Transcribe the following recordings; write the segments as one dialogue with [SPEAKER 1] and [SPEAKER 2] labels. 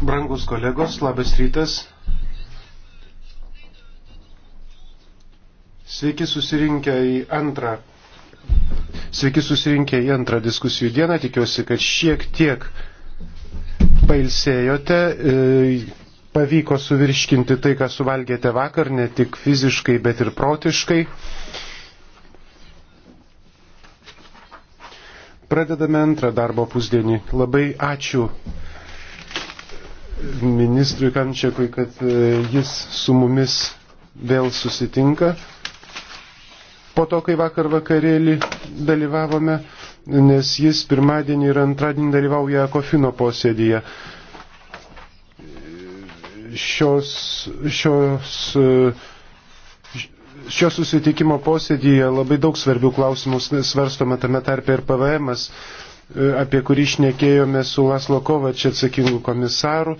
[SPEAKER 1] Brangus kolegos, labas rytas. Sveiki susirinkę į antrą. Sveiki susirinkę į antrą diskusijų dieną. Tikiuosi, kad šiek tiek pailsėjote. E, pavyko suvirškinti tai, ką suvalgėte vakar, ne tik fiziškai, bet ir protiškai. Pradedame antrą darbo pusdienį. Labai ačiū ministrui Kančiakui, kad e, jis su mumis vėl susitinka. Po to, kai vakar vakarėlį dalyvavome, nes jis pirmadienį ir antradienį dalyvauja Kofino posėdėje. Šios, šios e, šio susitikimo posėdyje labai daug svarbių klausimų svarstoma tame tarpe ir PVM, e, apie kurį šnekėjome su Laslo Kovačiu atsakingu komisaru.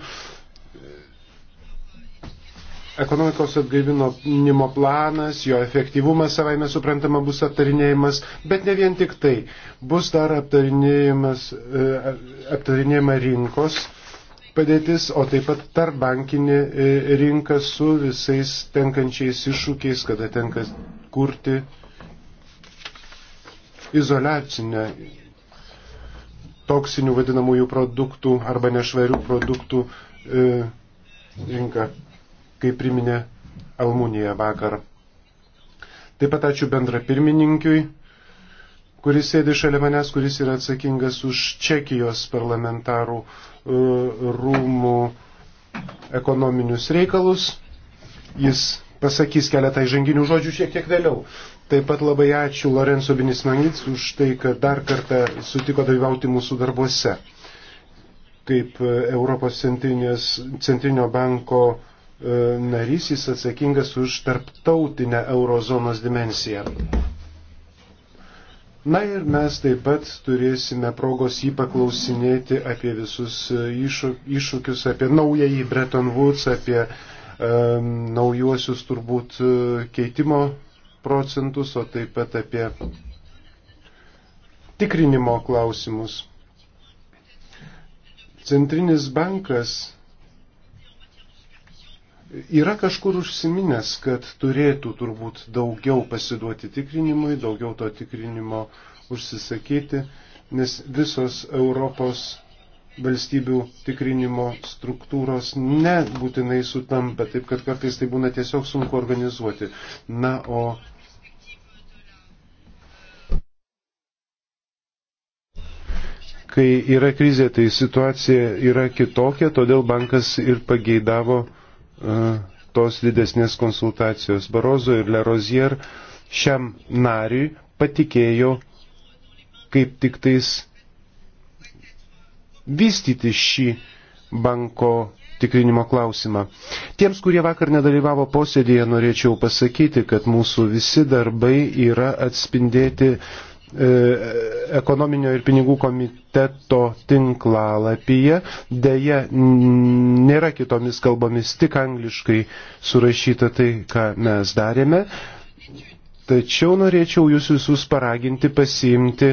[SPEAKER 1] Ekonomikos atgaivinimo planas, jo efektyvumas savaime suprantama bus aptarinėjimas, bet ne vien tik tai. Bus dar e, aptarinėjama rinkos padėtis, o taip pat tarbankinė e, rinka su visais tenkančiais iššūkiais, kada tenka kurti izolacinę toksinių vadinamųjų produktų arba nešvarių produktų e, rinką, kaip priminė Almunija vakar. Taip pat ačiū bendra pirmininkiui, kuris sėdi šalia manęs, kuris yra atsakingas už Čekijos parlamentarų uh, E, rūmų ekonominius reikalus. Jis pasakys keletą įžanginių žodžių šiek tiek vėliau. Taip pat labai ačiū Lorenzo Binismangits už tai, kad dar kartą sutiko dalyvauti mūsų darbuose. Kaip e, Europos centrinio banko e, narys jis atsakingas už tarptautinę eurozonos dimensiją. Na ir mes taip pat turėsime progos jį paklausinėti apie visus e, iššūkius, apie naująjį Bretton Woods, apie um, naujuosius turbūt e, keitimo procentus, o taip pat apie tikrinimo klausimus. Centrinis bankas Yra kažkur užsiminęs, kad turėtų turbūt daugiau pasiduoti tikrinimui, daugiau to tikrinimo užsisakyti, nes visos Europos valstybių tikrinimo struktūros nebūtinai sutampa, taip kad kartais tai būna tiesiog sunku organizuoti. Na, o kai yra krizė, tai situacija yra kitokia, todėl bankas ir pageidavo E, tos didesnės konsultacijos. Barozo ir Lerozier šiam nariui patikėjo kaip tik tais vystyti šį banko tikrinimo klausimą. Tiems, kurie vakar nedalyvavo posėdėje, norėčiau pasakyti, kad mūsų visi darbai yra atspindėti E, ekonominio ir pinigų komiteto tinklalapyje. Deja, nėra kitomis kalbomis, tik angliškai surašyta tai, ką mes darėme. Tačiau norėčiau jūs visus paraginti pasiimti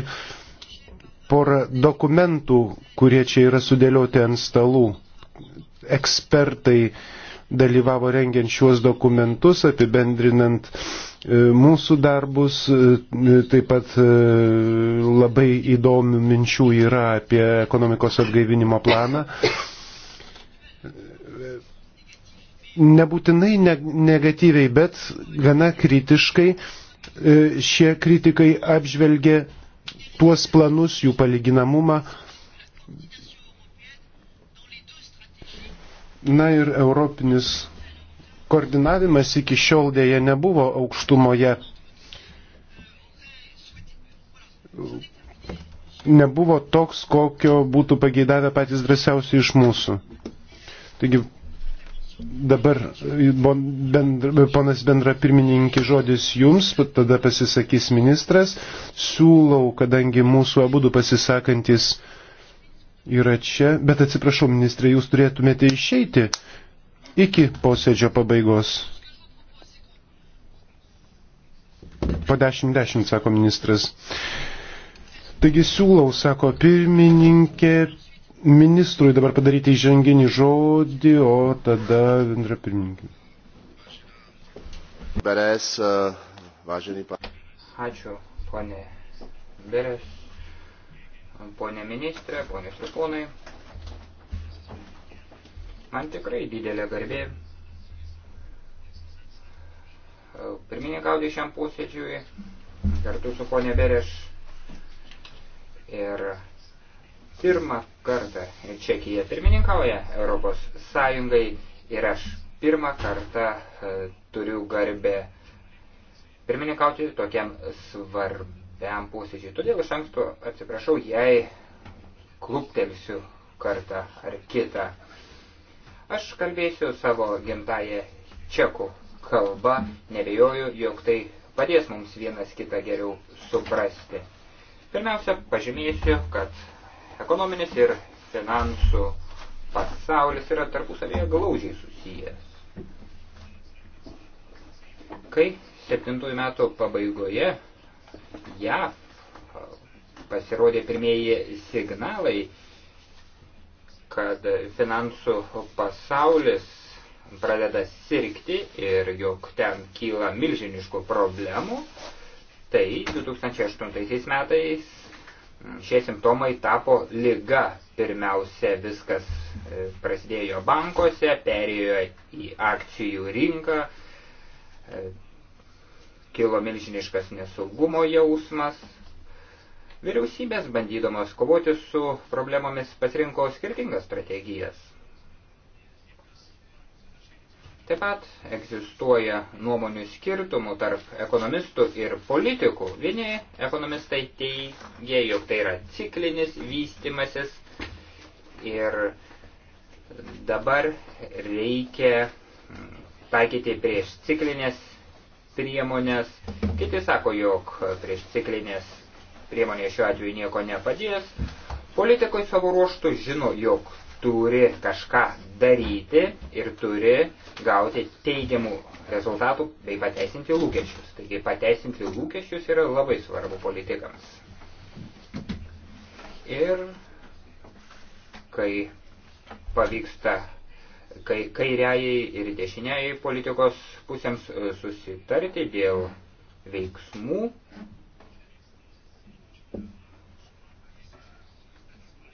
[SPEAKER 1] porą dokumentų, kurie čia yra sudėlioti ant stalų. Ekspertai dalyvavo rengiant šiuos dokumentus, apibendrinant uh, E, mūsų darbus. E, taip pat e, labai įdomių minčių yra apie ekonomikos atgaivinimo planą. Nebūtinai negatyviai, bet gana kritiškai šie kritikai apžvelgė tuos planus, jų palyginamumą. Na ir europinis koordinavimas iki šiol dėje nebuvo aukštumoje. Nebuvo toks, kokio būtų pageidavę patys drąsiausi iš mūsų. Taigi dabar bendra, ponas bendra pirmininkė žodis jums, tada pasisakys ministras. Siūlau, kadangi mūsų abudu pasisakantis yra čia, bet atsiprašau, ministrė, jūs turėtumėte išeiti iki posėdžio pabaigos. Po 10-10, sako ministras. Taigi siūlau, sako pirmininkė, ministrui dabar padaryti įženginį žodį, o tada bendra pirmininkė. Beres, e, važinį pa.
[SPEAKER 2] Ačiū, ponė Beres, ponė ministrė, ponė Steponai. Man tikrai didelė garbė e, pirmininkauti šiam posėdžiui kartu su ponė Bereš ir pirmą kartą Čekija pirmininkauja Europos Sąjungai ir aš pirmą kartą e, turiu garbę pirmininkauti tokiam svarbiam posėdžiui. Todėl iš anksto atsiprašau, jei kluptelsiu kartą ar kitą. Aš kalbėsiu savo gimtają čekų kalbą, nebejoju, jog tai padės mums vienas kitą geriau suprasti. Pirmiausia, pažymėsiu, kad ekonominis ir finansų pasaulis yra tarpusavėje glaužiai susijęs. Kai 7 metų pabaigoje JAV pasirodė pirmieji signalai, kad finansų pasaulis pradeda sirgti ir jog ten kyla milžiniškų problemų, tai 2008 metais šie simptomai tapo lyga. Pirmiausia, viskas e, prasidėjo bankuose, perėjo į akcijų rinką, e, kilo milžiniškas nesaugumo jausmas, Vyriausybės, bandydamos kovoti su problemomis, pasirinko skirtingas strategijas. Taip pat egzistuoja nuomonių skirtumų tarp ekonomistų ir politikų. Vieni ekonomistai teigia, jog tai yra ciklinis vystimasis ir dabar reikia taikyti prieš ciklinės priemonės. Kiti sako, jog prieš ciklinės priemonė šiuo atveju nieko nepadės. Politikai savo ruoštų žino, jog turi kažką daryti ir turi gauti teigiamų rezultatų bei pateisinti lūkesčius. Taigi pateisinti lūkesčius yra labai svarbu politikams. Ir kai pavyksta kai, kairiajai ir dešiniajai politikos pusėms e, susitarti dėl
[SPEAKER 3] veiksmų,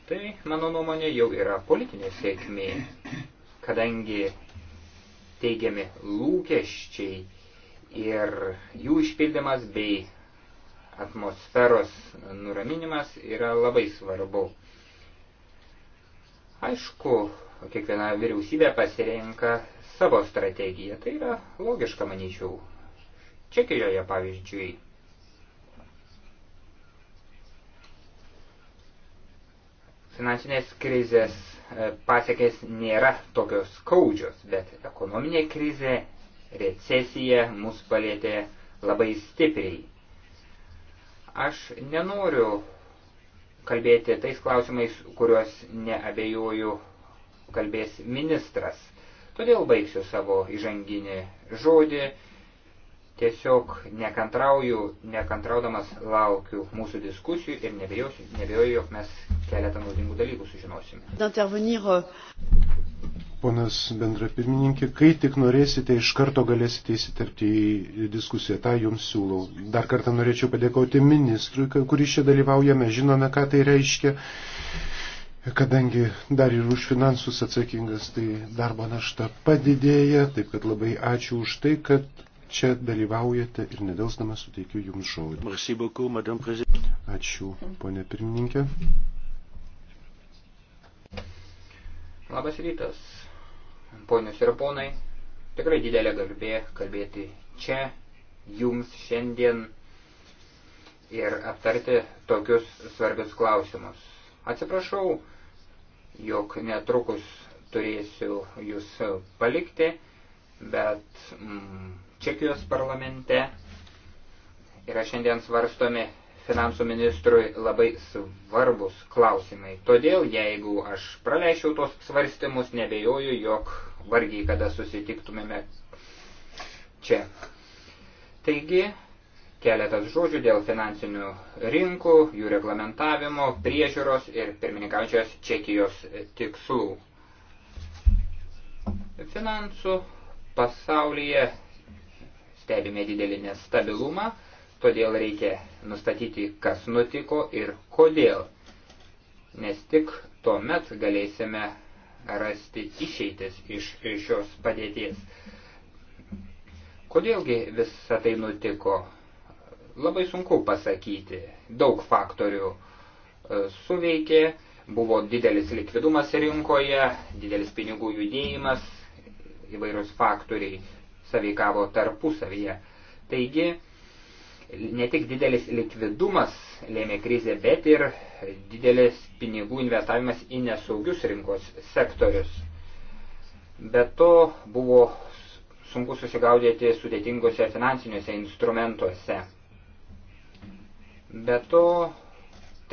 [SPEAKER 2] Tai, mano nuomonė, jau yra politinė sėkmė, kadangi teigiami lūkesčiai ir jų išpildymas bei atmosferos nuraminimas yra labai svarbu. Aišku, kiekviena vyriausybė pasirenka savo strategiją. Tai yra logiška, manyčiau. Čekijoje, pavyzdžiui, Finansinės krizės e, pasiekės nėra tokios skaudžios, bet ekonominė krizė, recesija mus palėtė labai stipriai. Aš nenoriu kalbėti tais klausimais, kuriuos neabejoju kalbės ministras. Todėl baigsiu savo įžanginį žodį. Tiesiog nekantrauju, nekantraudamas laukiu mūsų diskusijų ir nebejausiu, nebejoju, jog mes keletą naudingų dalykų sužinosime.
[SPEAKER 4] Euh,
[SPEAKER 1] Ponas bendra pirmininkė, kai tik norėsite, iš karto galėsite įsiterpti į diskusiją, tą jums siūlau. Dar kartą norėčiau padėkoti ministrui, kuris čia dalyvauja, mes žinome, ką tai reiškia, kadangi dar ir už finansus atsakingas, tai darbo našta padidėja, taip kad labai ačiū už tai, kad čia dalyvaujate ir nedelsdamas suteikiu Jums žodį. Ačiū, ponė pirmininkė.
[SPEAKER 2] Labas rytas, ponius ir ponai. Tikrai didelė garbė kalbėti čia jums šiandien ir aptarti tokius svarbius klausimus. Atsiprašau, jog netrukus turėsiu jūs palikti, bet mm, Čekijos parlamente yra šiandien svarstomi finansų ministrui labai svarbus klausimai. Todėl, jeigu aš praleisčiau tos svarstymus, nebejoju, jog vargiai kada susitiktumėme čia. Taigi, keletas žodžių dėl finansinių rinkų, jų reglamentavimo, priežiūros ir pirmininkaujančios Čekijos tikslų. Finansų pasaulyje stebime didelį nestabilumą todėl reikia nustatyti, kas nutiko ir kodėl, nes tik tuomet galėsime rasti išeitis iš šios padėties. Kodėlgi visą tai nutiko? Labai sunku pasakyti. Daug faktorių e, suveikė, buvo didelis likvidumas rinkoje, didelis pinigų judėjimas, įvairūs faktoriai saveikavo tarpusavyje. Taigi, ne tik didelis likvidumas lėmė krizę, bet ir didelis pinigų investavimas į nesaugius rinkos sektorius. Be to buvo sunku susigaudyti sudėtingose finansiniuose instrumentuose. Be to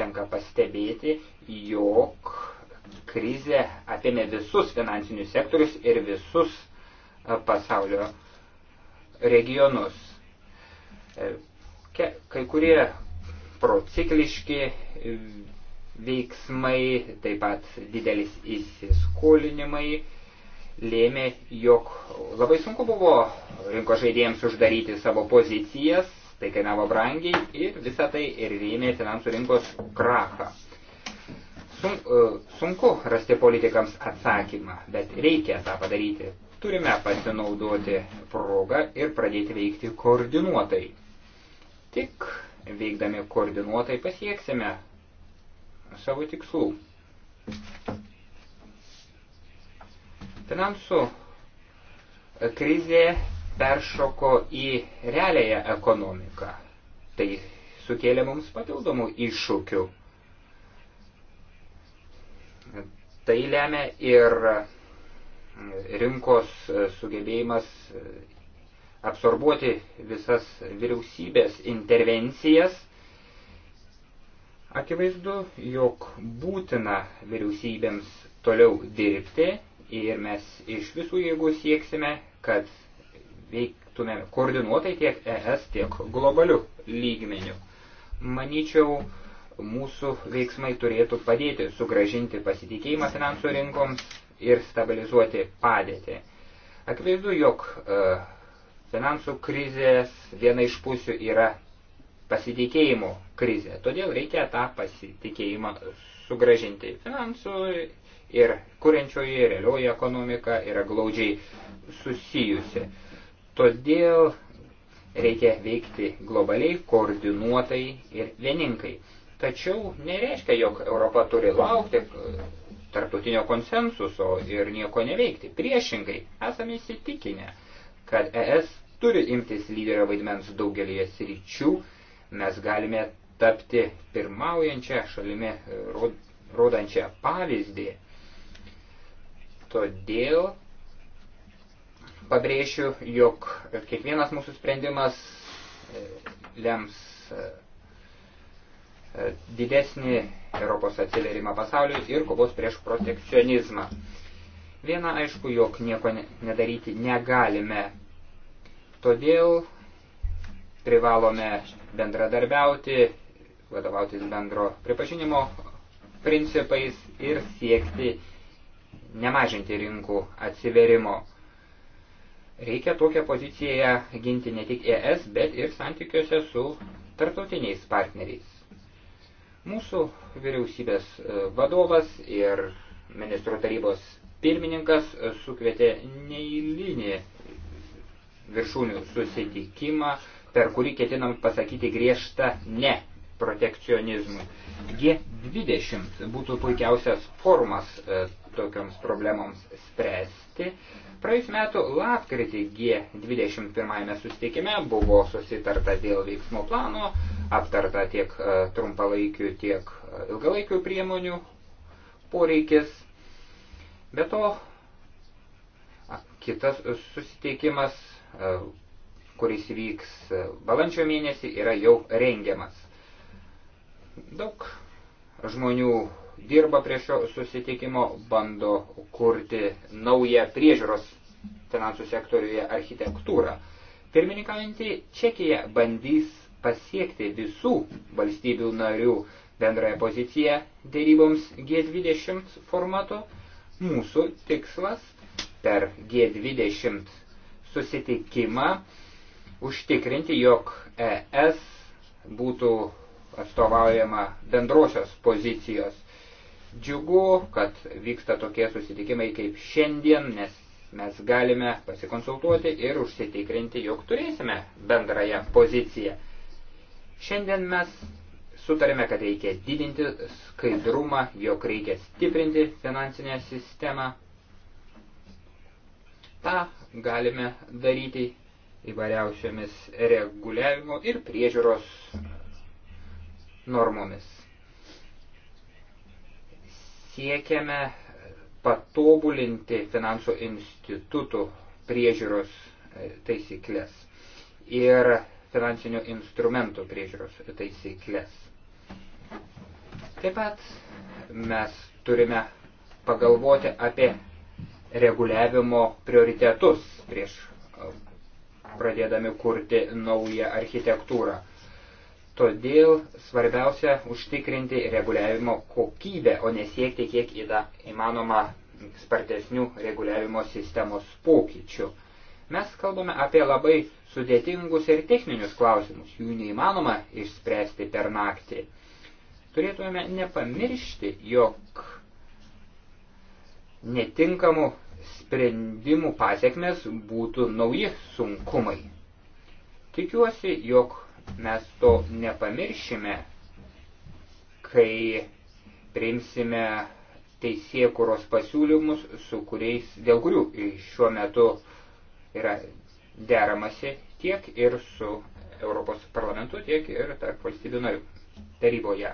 [SPEAKER 2] tenka pastebėti, jog krizė apėmė visus finansinius sektorius ir visus pasaulio regionus Kai kurie procikliški e, veiksmai, taip pat didelis įsiskolinimai lėmė, jog labai sunku buvo rinko žaidėjams uždaryti savo pozicijas, tai kainavo brangiai ir visą tai ir rėmė finansų rinkos krachą. Sun, e, sunku rasti politikams atsakymą, bet reikia tą padaryti. Turime pasinaudoti progą ir pradėti veikti koordinuotai. Tik veikdami koordinuotai pasieksime savo tikslų. Finansų krizė peršoko į realiąją ekonomiką. Tai sukėlė mums papildomų iššūkių. Tai lemia ir rinkos sugebėjimas absorbuoti visas vyriausybės intervencijas. Akivaizdu, jog būtina vyriausybėms toliau dirbti ir mes iš visų jėgų sieksime, kad veiktume koordinuotai tiek ES, tiek globaliu lygmeniu. Manyčiau, mūsų veiksmai turėtų padėti sugražinti pasitikėjimą finansų rinkoms ir stabilizuoti padėtį. Akivaizdu, jog uh, finansų krizės viena iš pusių yra pasitikėjimo krizė. Todėl reikia tą pasitikėjimą sugražinti. Finansų ir kuriančioji realioji ekonomika yra glaudžiai susijusi. Todėl reikia veikti globaliai, koordinuotai ir vieninkai. Tačiau nereiškia, jog Europa turi laukti tarptautinio konsensuso ir nieko neveikti. Priešingai, esame įsitikinę, kad ES turi imtis lyderio vaidmens daugelėje sričių. Mes galime tapti pirmaujančią šalimi, e, rodančią pavyzdį. Todėl pabrėšiu, jog kiekvienas mūsų sprendimas e, lems e, didesnį Europos atsiverimą pasauliui ir kovos prieš protekcionizmą. Viena aišku, jog nieko nedaryti negalime. Todėl privalome bendradarbiauti, vadovautis bendro pripažinimo principais ir siekti nemažinti rinkų atsiverimo. Reikia tokią poziciją ginti ne tik ES, bet ir santykiuose su tarptautiniais partneriais. Mūsų vyriausybės e, vadovas ir ministrų tarybos pirmininkas sukvietė neįlinį viršūnių susitikimą, per kurį ketinam pasakyti griežtą ne protekcionizmui. G20 būtų puikiausias formas e, tokioms problemoms spręsti. Praėjus metų lapkritį G21 susitikime buvo susitarta dėl veiksmo plano, aptarta tiek e, trumpalaikių, tiek e, ilgalaikių priemonių poreikis. Be to, kitas susitikimas E, kuris vyks balandžio mėnesį, yra jau rengiamas. Daug žmonių dirba prie šio susitikimo, bando kurti naują priežiūros finansų sektoriuje architektūrą. Pirmininkaujantį Čekiją bandys pasiekti visų valstybių narių bendrąją poziciją dėryboms G20 formatu. Mūsų tikslas per G20 susitikimą užtikrinti, jog ES būtų atstovaujama bendrosios pozicijos. Džiugu, kad vyksta tokie susitikimai kaip šiandien, nes mes galime pasikonsultuoti ir užsitikrinti, jog turėsime bendrąją poziciją. Šiandien mes sutarėme, kad reikia didinti skaidrumą, jog reikia stiprinti finansinę sistemą. Ta galime daryti įvairiausiomis reguliavimo ir priežiūros normomis. Siekiame patobulinti finansų institutų priežiūros e, taisyklės ir finansinių instrumentų priežiūros taisyklės. Taip pat mes turime pagalvoti apie reguliavimo prioritetus prieš e, pradėdami kurti naują architektūrą. Todėl svarbiausia užtikrinti reguliavimo kokybę, o nesiekti kiek įmanoma spartesnių reguliavimo sistemos pokyčių. Mes kalbame apie labai sudėtingus ir techninius klausimus, jų neįmanoma išspręsti per naktį. Turėtume nepamiršti, jog netinkamų sprendimų pasiekmes būtų nauji sunkumai. Tikiuosi, jog mes to nepamiršime, kai priimsime teisėkuros pasiūlymus, su kuriais, dėl kurių šiuo metu yra deramasi tiek ir su Europos parlamentu, tiek ir tarp valstybių narių taryboje.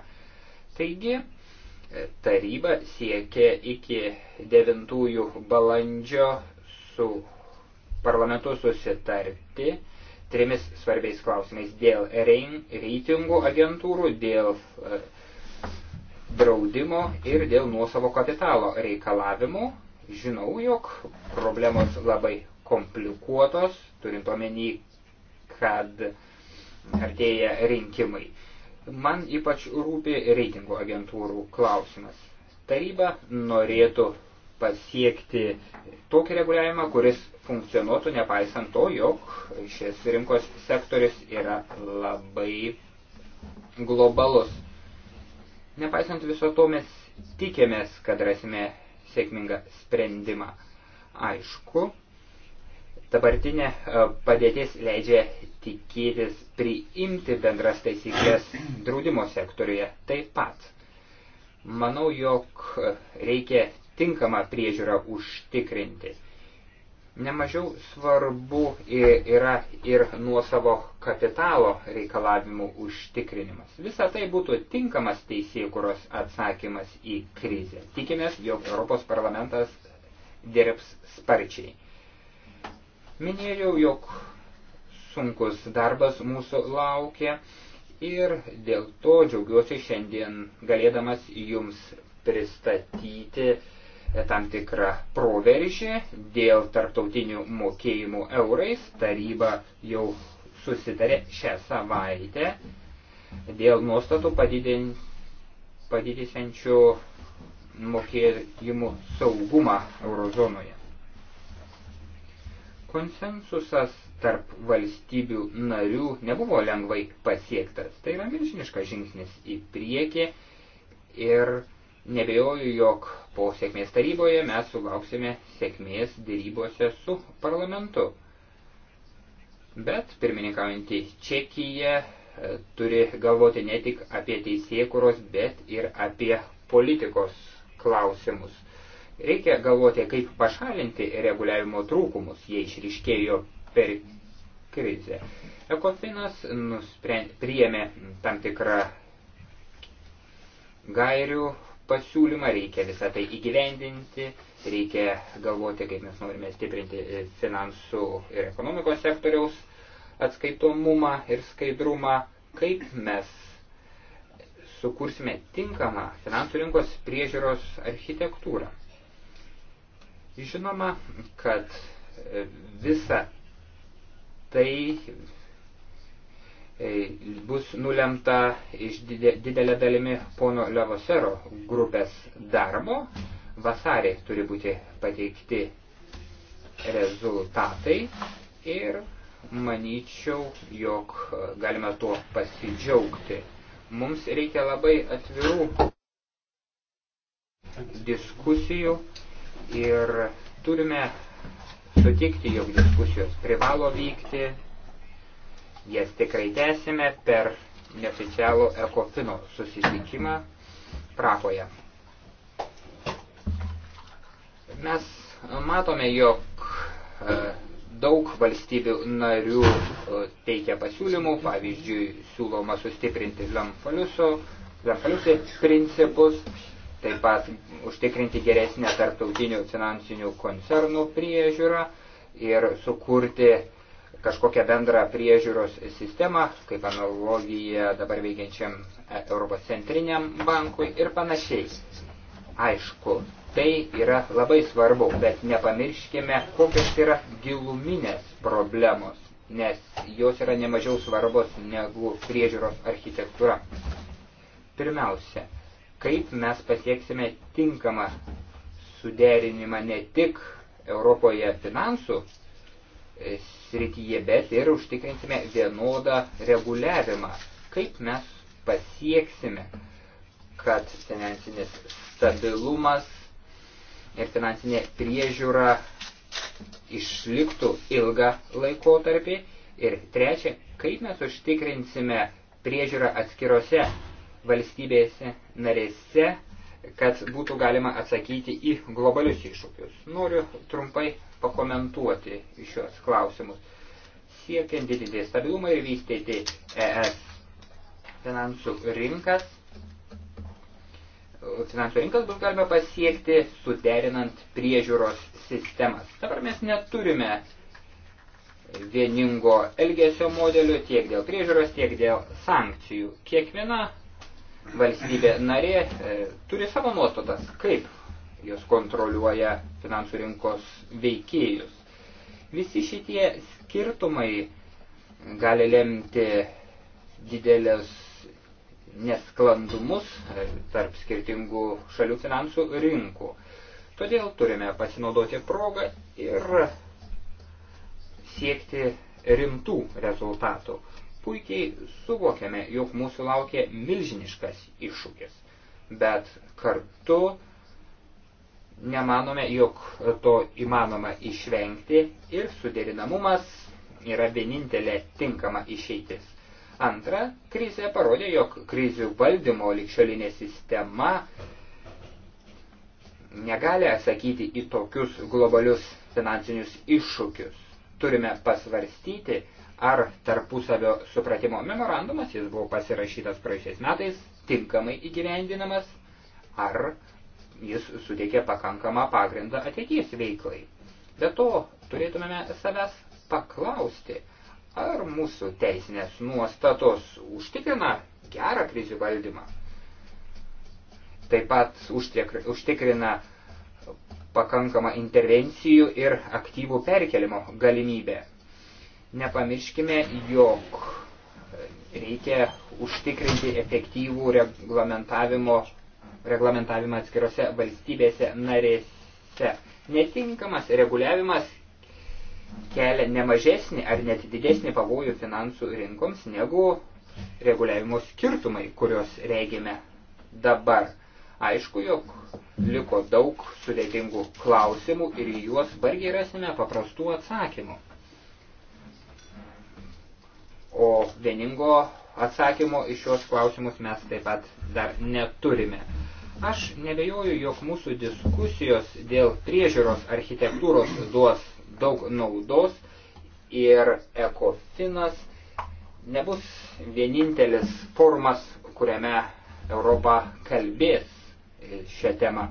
[SPEAKER 2] Taigi, taryba siekė iki 9 balandžio su parlamentu susitarti trimis svarbiais klausimais dėl reitingų agentūrų, dėl e, draudimo ir dėl nuosavo kapitalo reikalavimų. Žinau, jog problemos labai komplikuotos, turint omeny, kad artėja rinkimai. Man ypač rūpi reitingų agentūrų klausimas. Taryba norėtų pasiekti tokį reguliavimą, kuris funkcionuotų nepaisant to, jog šis rinkos sektorius yra labai globalus. Nepaisant viso to, mes tikėmės, kad rasime sėkmingą sprendimą. Aišku, Dabartinė e, padėtis leidžia tikėtis priimti bendras taisyklės draudimo sektoriuje taip pat. Manau, jog e, reikia tinkamą priežiūrą užtikrinti. Nemažiau svarbu yra ir nuosavo kapitalo reikalavimų užtikrinimas. Visa tai būtų tinkamas teisėkuros atsakymas į krizę. Tikimės, jog Europos parlamentas dirbs sparčiai. Minėjau, jog sunkus darbas mūsų laukia ir dėl to džiaugiuosi šiandien galėdamas jums pristatyti e, tam tikrą proveržį dėl tarptautinių mokėjimų eurais. Taryba jau susitarė šią savaitę dėl nuostatų padidinsiančių mokėjimų saugumą eurozonoje konsensusas tarp valstybių narių nebuvo lengvai pasiektas. Tai yra milžiniškas žingsnis į priekį ir nebejoju, jog po sėkmės taryboje mes sulauksime sėkmės dėrybose su parlamentu. Bet pirmininkaujantį Čekiją e, turi galvoti ne tik apie teisėkuros, bet ir apie politikos klausimus. Reikia galvoti, kaip pašalinti reguliavimo trūkumus, jie išriškėjo per krizę. Ekofinas priėmė tam tikrą gairių pasiūlymą, reikia visą tai įgyvendinti, reikia galvoti, kaip mes norime stiprinti finansų ir ekonomikos sektoriaus atskaitomumą ir skaidrumą, kaip mes sukursime tinkamą finansų rinkos priežiūros architektūrą. Žinoma, kad visa tai e, bus nulemta iš didelė dalimi pono Levosero grupės darbo. Vasarį turi būti pateikti rezultatai ir manyčiau, jog galime tuo pasidžiaugti. Mums reikia labai atvirų diskusijų ir turime sutikti, jog diskusijos privalo vykti, jas tikrai tęsime per neoficialų ekofino susitikimą Prahoje. Mes matome, jog e, daug valstybių narių e, teikia pasiūlymų, pavyzdžiui, siūloma sustiprinti Lamfaliuso, Lamfaliusi principus, taip pat užtikrinti geresnę tarptautinių finansinių koncernų priežiūrą ir sukurti kažkokią bendrą priežiūros sistemą, kaip analogija dabar veikiančiam Europos centriniam bankui ir panašiai. Aišku, tai yra labai svarbu, bet nepamirškime, kokios yra giluminės problemos, nes jos yra nemažiau svarbos negu priežiūros architektūra. Pirmiausia, kaip mes pasieksime tinkamą suderinimą ne tik Europoje finansų e, srityje, bet ir užtikrinsime vienodą reguliavimą. Kaip mes pasieksime, kad finansinis stabilumas ir finansinė priežiūra išliktų ilgą laikotarpį. Ir trečia, kaip mes užtikrinsime priežiūrą atskirose valstybėse narėse, kad būtų galima atsakyti į globalius iššūkius. Noriu trumpai pakomentuoti šios klausimus. Siekiant didinti stabilumą ir vystyti ES finansų rinkas, finansų rinkas bus galima pasiekti suderinant priežiūros sistemas. Dabar mes neturime vieningo elgesio modelio tiek dėl priežiūros, tiek dėl sankcijų. Kiekviena valstybė narė e, turi savo nuostatas, kaip jos kontroliuoja finansų rinkos veikėjus. Visi šitie skirtumai gali lemti didelės nesklandumus e, tarp skirtingų šalių finansų rinkų. Todėl turime pasinaudoti progą ir siekti rimtų rezultatų puikiai suvokiame, jog mūsų laukia milžiniškas iššūkis, bet kartu nemanome, jog to įmanoma išvengti ir suderinamumas yra vienintelė tinkama išeitis. Antra, krizė parodė, jog krizių valdymo likščiolinė sistema negali atsakyti į tokius globalius finansinius iššūkius. Turime pasvarstyti, ar tarpusavio supratimo memorandumas, jis buvo pasirašytas praėjusiais metais, tinkamai įgyvendinamas, ar jis suteikė pakankamą pagrindą ateities veiklai. Be to, turėtumėme savęs paklausti, ar mūsų teisinės nuostatos užtikrina gerą krizių valdymą. Taip pat užtikrina pakankamą intervencijų ir aktyvų perkelimo galimybę Nepamirškime, jog reikia užtikrinti efektyvų reglamentavimo, reglamentavimą atskirose valstybėse narėse. Netinkamas reguliavimas kelia nemažesnį ar net didesnį pavojų finansų rinkoms negu reguliavimo skirtumai, kuriuos regime dabar. Aišku, jog liko daug sudėtingų klausimų ir juos vargiai rasime paprastų atsakymų o vieningo atsakymo iš šios klausimus mes taip pat dar neturime. Aš nebejoju, jog mūsų diskusijos dėl priežiūros architektūros duos daug naudos ir ekofinas nebus vienintelis formas, kuriame Europa kalbės šią temą.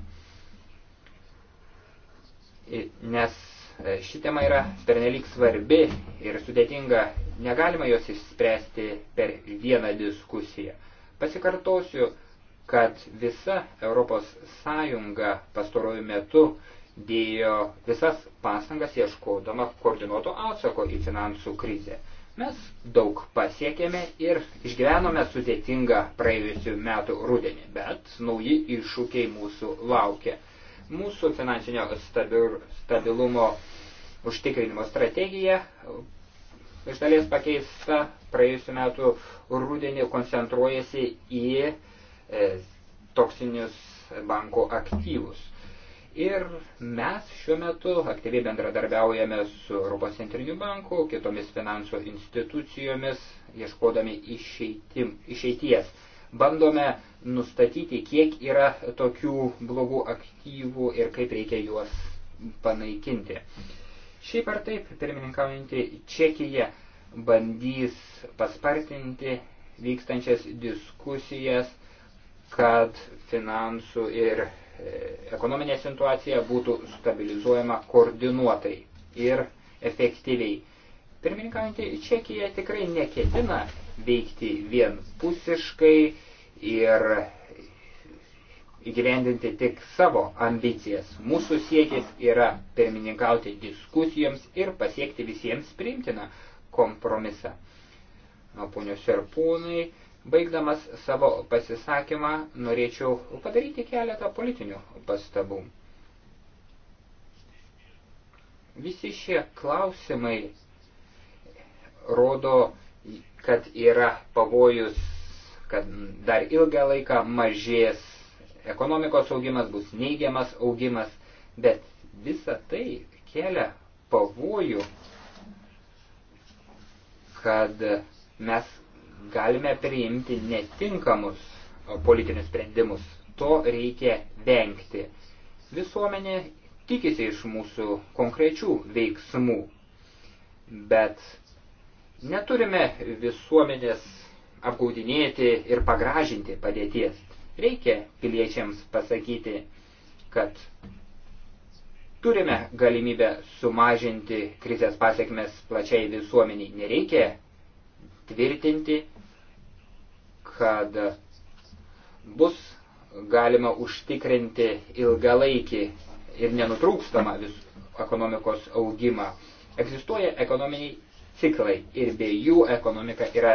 [SPEAKER 2] Nes E, ši tema yra pernelyg svarbi ir sudėtinga, negalima jos išspręsti per vieną diskusiją. Pasikartosiu, kad visa Europos Sąjunga pastaruoju metu dėjo visas pastangas ieškodama koordinuoto atsako į finansų krizę. Mes daug pasiekėme ir išgyvenome sudėtingą praėjusių metų rudenį, bet nauji iššūkiai mūsų laukia. Mūsų finansinio stabilumo užtikrinimo strategija e, iš dalies pakeista praėjusiu metu rūdienį koncentruojasi į e, toksinius banko aktyvus. Ir mes šiuo metu aktyviai bendradarbiaujame su Europos centriniu banku, kitomis finansų institucijomis, ieškodami išeitim, išeities bandome nustatyti, kiek yra tokių blogų aktyvų ir kaip reikia juos panaikinti. Šiaip ar taip, pirmininkaujantį Čekiją bandys paspartinti vykstančias diskusijas, kad finansų ir e, ekonominė situacija būtų stabilizuojama koordinuotai ir efektyviai. Pirmininkaujantį Čekiją tikrai neketina veikti vienpusiškai ir įgyvendinti tik savo ambicijas. Mūsų siekis yra pirmininkauti diskusijoms ir pasiekti visiems priimtiną kompromisą. Na, ponios ir ponai, baigdamas savo pasisakymą norėčiau padaryti keletą politinių pastabų. Visi šie klausimai rodo kad yra pavojus, kad dar ilgą laiką mažės ekonomikos augimas, bus neigiamas augimas, bet visa tai kelia pavojų, kad mes galime priimti netinkamus politinius sprendimus. To reikia vengti. Visuomenė tikisi iš mūsų konkrečių veiksmų, bet Neturime visuomenės apgaudinėti ir pagražinti padėties. Reikia piliečiams pasakyti, kad turime galimybę sumažinti krizės pasiekmes plačiai visuomeniai. Nereikia tvirtinti, kad bus galima užtikrinti ilgalaikį ir nenutrūkstamą vis ekonomikos augimą. Egzistuoja ekonominiai ciklai ir be jų ekonomika yra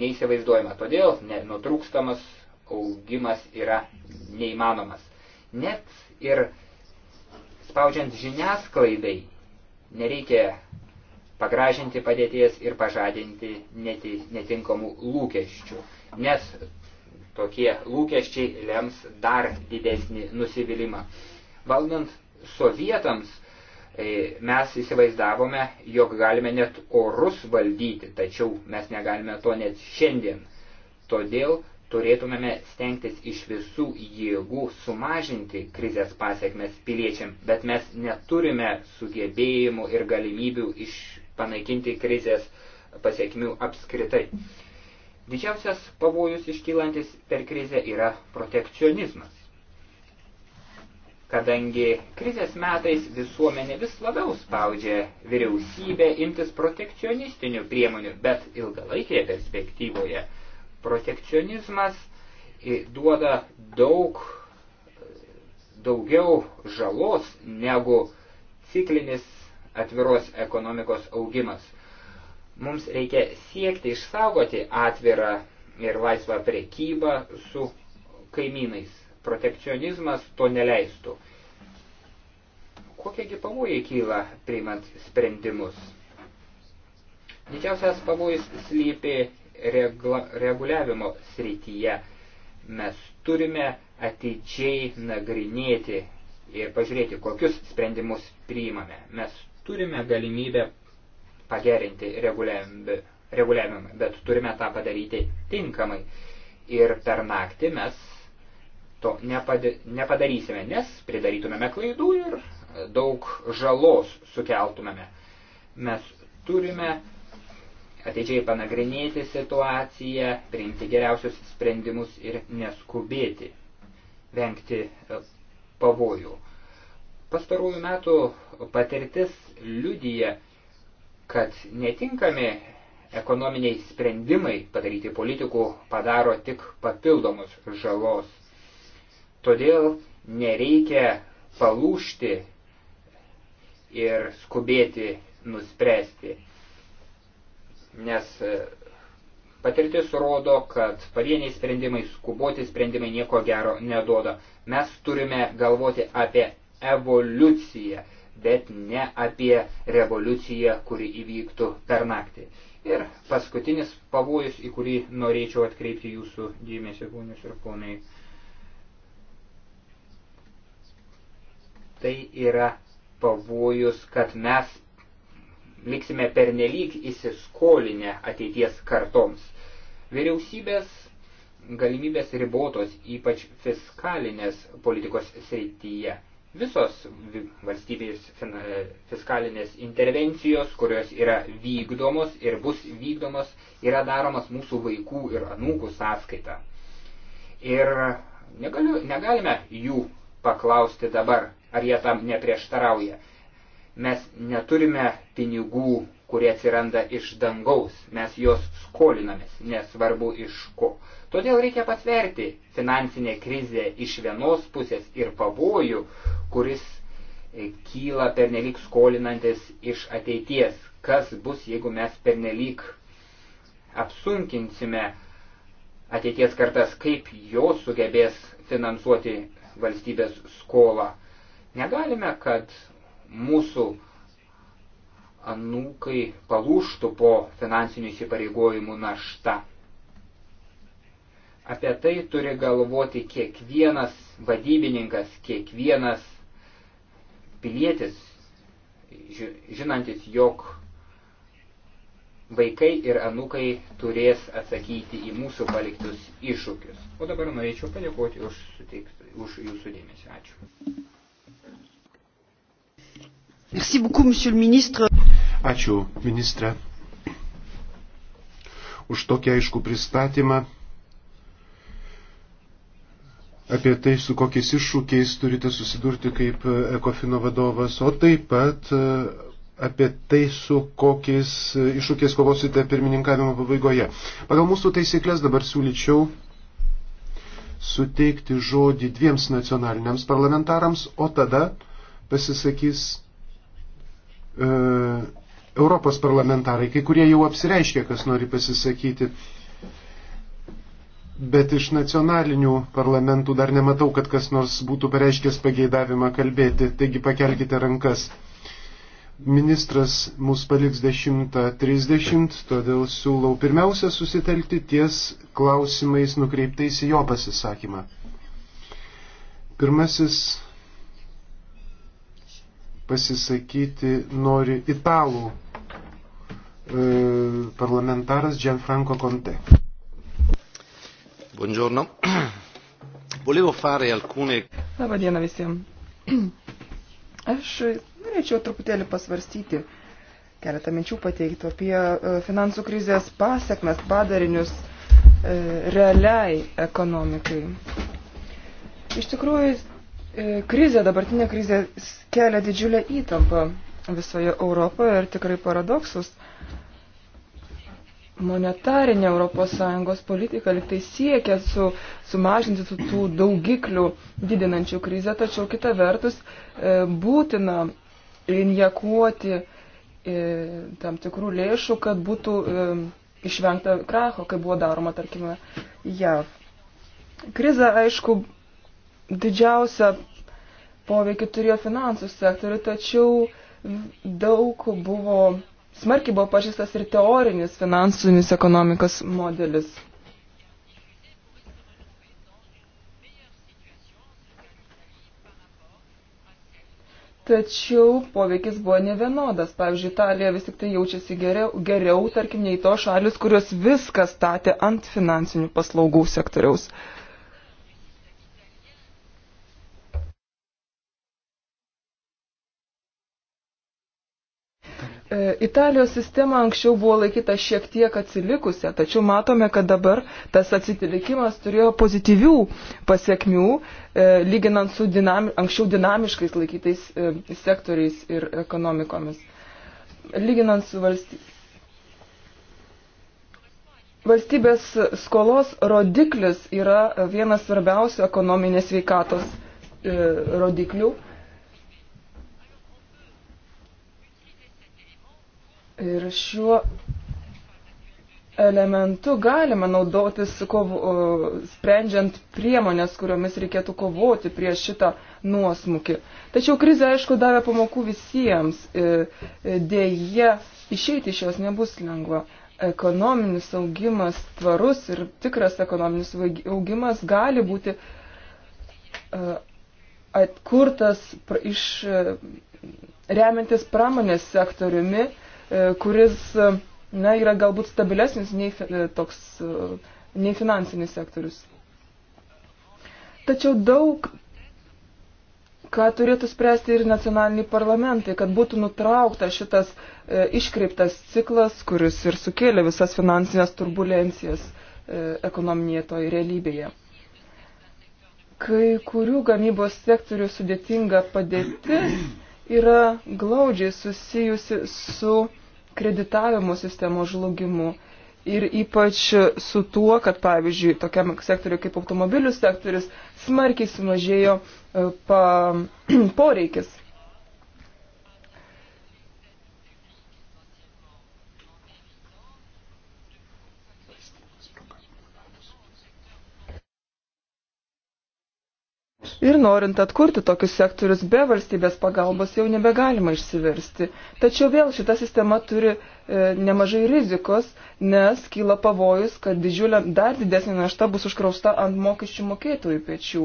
[SPEAKER 2] neįsivaizduojama. Todėl nutrūkstamas augimas yra neįmanomas. Net ir spaudžiant žiniasklaidai nereikia pagražinti padėties ir pažadinti neti, netinkamų lūkesčių, nes tokie lūkesčiai lems dar didesnį nusivylimą. Valdant sovietams E, mes įsivaizdavome, jog galime net orus valdyti, tačiau mes negalime to net šiandien. Todėl turėtumėme stengtis iš visų jėgų sumažinti krizės pasiekmes piliečiam, bet mes neturime sugebėjimų ir galimybių iš panaikinti krizės pasiekmių apskritai. Didžiausias pavojus iškylantis per krizę yra protekcionizmas kadangi krizės metais visuomenė vis labiau spaudžia vyriausybę imtis protekcionistinių priemonių, bet ilgalaikėje perspektyvoje protekcionizmas duoda daug daugiau žalos negu ciklinis atviros ekonomikos augimas. Mums reikia siekti išsaugoti atvirą ir laisvą prekybą su kaimynais protekcionizmas to neleistų. Kokiegi pavojai kyla priimant sprendimus? Didžiausias pavojus slypi regla, reguliavimo srityje. Mes turime atidžiai nagrinėti ir pažiūrėti, kokius sprendimus priimame. Mes turime galimybę pagerinti reguliavimą, bet turime tą padaryti tinkamai. Ir per naktį mes to nepadarysime, nes pridarytumėme klaidų ir daug žalos sukeltumėme. Mes turime ateidžiai panagrinėti situaciją, priimti geriausius sprendimus ir neskubėti, vengti e, pavojų. Pastarųjų metų patirtis liudyja, kad netinkami ekonominiai sprendimai padaryti politikų padaro tik papildomus žalos Todėl nereikia palūšti ir skubėti nuspręsti, nes e, patirtis rodo, kad pavieniai sprendimai, skuboti sprendimai nieko gero nedoda. Mes turime galvoti apie evoliuciją, bet ne apie revoliuciją, kuri įvyktų per naktį. Ir paskutinis pavojus, į kurį norėčiau atkreipti jūsų dėmesį, ponius ir ponai. tai yra pavojus, kad mes liksime pernelyg įsiskolinę ateities kartoms. Vyriausybės galimybės ribotos, ypač fiskalinės politikos srityje. Visos valstybės fiskalinės intervencijos, kurios yra vykdomos ir bus vykdomos, yra daromas mūsų vaikų ir anūkų sąskaita. Ir negaliu, negalime jų paklausti dabar, ar jie tam neprieštarauja. Mes neturime pinigų, kurie atsiranda iš dangaus, mes juos skolinamės, nesvarbu iš ko. Todėl reikia pasverti finansinę krizę iš vienos pusės ir pavojų, kuris e, kyla pernelik skolinantis iš ateities, kas bus, jeigu mes pernelik apsunkinsime ateities kartas, kaip jos sugebės finansuoti valstybės skolą. Negalime, kad mūsų anūkai palūštų po finansinių įsipareigojimų našta. Apie tai turi galvoti kiekvienas vadybininkas, kiekvienas pilietis, žinantis, jog vaikai ir anūkai turės atsakyti į mūsų paliktus iššūkius. O dabar norėčiau padėkoti už, suteikt, už jūsų dėmesį. Ačiū.
[SPEAKER 4] Merci beaucoup, monsieur le ministre.
[SPEAKER 1] Ačiū, ministre, už tokį aišku pristatymą apie tai, su kokiais iššūkiais turite susidurti kaip ekofino vadovas, o taip pat e, apie tai, su kokiais iššūkiais kovosite pirmininkavimo pabaigoje. Pagal mūsų taisyklės dabar siūlyčiau suteikti žodį dviems nacionaliniams parlamentarams, o tada pasisakys e, Europos parlamentarai, kai kurie jau apsireiškia, kas nori pasisakyti. Bet iš nacionalinių parlamentų dar nematau, kad kas nors būtų pareiškęs pageidavimą kalbėti, taigi pakelkite rankas. Ministras mus paliks 10.30, todėl siūlau pirmiausia susitelkti ties klausimais nukreiptais į jo pasisakymą. Pirmasis pasisakyti nori italų e, parlamentaras Gianfranco Conte.
[SPEAKER 3] Buongiorno. Volevo fare alcune.
[SPEAKER 5] Labą dieną visiems. Aš Norėčiau truputėlį pasvarstyti, keletą minčių pateikti apie e, finansų krizės pasiekmes, padarinius e, realiai ekonomikai. Iš tikrųjų, e, krizė, dabartinė krizė kelia didžiulę įtampą visoje Europoje ir tikrai paradoksus. Monetarinė ES politika liktai siekia su, sumažinti tų, tų daugiklių didinančių krizę, tačiau kita vertus e, būtina injekuoti e, tam tikrų lėšų, kad būtų e, išvengta kracho, kaip buvo daroma, tarkime, JAV. Kriza, aišku, didžiausia poveikį turėjo finansų sektorių, tačiau daug buvo, smarkiai buvo pažįstas ir teorinis finansinis ekonomikos modelis. Tačiau poveikis buvo nevienodas. Pavyzdžiui, Italija vis tik tai jaučiasi geriau, geriau tarkim, nei to šalis, kurios viską statė ant finansinių paslaugų sektoriaus. Uh, E, Italijos sistema anksčiau buvo laikyta šiek tiek atsilikusią, tačiau matome, kad dabar tas atsilikimas turėjo pozityvių pasiekmių, e, lyginant su dinami, anksčiau dinamiškais laikytais e, sektoriais ir ekonomikomis. Lyginant su valstybė. Valstybės skolos rodiklis yra vienas svarbiausių ekonominės veikatos rodiklių. E, Ir šiuo elementu galima naudotis, kovo, sprendžiant priemonės, kuriomis reikėtų kovoti prieš šitą nuosmukį. Tačiau krizė, aišku, davė pamokų visiems. E, e, dėje išeiti iš jos nebus lengva. Ekonominis augimas, tvarus ir tikras ekonominis augimas gali būti e, atkurtas iš remiantis pramonės sektoriumi E, kuris e, na, yra galbūt stabilesnis nei, e, toks, nei finansinis sektorius. Tačiau daug ką turėtų spręsti ir nacionaliniai parlamentai, kad būtų nutraukta šitas e, iškreiptas ciklas, kuris ir sukėlė visas finansinės turbulencijas e, ekonominėje toj realybėje. Kai kurių gamybos sektorių sudėtinga padėtis yra glaudžiai susijusi su kreditavimo sistemos žlugimu. Ir ypač su tuo, kad, pavyzdžiui, tokiam sektoriu kaip automobilių sektorius smarkiai sumažėjo e, pa, poreikis Ir norint atkurti tokius sektorius be valstybės pagalbos jau nebegalima išsiversti. Tačiau vėl šita sistema turi e, nemažai rizikos, nes kyla pavojus, kad didžiulė dar didesnė našta bus užkrausta ant mokesčių mokėtojų pečių.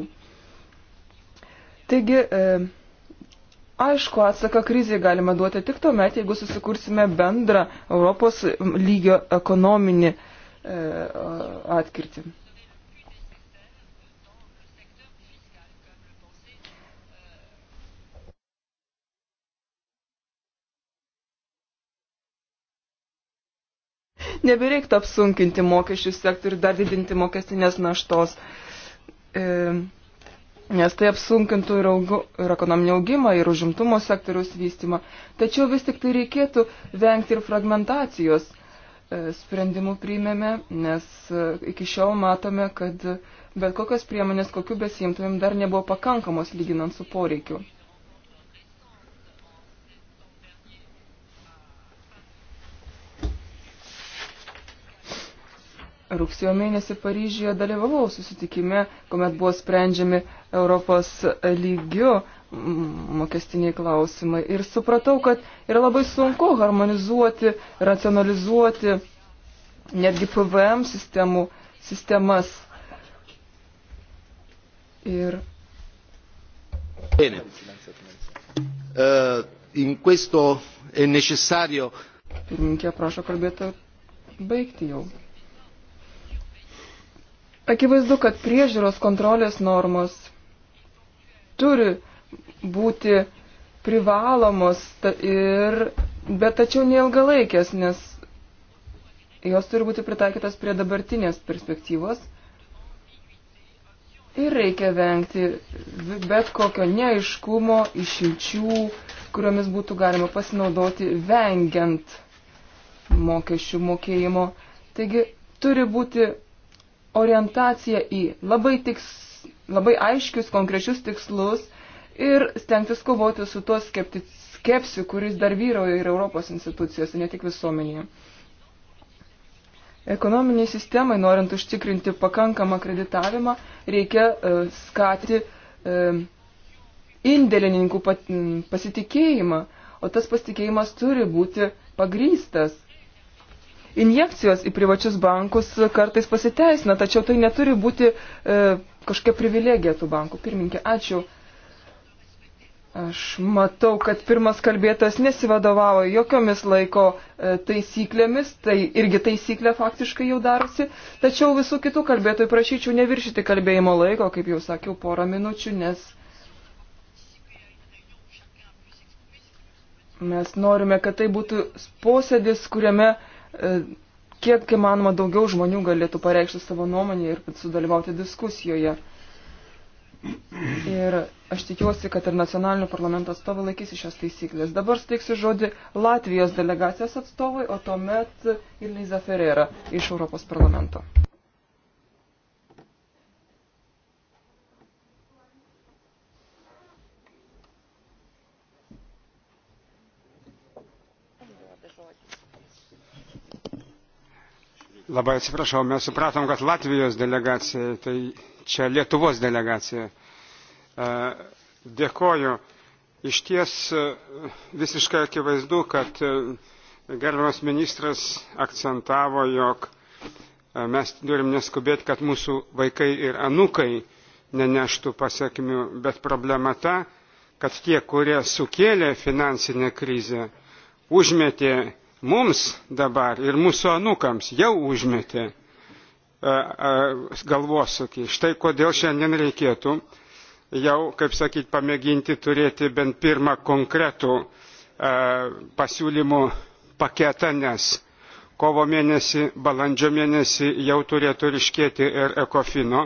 [SPEAKER 5] Taigi, e, aišku, atsaką krizėje galima duoti tik tuomet, jeigu susikursime bendrą Europos lygio ekonominį e, atkirtį. nebereiktų apsunkinti mokesčių sektorių, dar didinti mokestinės naštos. E, nes tai apsunkintų ir, augu, ir ekonominį augimą, ir užimtumo sektoriaus vystimą. Tačiau vis tik tai reikėtų vengti ir fragmentacijos e, sprendimų priimėme, nes e, iki šiol matome, kad bet kokios priemonės, kokiu besimtumėm, dar nebuvo pakankamos lyginant su poreikiu. Rugsėjo mėnesį Paryžyje dalyvavau susitikime, kuomet buvo sprendžiami Europos lygių mokestiniai klausimai ir supratau, kad yra labai sunku harmonizuoti, racionalizuoti netgi PVM sistemų, sistemas. Ir.
[SPEAKER 2] Bene.
[SPEAKER 1] Uh, in questo è necessario.
[SPEAKER 5] Pirminkė prašo kalbėti baigti jau. Akivaizdu, kad priežiūros kontrolės normos turi būti privalomos ir, bet tačiau neilgalaikės, nes jos turi būti pritaikytos prie dabartinės perspektyvos ir reikia vengti bet kokio neaiškumo, išimčių, kuriomis būtų galima pasinaudoti vengiant mokesčių mokėjimo. Taigi turi būti orientacija į labai, tiks, labai aiškius, konkrečius tikslus ir stengtis kovoti su tuo skepsiu, kuris dar vyroja ir Europos institucijose, ne tik visuomenėje. Ekonominiai sistemai, norint užtikrinti pakankamą kreditavimą, reikia uh, e, skati uh, e, indėlininkų pat, pasitikėjimą, o tas pasitikėjimas turi būti pagrystas. Injekcijos į privačius bankus kartais pasiteisina, tačiau tai neturi būti e, kažkokia privilegija tų bankų. Pirminkė, ačiū. Aš matau, kad pirmas kalbėtas nesivadovavo jokiomis laiko e, taisyklėmis, tai irgi taisyklė faktiškai jau darosi, tačiau visų kitų kalbėtojų prašyčiau neviršyti kalbėjimo laiko, kaip jau sakiau, porą minučių, nes mes norime, kad tai būtų posėdis, kuriame E, kiek įmanoma daugiau žmonių galėtų pareikšti savo nuomonę ir sudalyvauti diskusijoje. Ir aš tikiuosi, kad ir nacionalinio parlamento atstovai laikysi šios taisyklės. Dabar steiksiu žodį Latvijos delegacijos atstovui, o tuomet ir Liza Ferreira iš Europos parlamento.
[SPEAKER 3] Labai atsiprašau, mes supratom, kad Latvijos delegacija, tai čia Lietuvos delegacija. E, dėkoju. Iš ties e, visiškai akivaizdu, kad e, gerbiamas ministras akcentavo, jog mes turim neskubėti, kad mūsų vaikai ir anukai neneštų pasiekmių, bet problema ta, kad tie, kurie sukėlė finansinę krizę, užmetė mums dabar ir mūsų anukams jau užmetė galvosūkį. Štai kodėl šiandien reikėtų jau, kaip sakyti, pamėginti turėti bent pirmą konkretų pasiūlymų paketą, nes kovo mėnesį, balandžio mėnesį jau turėtų ryškėti ir ekofino,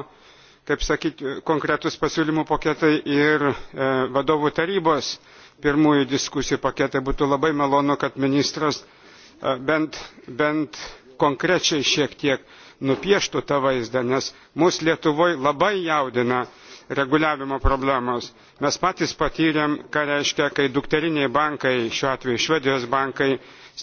[SPEAKER 3] kaip sakyti, konkretus pasiūlymų paketai ir e, vadovų tarybos pirmųjų diskusijų paketai. Būtų labai malonu, kad ministras bent, bent konkrečiai šiek tiek nupieštų tą vaizdą, nes mus Lietuvoje labai jaudina reguliavimo problemos. Mes patys patyrėm, ką reiškia, kai dukteriniai bankai, šiuo atveju Švedijos bankai,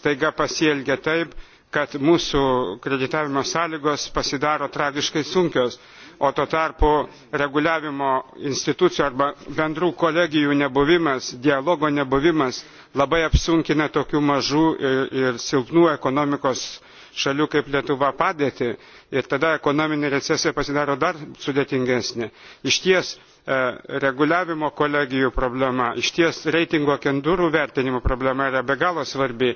[SPEAKER 3] staiga pasielgia taip, kad mūsų kreditavimo sąlygos pasidaro tragiškai sunkios o tuo tarpu reguliavimo institucijų arba bendrų kolegijų nebuvimas dialogo nebuvimas labai apsunkina tokių mažų ir silpnų ekonomikos šalių kaip lietuva padėtį ir tada ekonominė recesija pasidaro dar sudėtingesnė. Išties e, reguliavimo kolegijų problema, išties reitingo kendurų vertinimo problema yra be galo svarbi.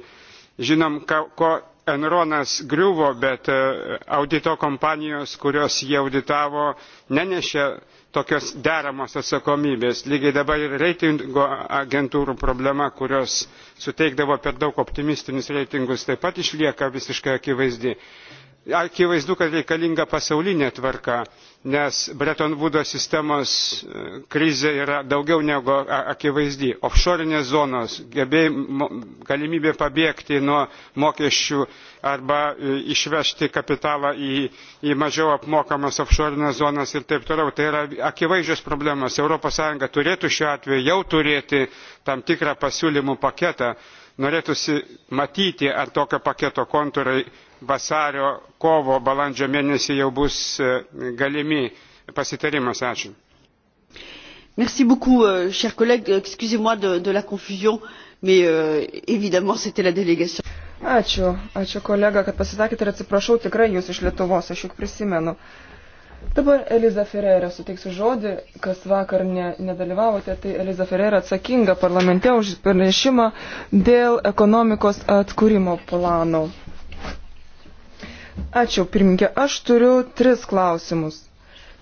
[SPEAKER 3] Žinom, ko enronas griuvo bet e, audito kompanijos kurios jį auditavo nenešė tokios deramos atsakomybės lygiai dabar ir reitingo agentūrų problema kurios suteikdavo per daug optimistinius reitingus taip pat išlieka visiškai akivaizdi. akivaizdu kad reikalinga pasaulinė tvarka nes Bretton Woods sistemos e, krizė yra daugiau negu akivaizdi. Offshore'inės zonos, gebėjim, galimybė pabėgti nuo mokesčių arba e, išvežti kapitalą į, į mažiau apmokamas offshore'inės zonas ir taip toliau. Tai yra akivaizdžios problemos. ES turėtų šiuo atveju jau turėti tam tikrą pasiūlymų paketą norėtųsi matyti, ar tokio paketo kontūrai vasario, kovo, balandžio mėnesį jau bus e, galimi pasitarimas. Ačiū.
[SPEAKER 4] Merci beaucoup, euh, chers collègues. Excusez-moi de, de la confusion, mais euh, évidemment, c'était la délégation. Ačiū, ačiū kolega, kad
[SPEAKER 5] pasisakėte ir atsiprašau tikrai jūs iš Lietuvos, aš juk prisimenu. Dabar Eliza Ferreira suteiksiu žodį, kas vakar ne, nedalyvavote, tai Eliza Ferreira atsakinga parlamente už pranešimą dėl ekonomikos atkūrimo plano. Ačiū, pirmininkė. Aš turiu tris klausimus.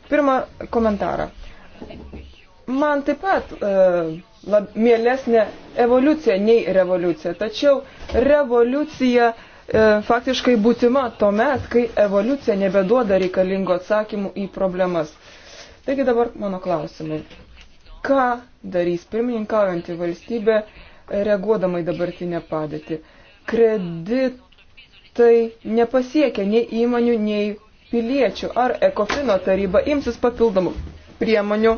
[SPEAKER 5] Pirmą komentarą. Man taip pat e, lab, mielesnė evoliucija nei revoliucija. Tačiau revoliucija e, faktiškai būtima tuomet, kai evoliucija nebeduoda reikalingo atsakymų į problemas. Taigi dabar mano klausimai. Ką darys pirmininkaujantį valstybę reaguodama į dabartinę padėtį? Kredit tai nepasiekia nei įmonių, nei piliečių. Ar Ekofino taryba imsis papildomų priemonių,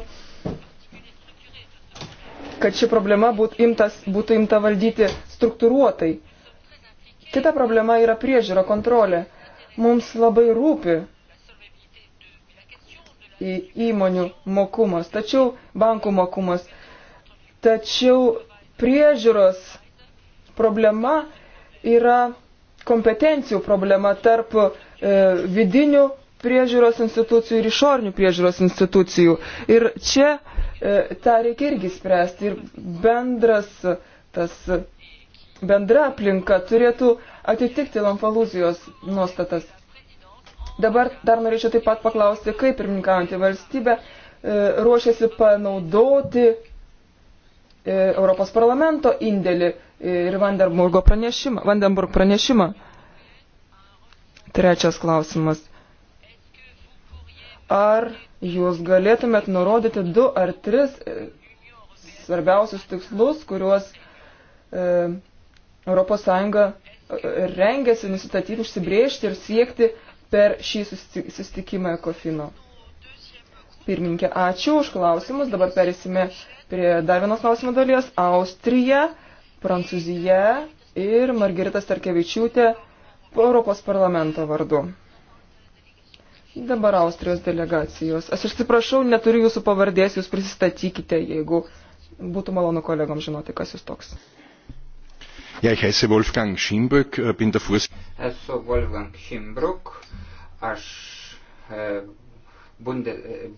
[SPEAKER 5] kad ši problema būtų, imtas, būtų imta valdyti struktūruotai. Kita problema yra priežiūra, kontrolė. Mums labai rūpi įmonių mokumas, tačiau bankų mokumas. Tačiau priežiūros problema yra kompetencijų problema tarp e, vidinių priežiūros institucijų ir išorinių priežiūros institucijų. Ir čia e, tą reikia irgi spręsti. Ir bendras, tas, bendra aplinka turėtų atitikti Lamfalūzijos nuostatas. Dabar dar norėčiau taip pat paklausti, kaip pirmininkaujantį valstybę e, ruošiasi panaudoti E, Europos parlamento indėlį ir Vandenburgo pranešimą. Vandenburg pranešimą. Trečias klausimas. Ar jūs galėtumėt nurodyti du ar tris e, svarbiausius tikslus, kuriuos e, ES e, rengiasi nusistatyti, užsibriežti ir siekti per šį susitikimą Ekofino? Pirminkė, ačiū už klausimus. Dabar perėsime prie dar vienos klausimo dalies. Austrija, Prancūzija ir Margarita Starkevičiūtė Europos parlamento vardu. Dabar Austrijos delegacijos. Aš atsiprašau, neturiu jūsų pavardės, jūs prisistatykite, jeigu būtų malonu kolegom žinoti, kas jūs
[SPEAKER 3] toks. Ja, ich heiße Wolfgang Schimbruck, äh, bin der Vorsitzende.
[SPEAKER 2] Esu Wolfgang Schimbruck, aš äh,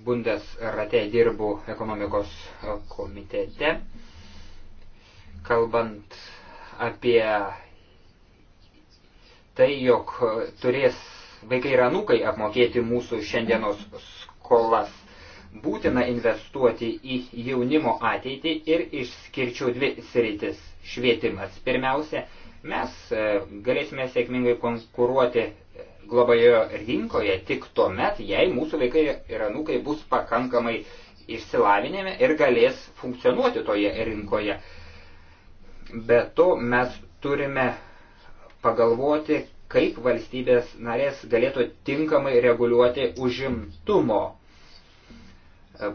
[SPEAKER 2] Bundes rate dirbu ekonomikos komitete. Kalbant apie tai, jog turės vaikai ir anūkai apmokėti mūsų šiandienos skolas. Būtina investuoti į jaunimo ateitį ir išskirčiau dvi sritis - švietimas. Pirmiausia, mes e, galėsime sėkmingai konkuruoti e, globalioje rinkoje tik tuo met, jei mūsų vaikai ir anūkai bus pakankamai išsilavinėme ir galės funkcionuoti toje rinkoje. Be to mes turime pagalvoti, kaip valstybės narės galėtų tinkamai reguliuoti užimtumo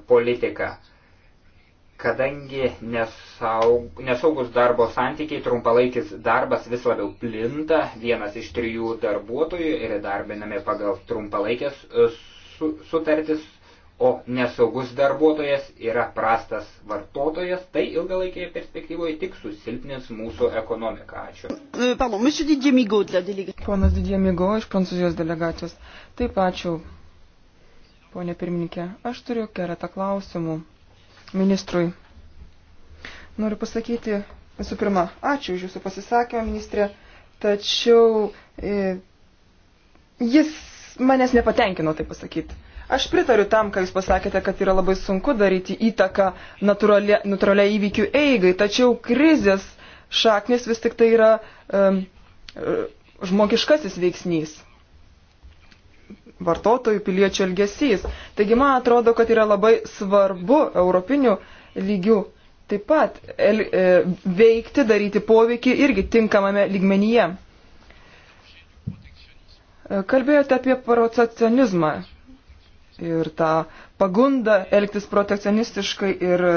[SPEAKER 2] politiką. Kadangi nesaug, nesaugus darbo santykiai, trumpalaikis darbas vis labiau plinta, vienas iš trijų darbuotojų yra darbinami pagal trumpalaikės e, sutartis, o nesaugus darbuotojas yra prastas vartotojas, tai ilgalaikėje perspektyvoje tik susilpnins mūsų ekonomiką. Ačiū.
[SPEAKER 4] E, pardon, Didiemigo, Ponas Didiemigo
[SPEAKER 5] iš Prancūzijos delegacijos. Taip, ačiū. Pone pirmininkė, aš turiu keletą klausimų ministrui. Noriu pasakyti, visų pirma, ačiū už Jūsų pasisakymą, ministrė, tačiau e, jis manęs nepatenkino, tai pasakyti. Aš pritariu tam, ką Jūs pasakėte, kad yra labai sunku daryti įtaką natūralia įvykių eigai, tačiau krizės šaknis vis tik tai yra e, žmogiškasis veiksnys vartotojų piliečių elgesys. Taigi man atrodo, kad yra labai svarbu europinių lygių taip pat el, e, veikti, daryti poveikį irgi tinkamame lygmenyje. E, kalbėjote apie protekcionizmą ir tą pagundą elgtis protekcionistiškai ir e,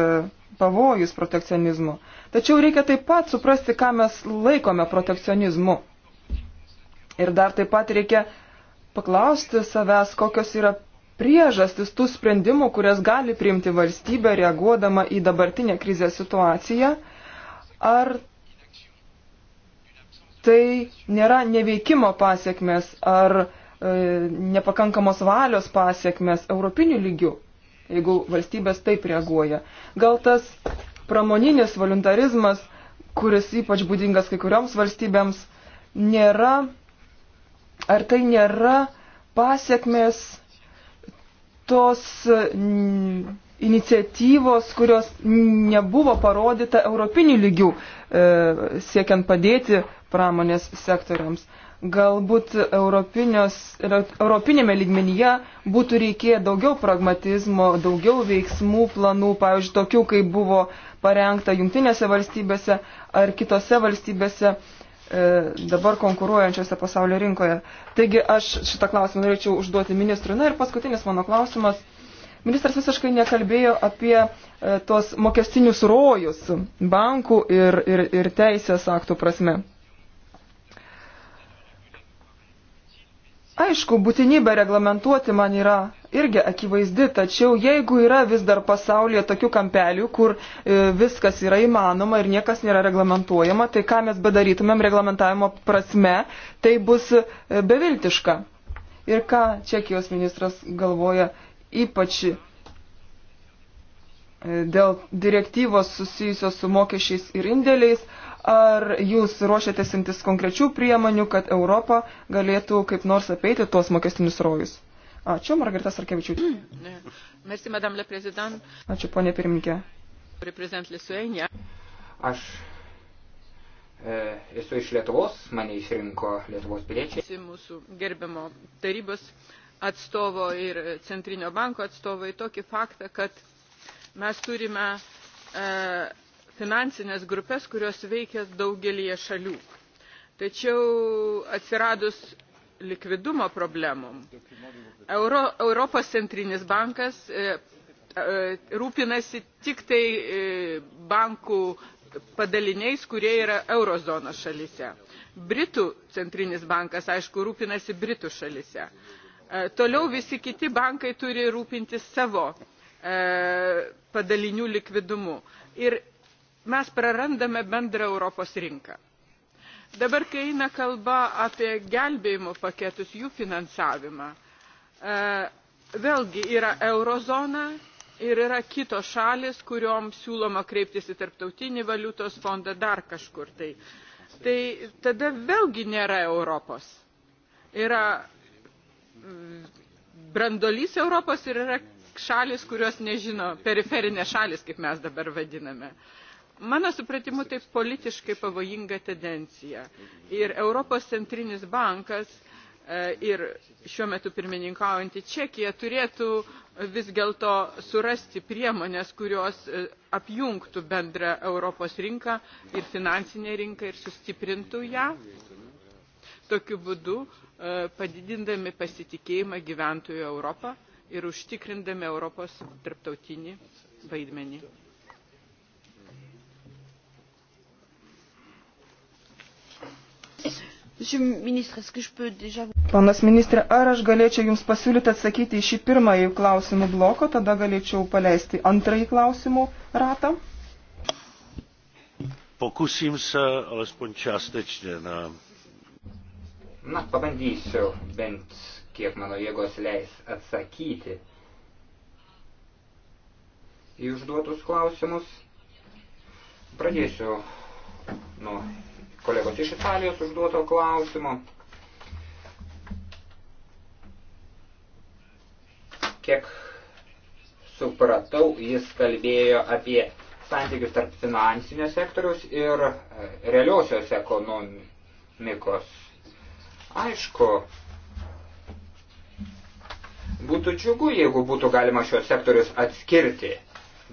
[SPEAKER 5] pavojus protekcionizmu. Tačiau reikia taip pat suprasti, ką mes laikome protekcionizmu. Ir dar taip pat reikia paklausti savęs, kokios yra priežastis tų sprendimų, kurias gali priimti valstybė reaguodama į dabartinę krizės situaciją. Ar tai nėra neveikimo pasiekmes ar e, nepakankamos valios pasiekmes europinių lygių, jeigu valstybės taip reaguoja. Gal tas pramoninis voluntarizmas, kuris ypač būdingas kai kurioms valstybėms, nėra Ar tai nėra pasiekmes tos mm, iniciatyvos, kurios nebuvo parodyta europinių lygių, e, siekiant padėti pramonės sektoriams. Galbūt europinėme lygmenyje būtų reikėję daugiau pragmatizmo, daugiau veiksmų, planų, pavyzdžiui, tokių, kaip buvo parengta Junktinėse valstybėse ar kitose valstybėse E, dabar konkuruojančiose pasaulio rinkoje. Taigi aš šitą klausimą norėčiau užduoti ministrui. Na ir paskutinis mano klausimas. Ministras visiškai nekalbėjo apie e, tos mokestinius rojus bankų ir, ir, ir teisės aktų prasme. Aišku, būtinybė reglamentuoti man yra irgi akivaizdi, tačiau jeigu yra vis dar pasaulyje tokių kampelių, kur e, viskas yra įmanoma ir niekas nėra reglamentuojama, tai ką mes bedarytumėm reglamentavimo prasme, tai bus e, beviltiška. Ir ką Čekijos ministras galvoja ypač e, dėl direktyvos susijusios su mokesčiais ir indėliais, ar jūs ruošiatės imtis konkrečių priemonių, kad Europa galėtų kaip nors apeiti tuos mokestinius rojus? Ačiū, Margarita Sarkevičiūtė. Mm.
[SPEAKER 4] Merci, madame le président.
[SPEAKER 5] Ačiū, ponė pirmininkė.
[SPEAKER 4] Reprezent Liesuenė. Aš
[SPEAKER 2] e, esu iš Lietuvos, mane išrinko Lietuvos piliečiai. Mūsų
[SPEAKER 4] gerbiamo tarybos atstovo ir Centrinio banko atstovo į tokį faktą, kad mes turime e, finansinės grupės, kurios veikia daugelie šalių. Tačiau atsiradus likvidumo problemom. Euro, Europos centrinis bankas e, e, rūpinasi tik tai e, bankų padaliniais, kurie yra eurozonos šalise. Britų centrinis bankas, aišku, rūpinasi Britų šalise. Toliau visi kiti bankai turi rūpintis savo padalinių likvidumu. Ir mes prarandame bendrą Europos rinką. Dabar, kai eina kalba apie gelbėjimo paketus, jų finansavimą, e, vėlgi yra eurozona ir yra kitos šalis, kuriuom siūloma kreiptis į tarptautinį valiutos fondą dar kažkur. Tai, tai tada vėlgi nėra Europos. Yra mm, brandolys Europos ir yra šalis, kurios nežino, periferinės šalis, kaip mes dabar vadiname. Uh, mano supratimu tai politiškai pavojinga tendencija ir europos centrinis bankas e, ir šiuo metu pirmininkaujanti čekija turėtų vis dėlto surasti priemones kurios e, apjungtų bendrą europos rinką ir finansinę rinką ir sustiprintų ją tokiu būdu e, padidindami pasitikėjimą gyventojų europą ir užtikrindami europos tarptautinį vaidmenį.
[SPEAKER 5] Panas ministrė, ar aš galėčiau Jums pasiūlyti atsakyti į šį pirmąjį klausimų bloką, tada galėčiau paleisti antrąjį klausimų ratą?
[SPEAKER 1] Pokusim se alespoň částečně na...
[SPEAKER 2] Na, pabandysiu bent kiek mano jėgos leis atsakyti į užduotus klausimus. Pradėsiu nuo kolegos iš Italijos užduoto klausimo. Kiek supratau, jis kalbėjo apie santykius tarp finansinio sektoriaus ir e, realiosios ekonomikos. Aišku, būtų džiugu, jeigu būtų galima šios sektorius atskirti,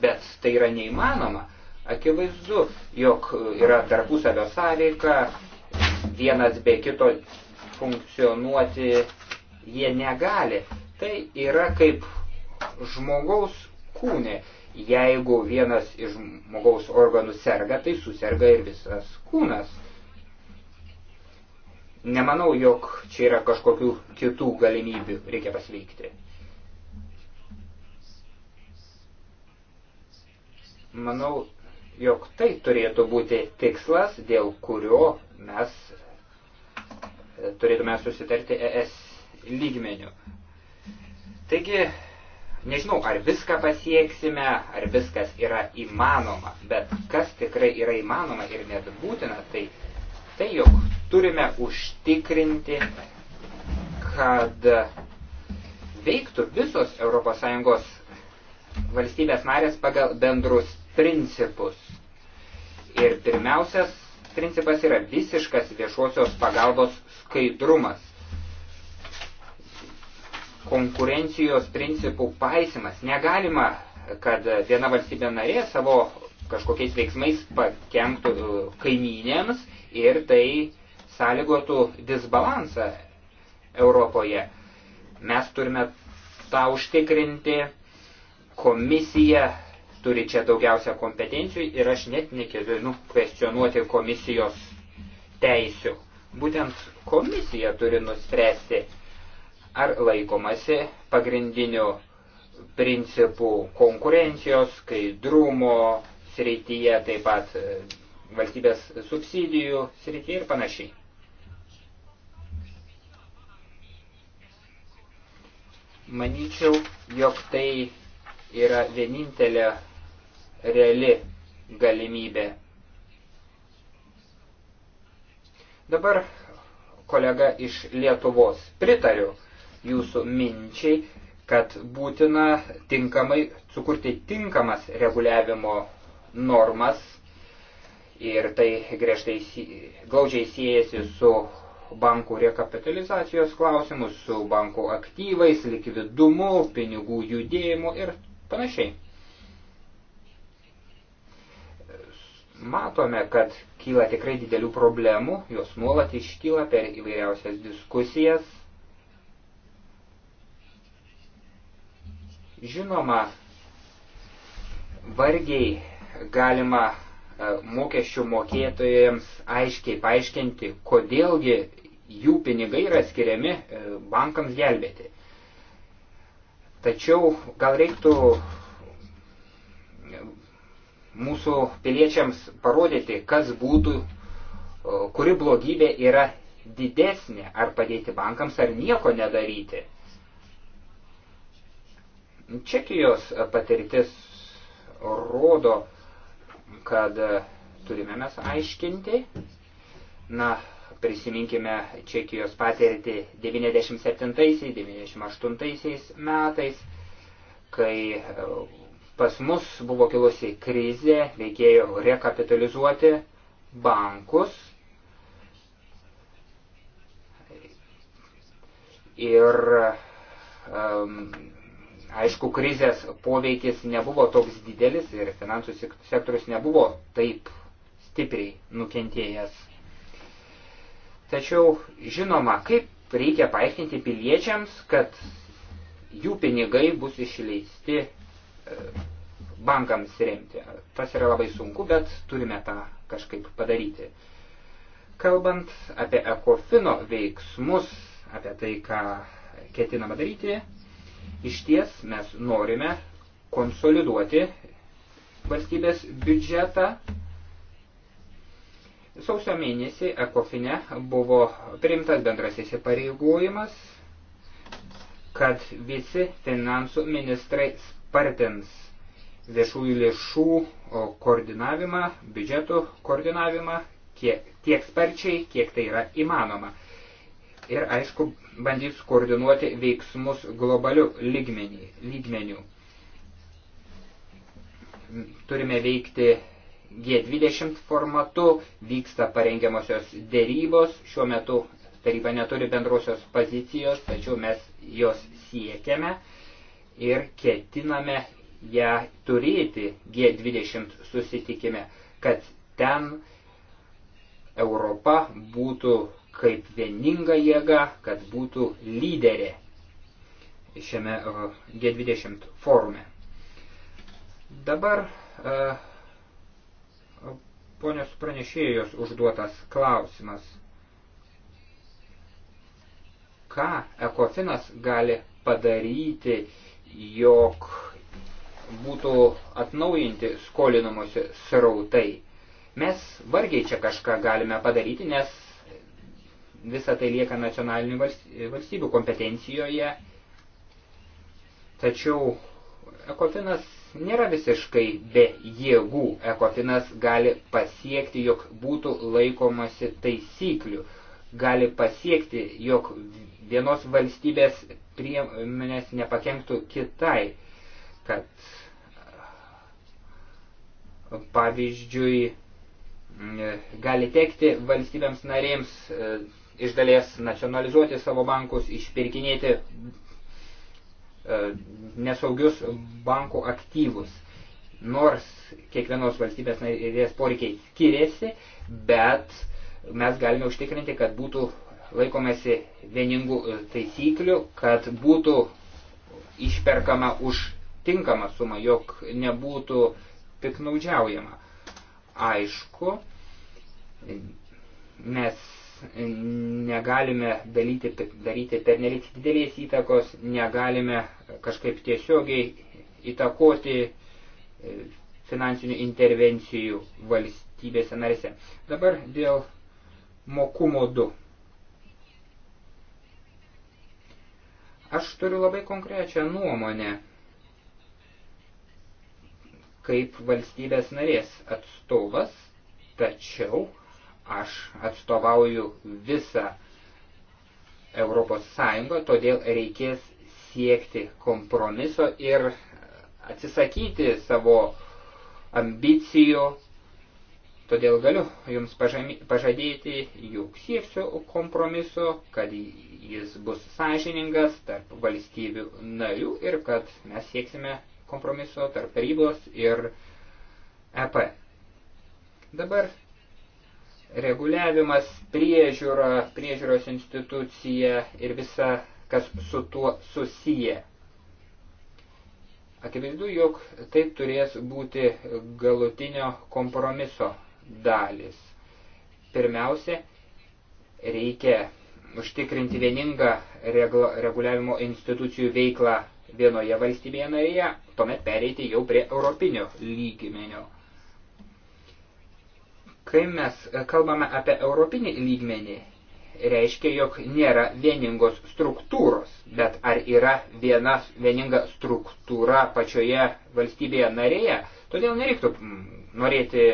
[SPEAKER 2] bet tai yra neįmanoma. Akivaizdu, jog yra tarpusavio sąveika, vienas be kito funkcionuoti jie negali. Tai yra kaip žmogaus kūne. Jeigu vienas iš žmogaus organų serga, tai suserga ir visas kūnas. Nemanau, jog čia yra kažkokių kitų galimybių, reikia pasveikti. Manau, jog tai turėtų būti tikslas, dėl kurio mes e, turėtume susitarti ES lygmenių. Taigi, nežinau, ar viską pasieksime, ar viskas yra įmanoma, bet kas tikrai yra įmanoma ir net būtina, tai tai, jog turime užtikrinti, kad veiktų visos ES valstybės narės pagal bendrus principus. Ir pirmiausias principas yra visiškas viešosios pagalbos skaidrumas. Konkurencijos principų paisimas. Negalima, kad viena valstybė narė savo kažkokiais veiksmais pakenktų e, kaimynėms ir tai sąlygotų disbalansą Europoje. Mes turime tą užtikrinti, komisija turi čia daugiausia kompetencijų ir aš net nekėdinu kvestionuoti komisijos teisių. Būtent komisija turi nuspręsti, ar laikomasi pagrindinių principų konkurencijos, skaidrumo srityje, taip pat e, valstybės subsidijų srityje ir panašiai. Manyčiau, jog tai yra vienintelė reali galimybė. Dabar kolega iš Lietuvos pritariu jūsų minčiai, kad būtina tinkamai sukurti tinkamas reguliavimo normas ir tai griežtai glaudžiai siejasi su bankų rekapitalizacijos klausimus, su bankų aktyvais, likvidumu, pinigų judėjimu ir panašiai. matome, kad kyla tikrai didelių problemų, jos nuolat iškyla per įvairiausias diskusijas. Žinoma, vargiai galima e, mokesčių mokėtojams aiškiai paaiškinti, kodėlgi jų pinigai yra skiriami e, bankams gelbėti. Tačiau gal reiktų mūsų piliečiams parodyti, kas būtų, kuri blogybė yra didesnė, ar padėti bankams, ar nieko nedaryti. Čekijos patirtis rodo, kad turime mes aiškinti. Na, prisiminkime Čekijos patirtį 97-98 metais, kai Pas mus buvo kilusi krizė, reikėjo rekapitalizuoti bankus ir um, aišku, krizės poveikis nebuvo toks didelis ir finansų sektorius nebuvo taip stipriai nukentėjęs. Tačiau, žinoma, kaip reikia paaiškinti piliečiams, kad jų pinigai bus išleisti bankams remti. Tas yra labai sunku, bet turime tą kažkaip padaryti. Kalbant apie ekofino veiksmus, apie tai, ką ketinama daryti, iš ties mes norime konsoliduoti valstybės biudžetą. Sausio mėnesį ekofine buvo priimtas bendras įsipareigojimas, kad visi finansų ministrai spartins viešųjų lėšų koordinavimą, biudžetų koordinavimą tiek, tiek sparčiai, kiek tai yra įmanoma. Ir aišku, bandys koordinuoti veiksmus globaliu lygmenį, lygmeniu. Turime veikti G20 formatu, vyksta parengiamosios dėrybos, šiuo metu taryba neturi bendrosios pozicijos, tačiau mes jos siekiame ir ketiname ją turėti G20 susitikime, kad ten Europa būtų kaip vieninga jėga, kad būtų lyderė šiame uh, G20 forume. Dabar uh, ponios pranešėjos užduotas klausimas. Ką ekofinas gali padaryti jog būtų atnaujinti skolinamosi srautai. Mes vargiai čia kažką galime padaryti, nes visa tai lieka nacionalinių valstybių kompetencijoje. Tačiau ekofinas nėra visiškai be jėgų. Ekofinas gali pasiekti, jog būtų laikomasi taisyklių gali pasiekti, jog vienos valstybės priemonės nepakenktų kitai, kad pavyzdžiui gali tekti valstybėms narėms e, iš dalies nacionalizuoti savo bankus, išpirkinėti e, nesaugius bankų aktyvus. Nors kiekvienos valstybės narės poreikiai skiriasi, bet uh, mes galime užtikrinti, kad būtų laikomasi vieningų e, taisyklių, kad būtų išperkama už tinkamą sumą, jog nebūtų piknaudžiaujama. Aišku, mes negalime dalyti, daryti pernelik didelės įtakos, negalime kažkaip tiesiogiai įtakoti e, finansinių intervencijų valstybėse narėse. Dabar dėl mokumo 2. Aš turiu labai konkrečią nuomonę kaip valstybės narės atstovas, tačiau aš atstovauju visą Europos Sąjungą, todėl reikės siekti kompromiso ir atsisakyti savo ambicijų Todėl galiu jums pažadėti, jog sieksiu kompromiso, kad jis bus sąžiningas tarp valstybių narių ir kad mes sieksime kompromiso tarp tarybos ir EP. Dabar reguliavimas, priežiūra, priežiūros institucija ir visa, kas su tuo susiję. Akivaizdu, jog tai turės būti galutinio kompromiso dalis. Pirmiausia, reikia užtikrinti vieningą regla, reguliavimo institucijų veiklą vienoje valstybėje narėje, tuomet pereiti jau prie europinio lygmenio. Kai mes kalbame apie europinį lygmenį, reiškia, jog nėra vieningos struktūros, bet ar yra viena vieninga struktūra pačioje valstybėje narėje, todėl nereiktų mm, norėti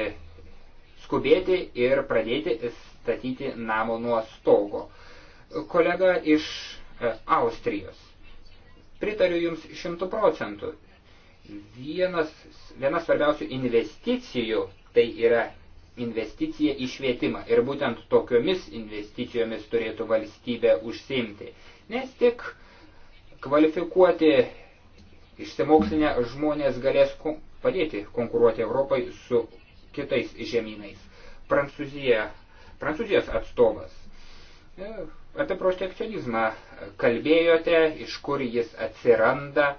[SPEAKER 2] skubėti ir pradėti statyti namo nuo stogo. Kolega iš e, Austrijos. Pritariu Jums šimtų procentų. Vienas, vienas svarbiausių investicijų tai yra investicija į švietimą. Ir būtent tokiomis investicijomis turėtų valstybė užsimti. Nes tik kvalifikuoti išsimokslinę žmonės galės padėti konkuruoti Europai su kitais žemynais. Prancūzija, Prancūzijos atstovas. E, apie protekcionizmą kalbėjote, iš kur jis atsiranda.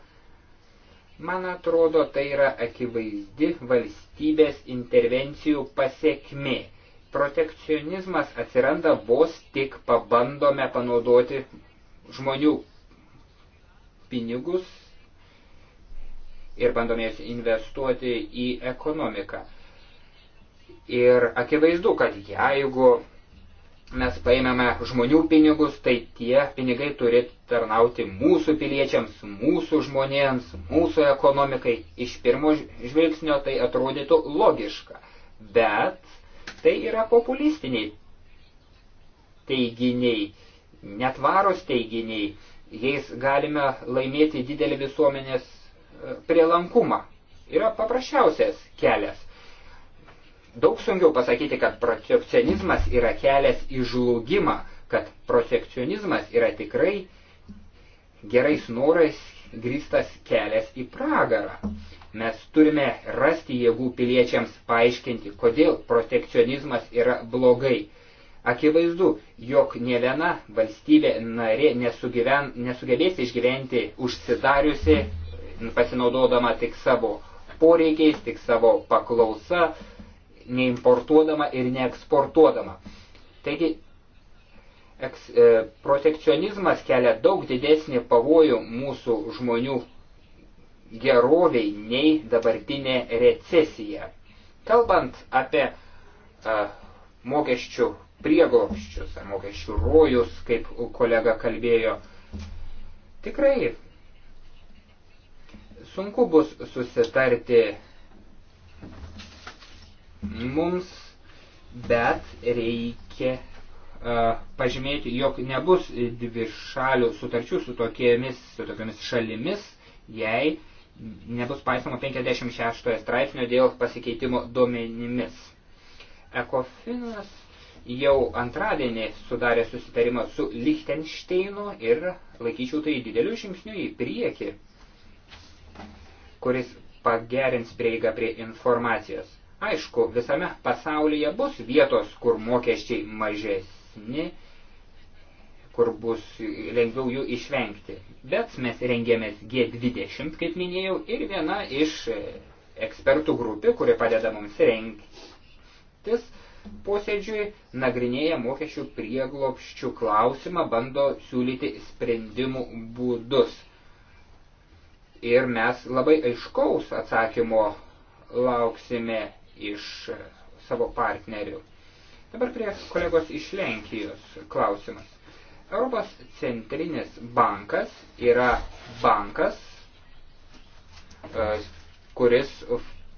[SPEAKER 2] Man atrodo, tai yra akivaizdi valstybės intervencijų pasiekmi. Protekcionizmas atsiranda vos tik pabandome panaudoti žmonių pinigus ir bandome jas investuoti į ekonomiką. Ir akivaizdu, kad jeigu mes paėmėme žmonių pinigus, tai tie pinigai turi tarnauti mūsų piliečiams, mūsų žmonėms, mūsų ekonomikai. Iš pirmo žvilgsnio tai atrodytų logiška, bet tai yra populistiniai teiginiai, netvaros teiginiai, jais galime laimėti didelį visuomenės e, prielankumą. Yra paprasčiausias kelias Daug sunkiau pasakyti, kad protekcionizmas yra kelias į žlugimą, kad protekcionizmas yra tikrai gerais norais grįstas kelias į pragarą. Mes turime rasti jėgų piliečiams paaiškinti, kodėl protekcionizmas yra blogai. Akivaizdu, jog ne viena valstybė narė nesugyven, nesugebės išgyventi užsidariusi, pasinaudodama tik savo poreikiais, tik savo paklausa, neimportuodama ir neeksportuodama. Taigi, eks, e, protekcionizmas kelia daug didesnį pavojų mūsų žmonių geroviai nei dabartinė recesija. Kalbant apie e, mokesčių prieglopščius ar mokesčių rojus, kaip kolega kalbėjo, tikrai sunku bus susitarti mums, bet reikia uh, pažymėti, jog nebus dvi šalių sutarčių su tokiamis, su tokiamis šalimis, jei nebus paisoma 56 straipsnio dėl pasikeitimo duomenimis. Ekofinas jau antradienį sudarė susitarimą su Lichtensteinu ir laikyčiau tai dideliu žingsniu į priekį, kuris pagerins prieigą prie informacijos. Aišku, visame pasaulyje bus vietos, kur mokesčiai mažesni, kur bus lengviau jų išvengti. Bet mes rengėmės G20, kaip minėjau, ir viena iš ekspertų grupių, kuri padeda mums rengtis posėdžiui, nagrinėja mokesčių prieglopščių klausimą, bando siūlyti sprendimų būdus. Ir mes labai aiškaus atsakymo lauksime iš savo partnerių. Dabar prie kolegos iš Lenkijos klausimas. Europos centrinis bankas yra bankas, e, kuris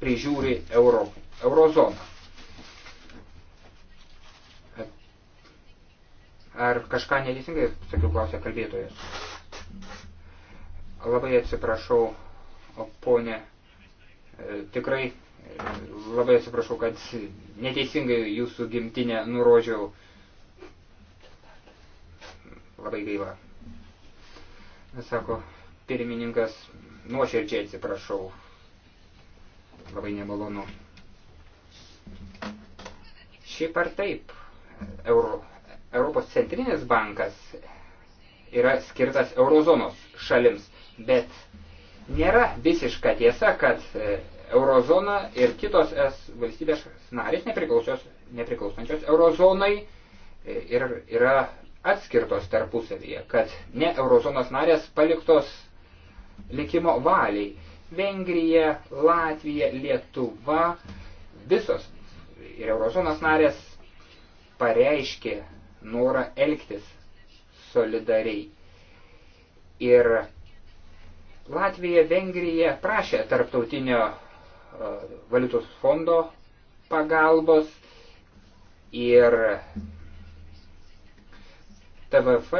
[SPEAKER 2] prižiūri euro, eurozoną. Ar kažką neteisingai, sakiau, klausė kalbėtojas. Labai atsiprašau, ponė, e, tikrai Labai atsiprašau, kad neteisingai jūsų gimtinę nurodžiau. Labai gaila. Sako, pirmininkas, nuoširdžiai atsiprašau. Labai nemalonu. Šiaip ar taip, Euro, Europos centrinis bankas yra skirtas eurozonos šalims, bet nėra visiška tiesa, kad e, eurozona ir kitos es valstybės narės nepriklausančios eurozonai e, ir yra atskirtos tarpusavyje, kad ne eurozonos narės paliktos likimo valiai. Vengrija, Latvija, Lietuva, visos ir eurozonos narės pareiškė norą elgtis solidariai. Ir Latvija, Vengrija prašė tarptautinio valiutos fondo pagalbos ir TVF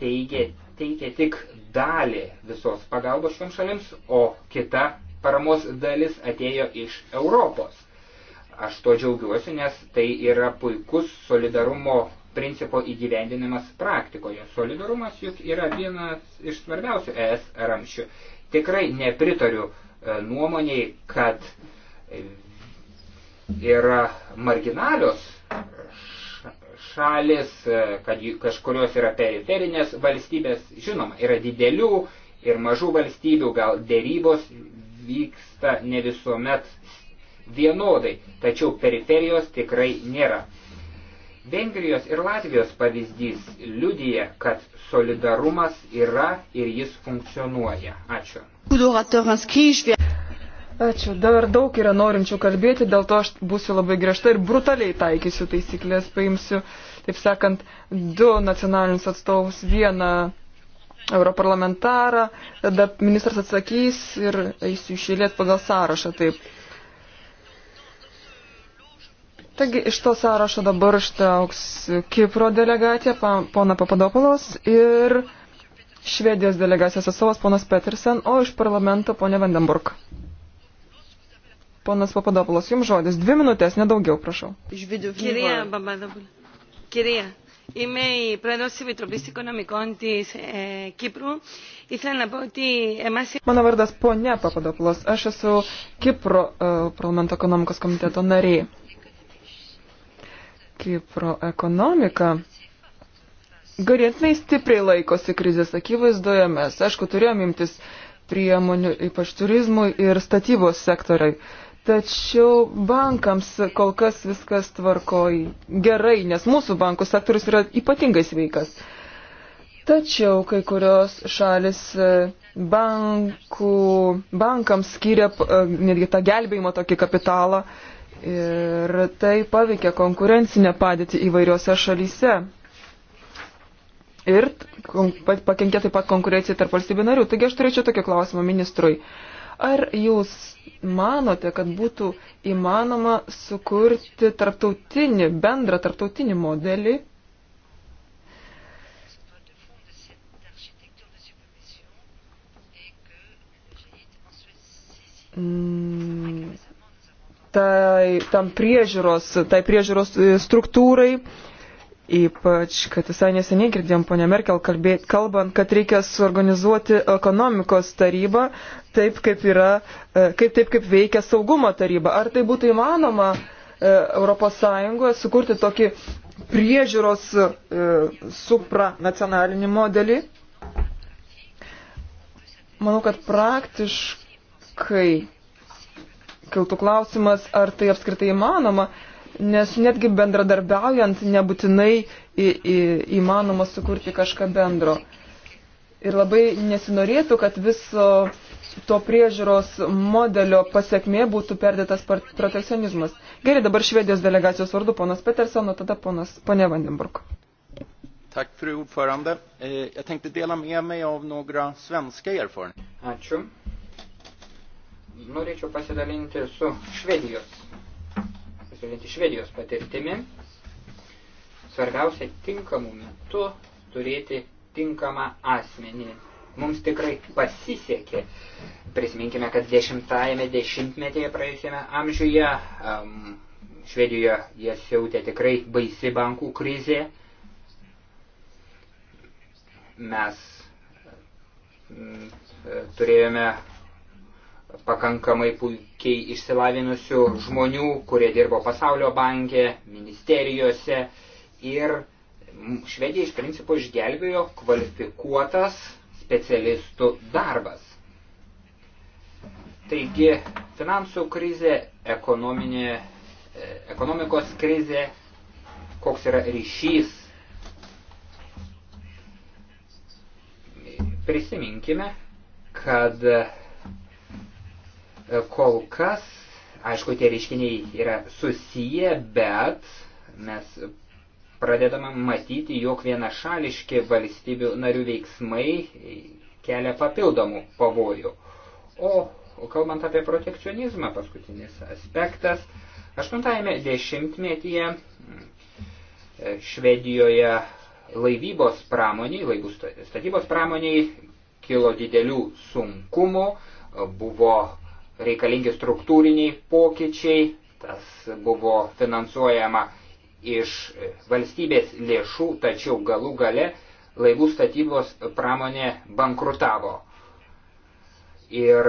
[SPEAKER 2] teigia, teikia tik dalį visos pagalbos šioms šalims, o kita paramos dalis atėjo iš Europos. Aš to džiaugiuosi, nes tai yra puikus solidarumo principo įgyvendinimas praktikoje. Solidarumas juk yra vienas iš svarbiausių ES ramščių. Tikrai nepritariu uh, E, nuomoniai, kad yra marginalios šalis, e, kad kažkurios yra periferinės valstybės, žinoma, yra didelių ir mažų valstybių, gal dėrybos vyksta ne visuomet vienodai, tačiau periferijos tikrai nėra. Vengrijos ir Latvijos pavyzdys liudyje, kad solidarumas yra ir jis funkcionuoja. Ačiū.
[SPEAKER 5] Ačiū. Dar daug yra norinčių kalbėti, dėl to aš būsiu labai griežta ir brutaliai taikysiu taisyklės. Paimsiu, taip sakant, du nacionalinius atstovus, vieną europarlamentarą, tada ministras atsakys ir eisiu išėlėt pagal sąrašą. Taip. Taigi iš to sąrašo dabar ištauks Kipro delegacija, pa, pona Papadopolos ir Švedijos delegacijos atstovas ponas Petersen, o iš parlamento ponė Vandenburg. Ponas Papadopolos, jums žodis. Dvi minutės, nedaugiau, prašau.
[SPEAKER 4] Kirija,
[SPEAKER 5] Papadopolos. Kirija. Είμαι η πρόεδρος της Επιτροπής Οικονομικών της ε, Κύπρου. Ήθελα να πω ότι εμάς... Mano vardas ponia Papadopoulos. Aš esu Kipro uh, parlamento ekonomikos komiteto narė. Kipro ekonomika ganėtinai stipriai laikosi krizės akivaizdoje. Mes, aišku, turėjom imtis priemonių ypač turizmui ir statybos sektoriai. Tačiau bankams kol kas viskas tvarkoj gerai, nes mūsų bankų sektorius yra ypatingai sveikas. Tačiau kai kurios šalis e, bankų, bankams skiria e, netgi tą gelbėjimo tokį kapitalą Ir tai paveikia konkurencinę padėtį įvairiose šalyse. Ir pakenkia taip pat konkurencijai tarp valstybių narių. Taigi aš turėčiau tokį klausimą ministrui. Ar jūs manote, kad būtų įmanoma sukurti tarptautinį, bendrą tarptautinį modelį mm, tai, tam priežiūros, tai priežiūros e, struktūrai. Ypač, kad visai neseniai girdėjom ponę Merkel kalbėt, kalbant, kad reikia suorganizuoti ekonomikos tarybą taip, kaip, yra, e, kaip, taip, kaip veikia saugumo taryba. Ar tai būtų įmanoma ES sukurti tokį priežiūros e, supranacionalinį modelį? Manau, kad praktiškai kiltų klausimas, ar tai apskritai įmanoma, nes netgi bendradarbiaujant nebūtinai į, į, įmanoma sukurti kažką bendro. Ir labai nesinorėtų, kad viso to priežiūros modelio pasiekmė būtų perdėtas protekcionizmas. Gerai, dabar Švedijos delegacijos vardu ponas Peterson, o tada ponas ponė Vandenburg.
[SPEAKER 2] Tak, fru ordförande. Eh, jag tänkte dela med mig av några svenska erfarenheter. Ačiū norėčiau pasidalinti su Švedijos, pasidalinti Švedijos patirtimi. Svarbiausia tinkamu metu turėti tinkamą asmenį. Mums tikrai pasisekė. Prisiminkime, kad dešimtajame dešimtmetyje praėjusiame amžiuje um, Švedijoje jas jautė tikrai baisi bankų krizė. Mes turėjome pakankamai puikiai išsilavinusių žmonių, kurie dirbo pasaulio bankė, ministerijose ir Švedija iš principo išgelbėjo kvalifikuotas specialistų darbas. Taigi, finansų krizė, ekonominė, e, ekonomikos krizė, koks yra ryšys. Prisiminkime, kad Kol kas, aišku, tie reiškiniai yra susiję, bet mes pradedame matyti, jog vienašališki valstybių narių veiksmai kelia papildomų pavojų. O kalbant apie protekcionizmą, paskutinis aspektas, 80-ame dešimtmetyje Švedijoje laivybos pramoniai, laivų statybos pramoniai kilo didelių sunkumų, buvo reikalingi struktūriniai pokyčiai, tas buvo finansuojama iš valstybės lėšų, tačiau galų gale laivų statybos pramonė bankrutavo. Ir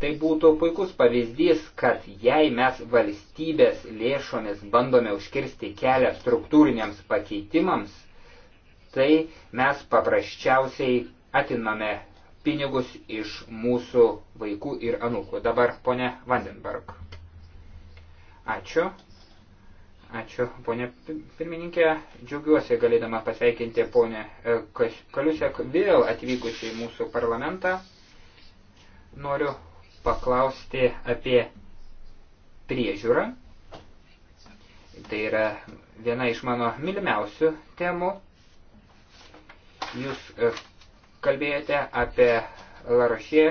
[SPEAKER 2] tai būtų puikus pavyzdys, kad jei mes valstybės lėšomis bandome užkirsti kelią struktūriniams pakeitimams, tai mes paprasčiausiai atimame pinigus iš mūsų vaikų ir anūkų. Dabar ponė Vandenberg. Ačiū. Ačiū, ponė pirmininkė. Džiaugiuosi galėdama pasveikinti ponę e, Kaliusek vėl atvykusi į mūsų parlamentą. Noriu paklausti apie priežiūrą. Tai yra viena iš mano mylimiausių temų. Jūs e, kalbėjote apie Larošė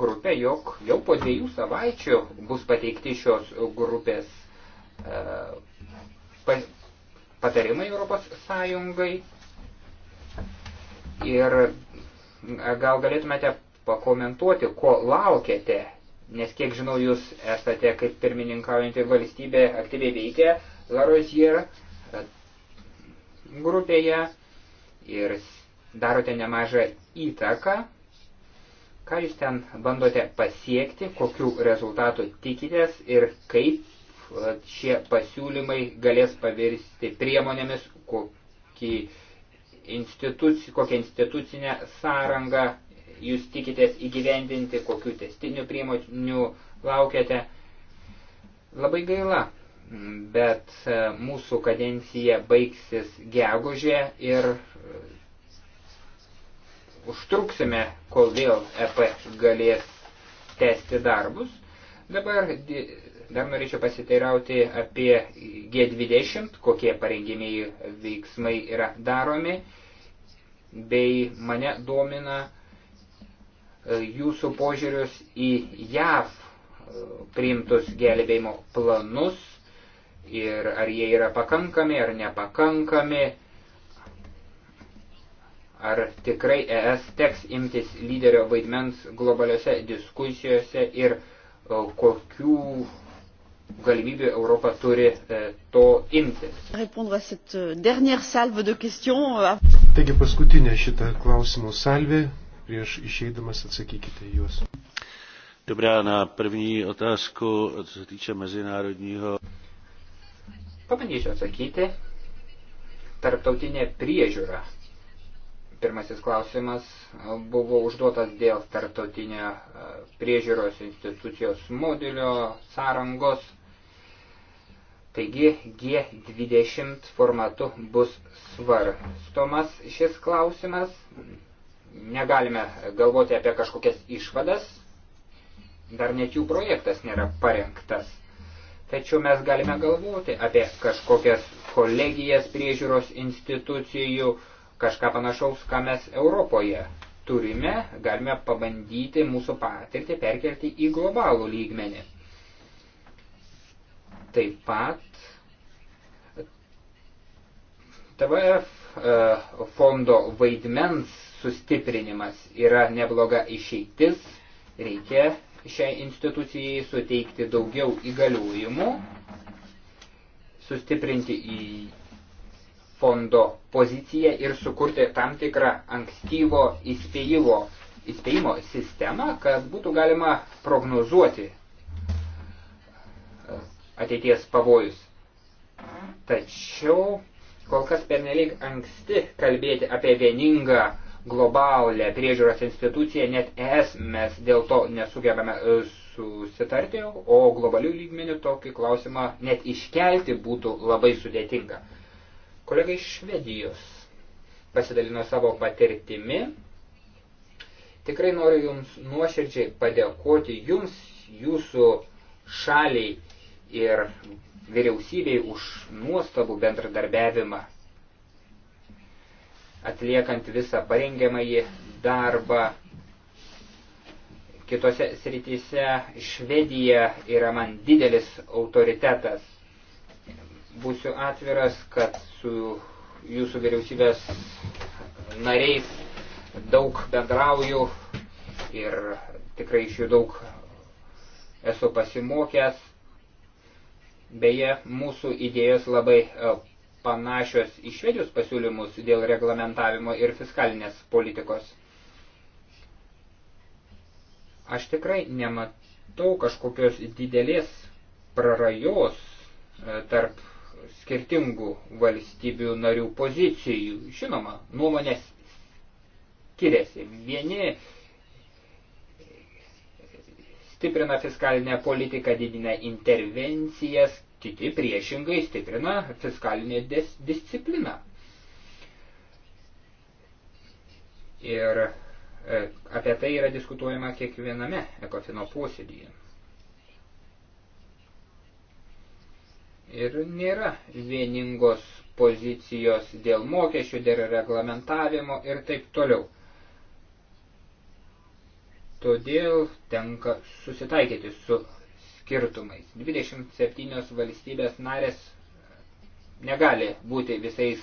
[SPEAKER 2] grupę, jog jau po dviejų savaičių bus pateikti šios grupės e, patarimai Europos Sąjungai. Ir e, gal galėtumėte pakomentuoti, ko laukiate, nes kiek žinau, jūs esate kaip pirmininkaujantį valstybę aktyviai veikia Larozier e, grupėje ir darote nemažą įtaką. Ką jūs ten bandote pasiekti, kokiu rezultatu tikitės ir kaip šie pasiūlymai galės pavirsti priemonėmis, kokį instituci, kokią institucinę sąrangą jūs tikitės įgyvendinti, kokiu testiniu priemonių laukiate. Labai gaila, bet e, mūsų kadencija baigsis gegužė ir užtruksime, kol vėl EP galės tęsti darbus. Dabar dar norėčiau pasiteirauti apie G20, kokie parengimiai veiksmai yra daromi, bei mane domina e, jūsų požiūrius į JAV e, priimtus gelbėjimo planus ir ar jie yra pakankami ar nepakankami ar tikrai ES teks imtis lyderio vaidmens globaliuose diskusijose ir e, kokių galimybių Europa turi e, to imtis.
[SPEAKER 4] Euh, euh,
[SPEAKER 1] Taigi paskutinė šitą klausimų salvė, prieš išeidamas atsakykite juos. Dobrá, na první otázku, co se týče mezinárodního.
[SPEAKER 2] Pabandysiu atsakyti. Tarptautinė priežiūra Pirmasis klausimas e, buvo užduotas dėl tarptautinio e, priežiūros institucijos modelio sąrangos. Taigi G20 formatu bus svarstomas šis klausimas. Negalime galvoti apie kažkokias išvadas, dar net jų projektas nėra parengtas. Tačiau mes galime galvoti apie kažkokias kolegijas priežiūros institucijų, uh, kažką panašaus, ką mes Europoje turime, galime pabandyti mūsų patirtį perkelti į globalų lygmenį. Taip pat TVF e, fondo vaidmens sustiprinimas yra nebloga išeitis, reikia šiai institucijai suteikti daugiau įgaliojimų, sustiprinti į fondo poziciją ir sukurti tam tikrą ankstyvo įspėjimo, įspėjimo sistemą, kad būtų galima prognozuoti e, ateities pavojus. Tačiau kol kas pernelyg anksti kalbėti apie vieningą globalę priežiūros instituciją, net es mes dėl to nesugebame e, susitarti, o globalių lygmenių tokį klausimą net iškelti būtų labai sudėtinga. Kolega iš Švedijos pasidalino savo patirtimi. Tikrai noriu Jums nuoširdžiai padėkoti Jums, Jūsų šaliai ir vyriausybei už nuostabų bendradarbiavimą, atliekant visą parengiamąjį darbą. Kitose srityse Švedija yra man didelis autoritetas būsiu atviras, kad su jūsų vyriausybės nariais daug bendrauju ir tikrai iš jų daug esu pasimokęs. Beje, mūsų idėjos labai e, panašios į švedijos pasiūlymus dėl reglamentavimo ir fiskalinės politikos. Aš tikrai nematau kažkokios didelės prarajos e, tarp skirtingų valstybių narių pozicijų. Žinoma, nuomonės skiriasi. Vieni stiprina fiskalinę politiką, didina intervencijas, kiti priešingai stiprina fiskalinę dis discipliną. Ir e, apie tai yra diskutuojama kiekviename ekofino posėdyje. ir nėra vieningos pozicijos dėl mokesčių, dėl reglamentavimo ir taip toliau. Todėl tenka susitaikyti su skirtumais. 27 valstybės narės negali būti visais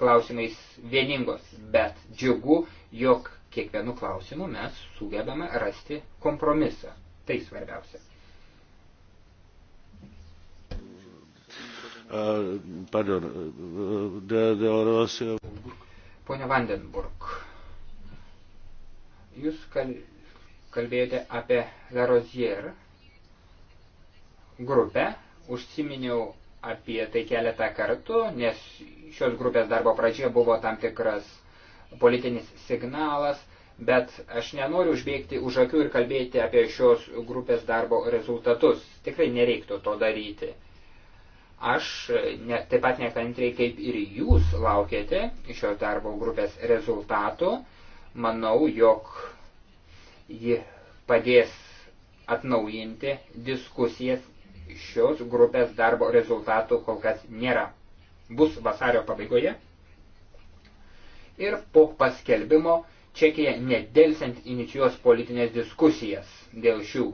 [SPEAKER 2] klausimais vieningos, bet džiugu, jog kiekvienu klausimu mes sugebame rasti kompromisą. Tai svarbiausia.
[SPEAKER 1] Uh, pardon, uh, there, there was...
[SPEAKER 2] Pone Vandenburg, jūs kalbėjote apie Larozier grupę, užsiminiau apie tai keletą kartų, nes šios grupės darbo pradžioje buvo tam tikras politinis signalas, bet aš nenoriu užbėgti už akių ir kalbėti apie šios grupės darbo rezultatus. Tikrai nereiktų to daryti. Aš ne, taip pat nekantriai kaip ir jūs laukėte šios darbo grupės rezultatų. Manau, jog ji padės atnaujinti diskusijas. Šios grupės darbo rezultatų kol kas nėra. Bus vasario pabaigoje. Ir po paskelbimo Čekija nedelsiant inicijuos politinės diskusijas dėl šių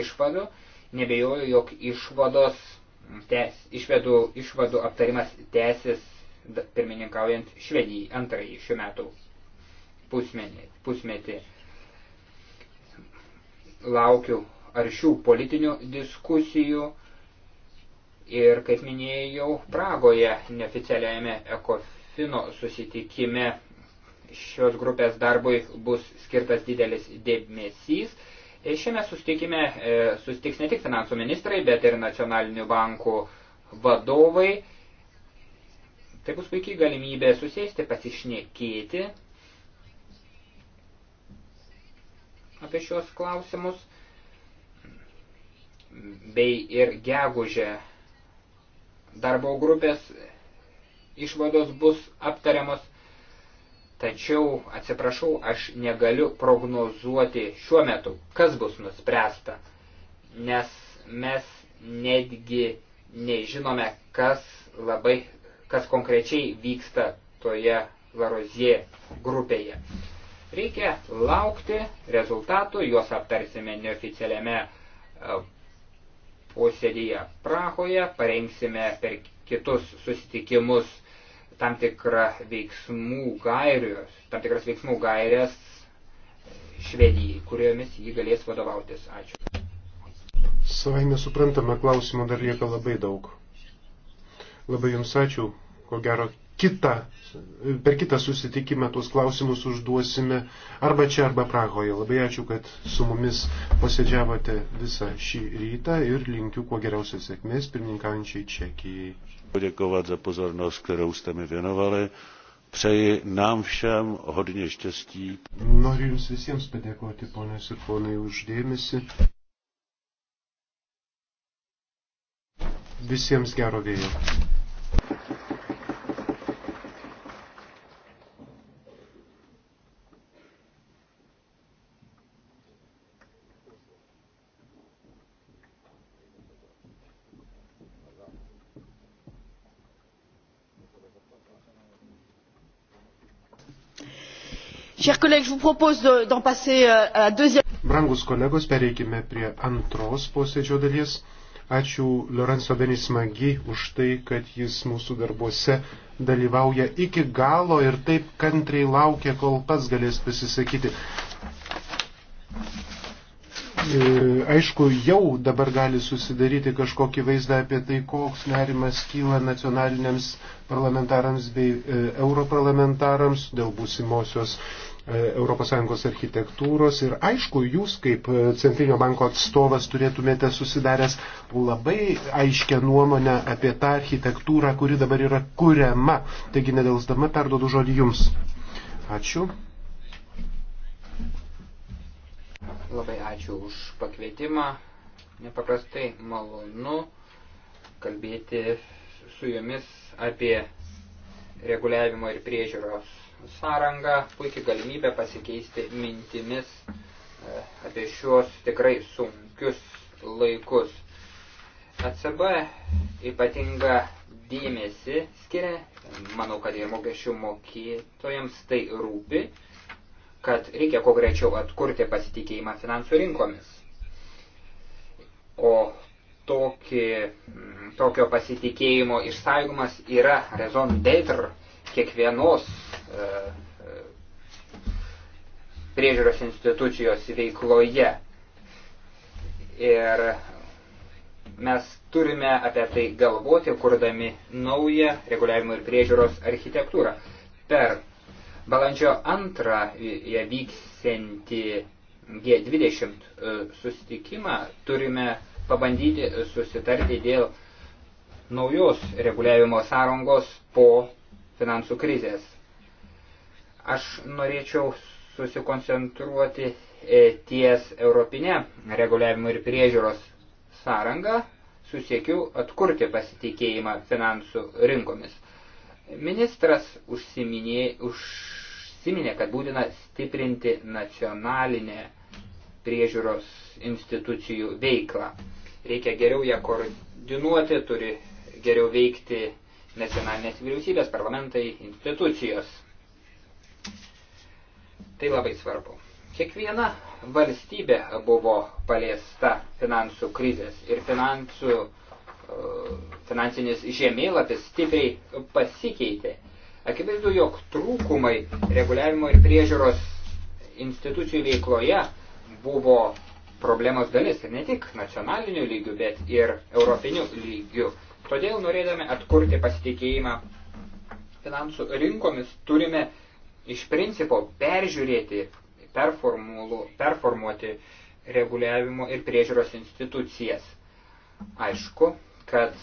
[SPEAKER 2] išvadų. Nebejoju, jog išvados tes, išvedų išvadų aptarimas tęsis pirmininkaujant Švedijai antrąjį šių metų pusmenį, pusmetį. Laukiu aršių politinių diskusijų ir, kaip minėjau, Pragoje neoficialiajame ekofino susitikime šios grupės darbui bus skirtas didelis dėmesys. Šiame sustikime e, sustiks ne tik finansų ministrai, bet ir nacionalinių bankų vadovai. Tai bus puikiai galimybė susėsti, pasišnekėti apie šios klausimus, bei ir gegužę darbo grupės išvados bus aptariamos Tačiau, atsiprašau, aš negaliu prognozuoti šiuo metu, kas bus nuspręsta, nes mes netgi nežinome, kas labai, kas konkrečiai vyksta toje Larozie grupėje. Reikia laukti rezultatų, juos aptarsime neoficialiame e, posėdėje Prahoje, parengsime per kitus susitikimus tam tikrą veiksmų gairius, tam tikras veiksmų gairias Švedijai, kuriomis ji galės vadovautis. Ačiū.
[SPEAKER 1] Savai mes suprantame, klausimų dar lieka labai daug. Labai Jums ačiū. Ko gero, kitą, per kitą susitikimą tuos klausimus užduosime arba čia, arba Prahoje. Labai ačiū, kad su mumis posėdžiavote visą šį rytą ir linkiu kuo geriausios sėkmės pirmininkaujančiai Čekijai poděkovat za pozornost, kterou jste mi věnovali. Přeji nám všem hodně štěstí. Noriu jums visiems padėkoti, ponės ir ponai, už dėmesį. Visiems gero vėjo.
[SPEAKER 4] Chers collègues, je vous propose d'en passer euh, à la deuxième.
[SPEAKER 1] Brangus kolegos, pereikime prie antros posėdžio dalies. Ačiū Lorenzo Benismagi už tai, kad jis mūsų darbuose dalyvauja iki galo ir taip kantriai laukia, kol pats galės pasisakyti. E, aišku, jau dabar gali susidaryti kažkokį vaizdą apie tai, koks nerimas kyla nacionaliniams parlamentarams bei e, europarlamentarams dėl būsimosios ES architektūros ir aišku, jūs kaip e, Centrinio banko atstovas turėtumėte susidaręs labai aiškę nuomonę apie tą architektūrą, kuri dabar yra kuriama. Taigi nedelsdama perdodu žodį jums. Ačiū.
[SPEAKER 2] Labai ačiū už pakvietimą. Nepaprastai malonu kalbėti su jumis apie reguliavimo ir priežiūros sąranga, puikia galimybė pasikeisti mintimis e, apie šios tikrai sunkius laikus. ECB ypatinga dėmesį skiria, manau, kad ir mokesčių mokėtojams tai rūpi, kad reikia kuo greičiau atkurti pasitikėjimą finansų rinkomis. O tokį, tokio pasitikėjimo išsaugomas yra raison d'être kiekvienos e, e, priežiūros institucijos veikloje. Ir mes turime apie tai galvoti, kurdami naują reguliavimo ir priežiūros architektūrą. Per balandžio antrą ją vyksiantį G20 e, susitikimą turime pabandyti susitarti dėl naujos reguliavimo sąrangos po finansų krizės. Aš norėčiau susikoncentruoti e, ties europinė reguliavimo ir priežiūros sąranga, susiekiu atkurti pasitikėjimą finansų rinkomis. Ministras užsiminė, užsiminė kad būtina stiprinti nacionalinę priežiūros institucijų veiklą. Reikia geriau ją koordinuoti, turi geriau veikti nacionalinės vyriausybės, parlamentai, institucijos. Tai labai svarbu. Kiekviena valstybė buvo paliesta finansų krizės ir finansų, e, finansinis žemėlapis stipriai pasikeitė. Akivaizdu, jog trūkumai reguliavimo ir priežiūros institucijų veikloje buvo problemos dalis ir ne tik nacionaliniu lygiu, bet ir europiniu lygiu. Todėl norėdami atkurti pasitikėjimą finansų rinkomis turime iš principo peržiūrėti, performuoti reguliavimo ir priežiūros institucijas. Aišku, kad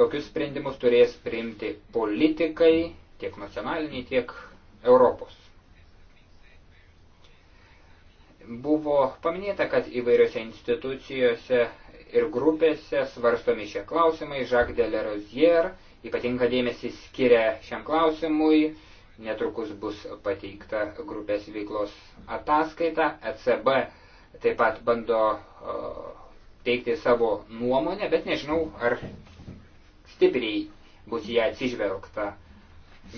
[SPEAKER 2] tokius sprendimus turės priimti politikai, tiek nacionaliniai, tiek Europos. Buvo paminėta, kad įvairiose institucijose ir grupėse svarstomi šie klausimai. Jacques de la Rozier ypatinga dėmesį skiria šiam klausimui. Netrukus bus pateikta grupės veiklos ataskaita. ECB taip pat bando teikti savo nuomonę, bet nežinau, ar stipriai bus ją atsižvelgta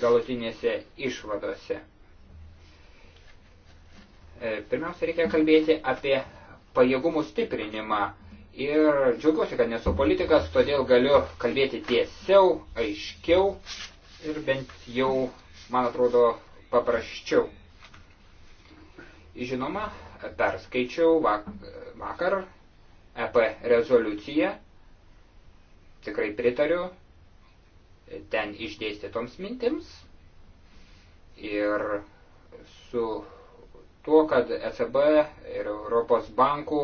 [SPEAKER 2] galutinėse išvadose. E, pirmiausia, reikia kalbėti apie pajėgumų stiprinimą ir džiaugiuosi, kad nesu politikas, todėl galiu kalbėti tiesiau, aiškiau ir bent jau, man atrodo, paprasčiau. Žinoma, perskaičiau vakar EP rezoliuciją, tikrai pritariu ten išdėstytoms mintims ir su tuo, kad ECB ir Europos bankų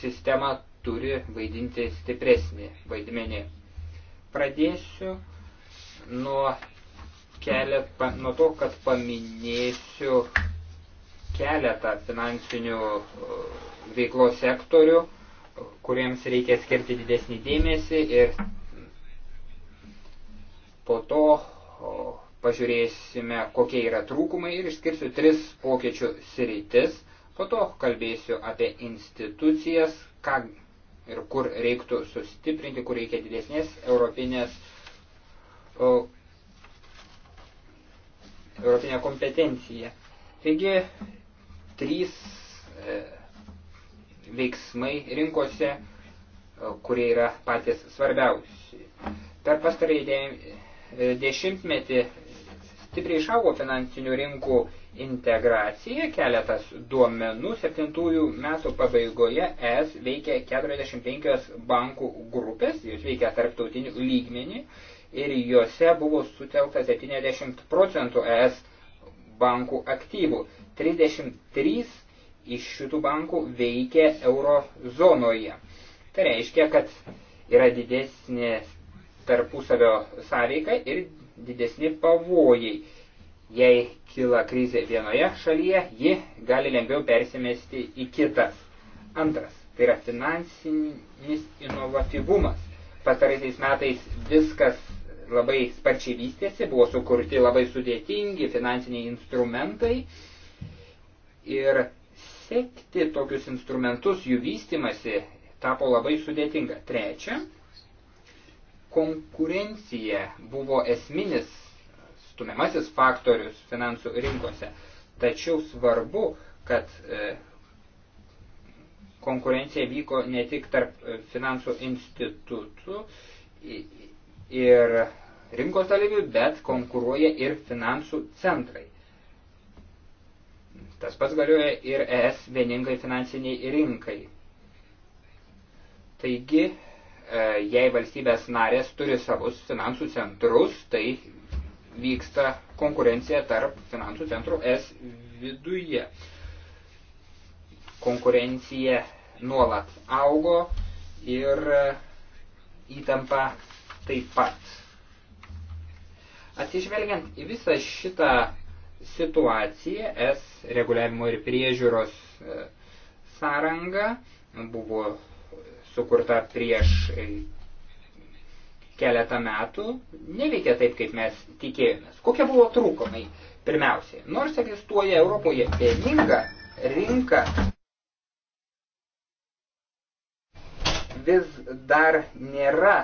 [SPEAKER 2] sistema turi vaidinti stipresnį vaidmenį. Pradėsiu nuo, keletą, nuo to, kad paminėsiu keletą finansinių uh, veiklos sektorių, kuriems reikia skirti didesnį dėmesį ir po to pažiūrėsime, kokie yra trūkumai ir išskirsiu tris pokyčių sritis. Po to kalbėsiu apie institucijas, ką ir kur reiktų sustiprinti, kur reikia didesnės europinės, o, europinę kompetenciją. Taigi, trys e, veiksmai rinkose, o, e, kurie yra patys svarbiausi. Per pastarąjį de, e, dešimtmetį stipriai išaugo finansinių rinkų integraciją, keletas duomenų. 7 metų pabaigoje ES veikia 45 bankų grupės, jos veikia tarptautinių lygmenį ir juose buvo sutelkta 70 procentų ES bankų aktyvų. 33 iš šitų bankų veikia eurozonoje. Tai reiškia, kad yra didesnė tarpusavio sąveika ir didesni pavojai Jei kyla krizė vienoje šalyje, ji gali lengviau persimesti į kitas. Antras, tai yra finansinis inovatyvumas. Pastaraisiais metais viskas labai sparčiai vystėsi, buvo sukurti labai sudėtingi finansiniai instrumentai ir sekti tokius instrumentus, jų vystimasi tapo labai sudėtinga. Trečia, konkurencija buvo esminis stumiamasis faktorius finansų rinkose. Tačiau svarbu, kad e, konkurencija vyko ne tik tarp e, finansų institutų ir rinkos dalyvių, bet konkuruoja ir finansų centrai. Tas pats galioja ir ES vieningai finansiniai rinkai. Taigi, e, jei valstybės narės turi savus finansų centrus, tai vyksta konkurencija tarp finansų centrų S viduje. Konkurencija nuolat augo ir e, įtampa taip pat. Atsižvelgiant į visą šitą situaciją, S reguliavimo ir priežiūros e, sąranga buvo sukurta prieš keletą metų neveikia taip, kaip mes tikėjomės. Kokie buvo trūkumai? Pirmiausiai, nors egzistuoja Europoje vieninga rinka, vis dar nėra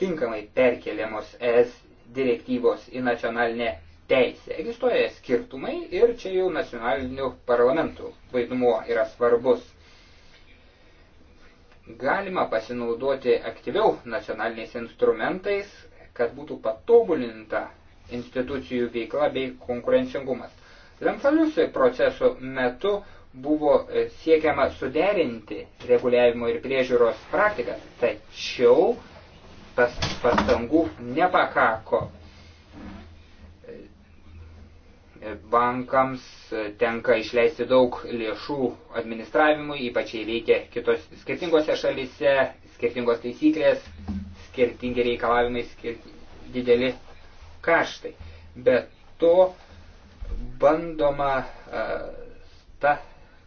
[SPEAKER 2] tinkamai perkeliamos ES direktyvos į nacionalinę teisę. Egzistuoja skirtumai ir čia jau nacionalinių parlamentų vaidmuo yra svarbus. Galima pasinaudoti aktyviau nacionaliniais instrumentais, kad būtų patobulinta institucijų veikla bei konkurencingumas. Lemfaliusi proceso metu buvo e, siekiama suderinti reguliavimo ir priežiūros praktikas, tačiau pastangų nepakako. bankams tenka išleisti daug lėšų administravimui, ypač jei veikia kitos skirtingose šalise, skirtingos taisyklės, skirtingi reikalavimai, skir... dideli kaštai. Bet to bandoma ta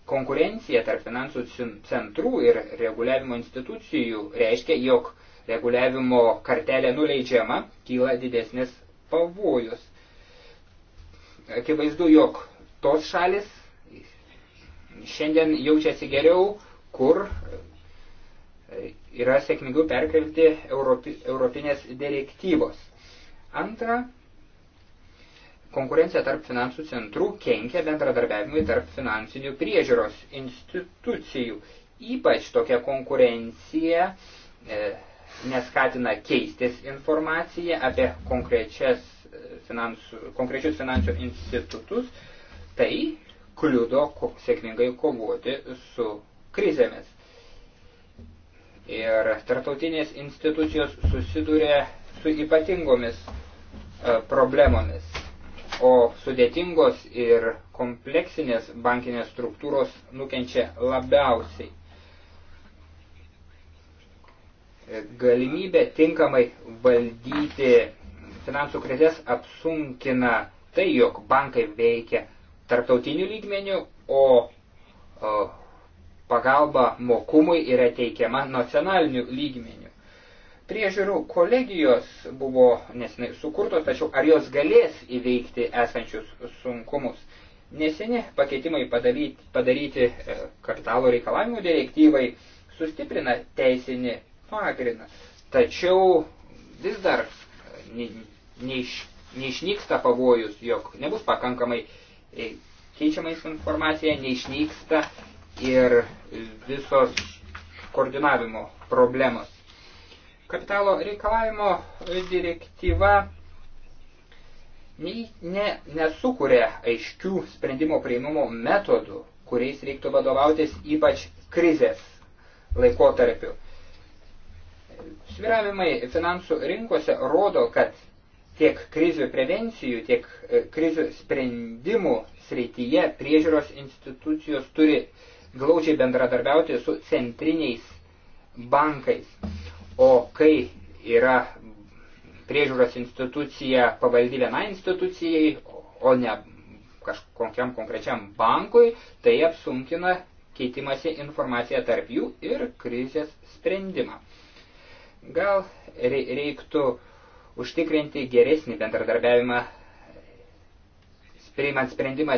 [SPEAKER 2] konkurencija tarp finansų centrų ir reguliavimo institucijų reiškia, jog reguliavimo kartelė nuleidžiama, kyla didesnis pavojus. Akivaizdu, jog tos šalis šiandien jaučiasi geriau, kur yra sėkmingiau perkelti Europi, europinės direktyvos. Antra, konkurencija tarp finansų centrų kenkia bendradarbiavimui tarp finansinių priežiūros institucijų. Ypač tokia konkurencija e, neskatina keistis informaciją apie konkrečias finansų, konkrečius finansų institutus, tai kliudo sėkmingai kovoti su krizėmis. Ir tartautinės institucijos susiduria su ypatingomis e, problemomis, o sudėtingos ir kompleksinės bankinės struktūros nukenčia labiausiai. E, galimybė tinkamai valdyti finansų krizės apsunkina tai, jog bankai veikia tarptautinių lygmenių, o, o pagalba mokumui yra teikiama nacionalinių lygmenių. Priežiūrų kolegijos buvo nesinai sukurtos, tačiau ar jos galės įveikti esančius sunkumus? Neseni pakeitimai padaryti, padaryti e, kartalo reikalavimų direktyvai sustiprina teisinį pagrindą. Tačiau vis dar neiš, neišnyksta pavojus, jog nebus pakankamai e, keičiamais informacija, neišnyksta ir visos koordinavimo problemos. Kapitalo reikalavimo direktyva nei, ne, nesukuria aiškių sprendimo prieimimo metodų, kuriais reiktų vadovautis ypač krizės laikotarpiu. Sviravimai finansų rinkose rodo, kad tiek krizių prevencijų, tiek e, krizių sprendimų srityje priežiūros institucijos turi glaudžiai bendradarbiauti su centriniais bankais. O kai yra priežiūros institucija pavaldi vienai institucijai, o ne kažkokiam konkrečiam bankui, tai apsunkina keitimasi informaciją tarp jų ir krizės sprendimą. Gal reiktų užtikrinti geresnį bendradarbiavimą, priimant sprendimą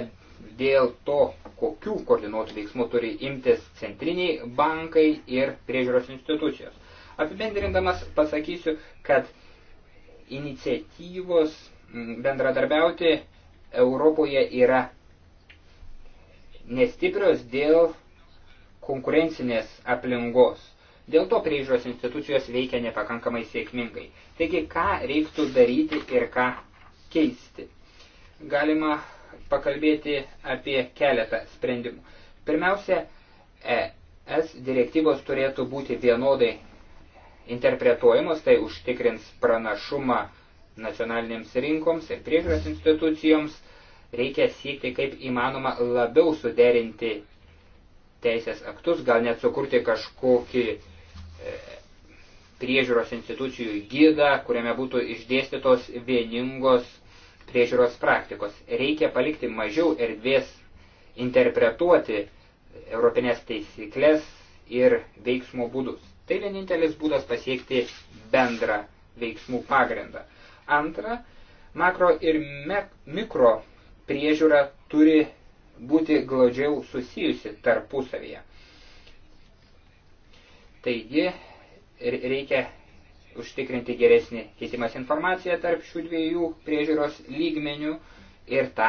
[SPEAKER 2] dėl to, kokių koordinuotų veiksmų turi imtis centriniai bankai ir priežiūros institucijos. Apibendrindamas pasakysiu, kad iniciatyvos bendradarbiauti Europoje yra nestiprios dėl konkurencinės aplinkos. Dėl to priežiūros institucijos veikia nepakankamai sėkmingai. Taigi, ką reiktų daryti ir ką keisti? Galima pakalbėti apie keletą sprendimų. Pirmiausia, ES direktyvos turėtų būti vienodai interpretuojamos, tai užtikrins pranašumą nacionalinėms rinkoms ir priežiūros institucijoms. Reikia siekti kaip įmanoma labiau suderinti teisės aktus, gal net sukurti kažkokį priežiūros institucijų gydą, kuriame būtų išdėstytos vieningos priežiūros praktikos. Reikia palikti mažiau erdvės interpretuoti europinės taisyklės ir veiksmų būdus. Tai vienintelis būdas pasiekti bendrą veiksmų pagrindą. Antra, makro ir mikro priežiūra turi būti glaudžiau susijusi tarpusavyje. Taigi reikia užtikrinti geresnį keitimas informaciją tarp šių dviejų priežiūros lygmenių ir tą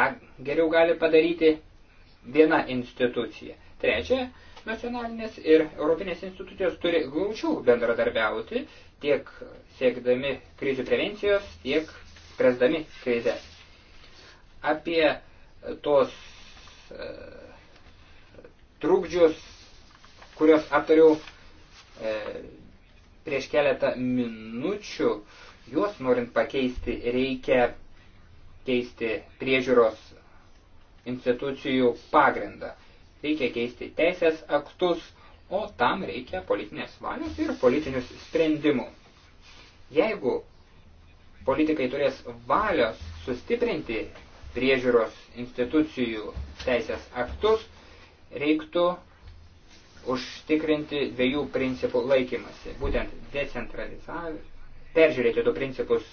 [SPEAKER 2] geriau gali padaryti viena institucija. Trečia, nacionalinės ir europinės institucijos turi glaučiau bendradarbiauti tiek siekdami krizių prevencijos, tiek presdami krizę. Apie tos e, trukdžius, kurios aptariau E, prieš keletą minučių, juos norint pakeisti, reikia keisti priežiūros institucijų pagrindą. Reikia keisti teisės aktus, o tam reikia politinės valios ir politinius sprendimų. Jeigu politikai turės valios sustiprinti priežiūros institucijų teisės aktus, reiktų užtikrinti dviejų principų laikymasi. Būtent decentralizavimas, peržiūrėti du principus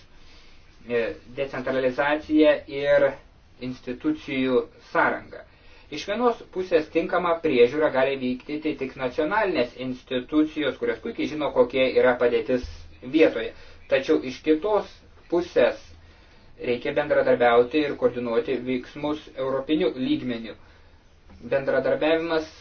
[SPEAKER 2] e, decentralizacija ir institucijų sąranga. Iš vienos pusės tinkama priežiūra gali vykdyti tik nacionalinės institucijos, kurios puikiai žino, kokie yra padėtis vietoje. Tačiau iš kitos pusės reikia bendradarbiauti ir koordinuoti veiksmus europinių lygmenių. Bendradarbiavimas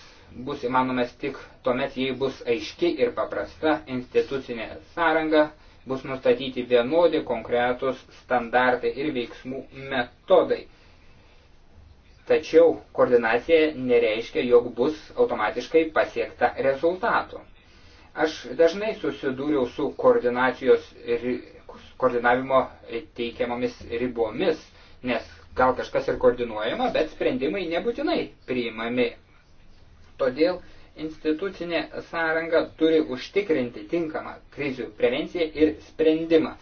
[SPEAKER 2] bus įmanomas tik tuomet, jei bus aiški ir paprasta institucinė sąranga, bus nustatyti vienodi konkretus standartai ir veiksmų metodai. Tačiau koordinacija nereiškia, jog bus automatiškai pasiekta rezultatų. Aš dažnai susidūriau su koordinacijos koordinavimo teikiamomis ribomis, nes gal kažkas ir koordinuojama, bet sprendimai nebūtinai priimami Todėl institucinė sąranga turi užtikrinti tinkamą krizių prevenciją ir sprendimą.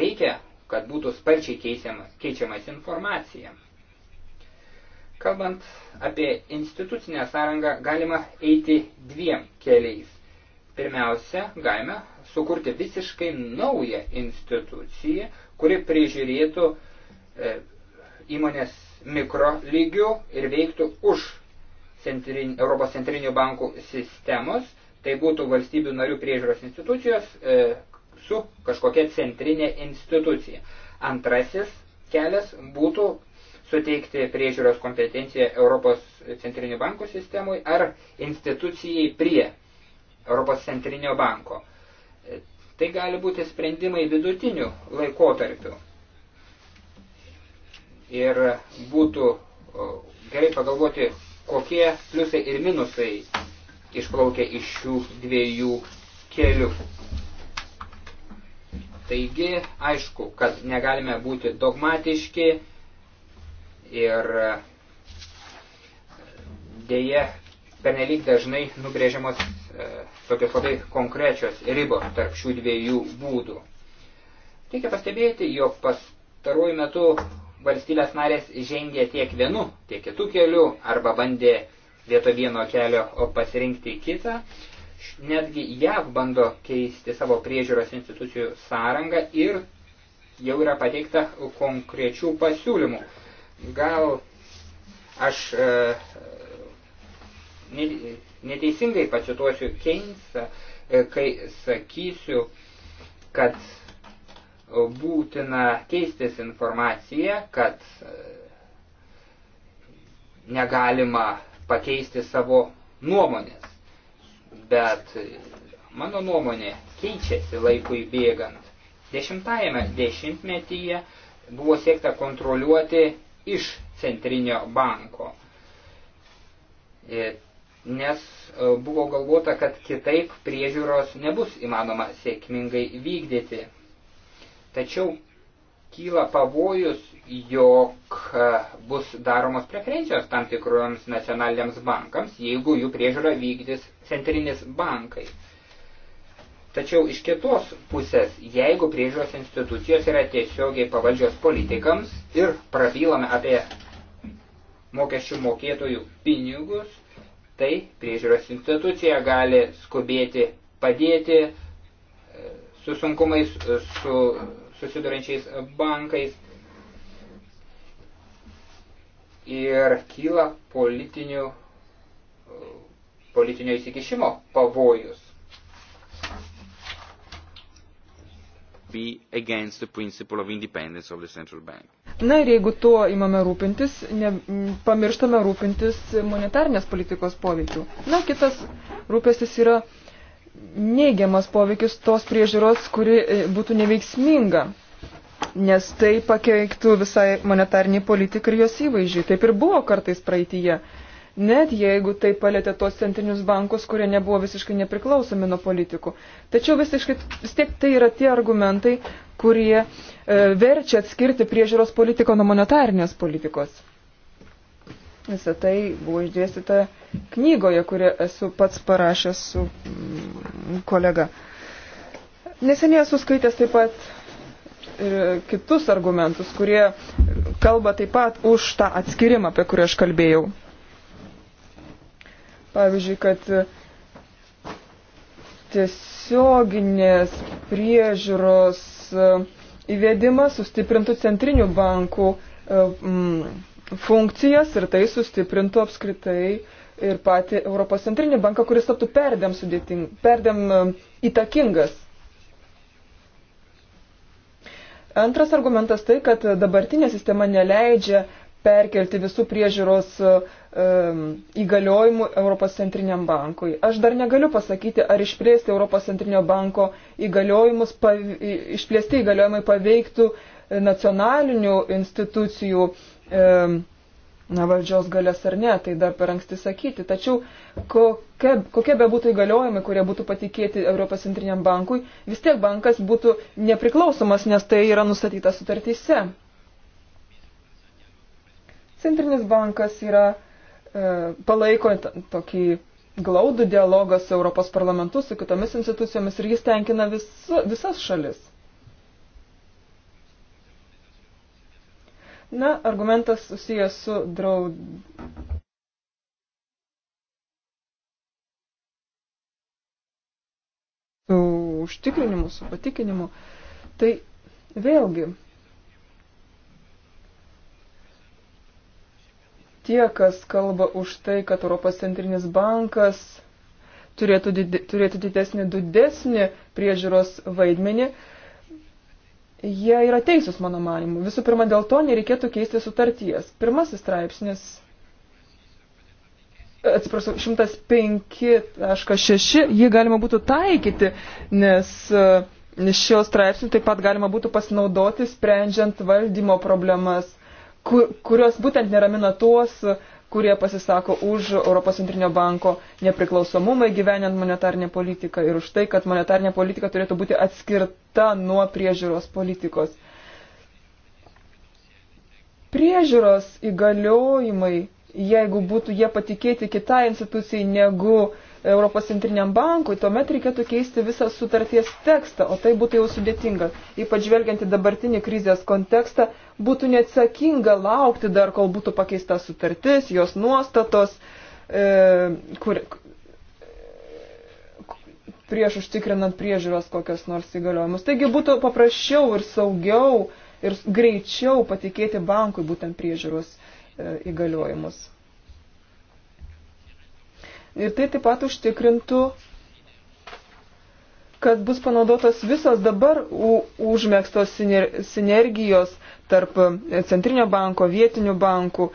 [SPEAKER 2] Reikia, kad būtų sparčiai keičiamas, keičiamas informacija. Kalbant apie institucinę sąrangą, galima eiti dviem keliais. Pirmiausia, galime sukurti visiškai naują instituciją, kuri prižiūrėtų e, įmonės mikro lygių ir veiktų už centrin, Europos centrinių bankų sistemos, tai būtų valstybių narių priežiūros institucijos e, su kažkokia centrinė institucija. Antrasis kelias būtų suteikti priežiūros kompetenciją Europos centrinių bankų sistemui ar institucijai prie Europos centrinio banko. E, tai gali būti sprendimai vidutinių laikotarpių. Ir būtų gerai pagalvoti, kokie pliusai ir minusai išplaukia iš šių dviejų kelių. Taigi, aišku, kad negalime būti dogmatiški ir dėje pernelyg dažnai nubrėžiamos e, tokios labai konkrečios ribos tarp šių dviejų būdų. Reikia pastebėti, jog pastaruoju metu valstybės narės žengė tiek vienu, tiek kitų kelių arba bandė vieto vieno kelio pasirinkti kitą. Netgi JAV bando keisti savo priežiūros institucijų sąrangą ir jau yra pateikta konkrečių pasiūlymų. Gal aš e, neteisingai pacituosiu Keynesą, e, kai sakysiu, kad būtina keistis informacija, kad e, negalima pakeisti savo nuomonės. Bet e, mano nuomonė keičiasi laikui bėgant. Dešimtajame dešimtmetyje buvo siekta kontroliuoti iš centrinio banko. E, nes buvo galvota, kad kitaip priežiūros nebus įmanoma sėkmingai vykdyti. Tačiau kyla pavojus, jog e, bus daromos preferencijos tam tikroms nacionaliniams bankams, jeigu jų priežiūrą vykdys centrinis bankai. Tačiau iš kitos pusės, jeigu priežiūros institucijos yra tiesiogiai pavaldžios politikams ir prabylame apie mokesčių mokėtojų pinigus, tai priežiūros institucija gali skubėti padėti e, su sunkumais, e, su susidurančiais bankais ir kyla politinių, politinio įsikišimo pavojus.
[SPEAKER 5] Na ir jeigu tuo imame rūpintis, ne, pamirštame rūpintis monetarnės politikos poveikiu. Na, kitas rūpestis yra neigiamas poveikis tos priežiūros, kuri e, būtų neveiksminga, nes tai pakeiktų visai monetarniai politikai ir jos įvaizdžiai. Taip ir buvo kartais praeitįje. Net jeigu tai palėtė tos centrinius bankus, kurie nebuvo visiškai nepriklausomi nuo politikų. Tačiau visiškai vis tiek tai yra tie argumentai, kurie e, verčia atskirti priežiūros politiką nuo monetarnės politikos. Visą tai buvo išdėstyta knygoje, kurią esu pats parašęs su mm, kolega. Neseniai esu skaitęs taip pat ir kitus argumentus, kurie kalba taip pat už tą atskirimą, apie kurį aš kalbėjau. Pavyzdžiui, kad tiesioginės priežiūros įvedimas sustiprintų centrinių bankų e, mm, funkcijas ir tai sustiprintų apskritai ir patį Europos centrinį banką, kuris taptų perdėm, sudėting, perdėm e, įtakingas. Antras argumentas tai, kad dabartinė sistema neleidžia perkelti visų priežiūros um, įgaliojimų Europos centriniam bankui. Aš dar negaliu pasakyti, ar išplėsti Europos centrinio banko įgaliojimus, pav, išplėsti įgaliojimai paveiktų nacionalinių institucijų uh, na, valdžios galės ar ne, tai dar per anksti sakyti. Tačiau kokie, kokie be būtų įgaliojimai, kurie būtų patikėti Europos centriniam bankui, vis tiek bankas būtų nepriklausomas, nes tai yra nustatyta sutartyse. Centrinis bankas yra e, palaiko tokį glaudų dialogą su Europos parlamentu, su kitomis institucijomis ir jis tenkina vis, visas šalis. Na, argumentas susijęs su draud... su užtikrinimu, su patikinimu. Tai vėlgi tie, kas kalba už tai, kad Europos centrinis bankas turėtų, did, turėtų didesnį, didesnį priežiūros vaidmenį, Jie yra teisūs, mano manimu. Visų pirma, dėl to nereikėtų keisti sutarties. Pirmasis straipsnis, atsiprašau, 105.6, jį galima būtų taikyti, nes e, šio straipsnių taip pat galima būtų pasinaudoti, sprendžiant valdymo problemas, kur, kurios būtent neramina tuos, uh, kurie pasisako už Europos centrinio banko nepriklausomumą įgyvenant monetarinę politiką ir už tai, kad monetarinė politika turėtų būti atskirta nuo priežiūros politikos. Priežiūros įgaliojimai, jeigu būtų jie patikėti kitai institucijai negu uh, Europos centriniam bankui, tuomet reikėtų keisti visą sutarties tekstą, o tai būtų jau sudėtinga. Ypač žvelgiant į dabartinį krizės kontekstą, būtų neatsakinga laukti dar, kol būtų pakeista sutartis, jos nuostatos, e, kur, prieš užtikrinant priežiūros kokios nors įgaliojimus. Taigi būtų paprasčiau ir saugiau ir greičiau patikėti bankui būtent priežiūros e, įgaliojimus. Ir tai taip pat užtikrintų, kad bus panaudotos visos dabar užmėgstos sinergijos tarp e, centrinio banko, vietinių bankų.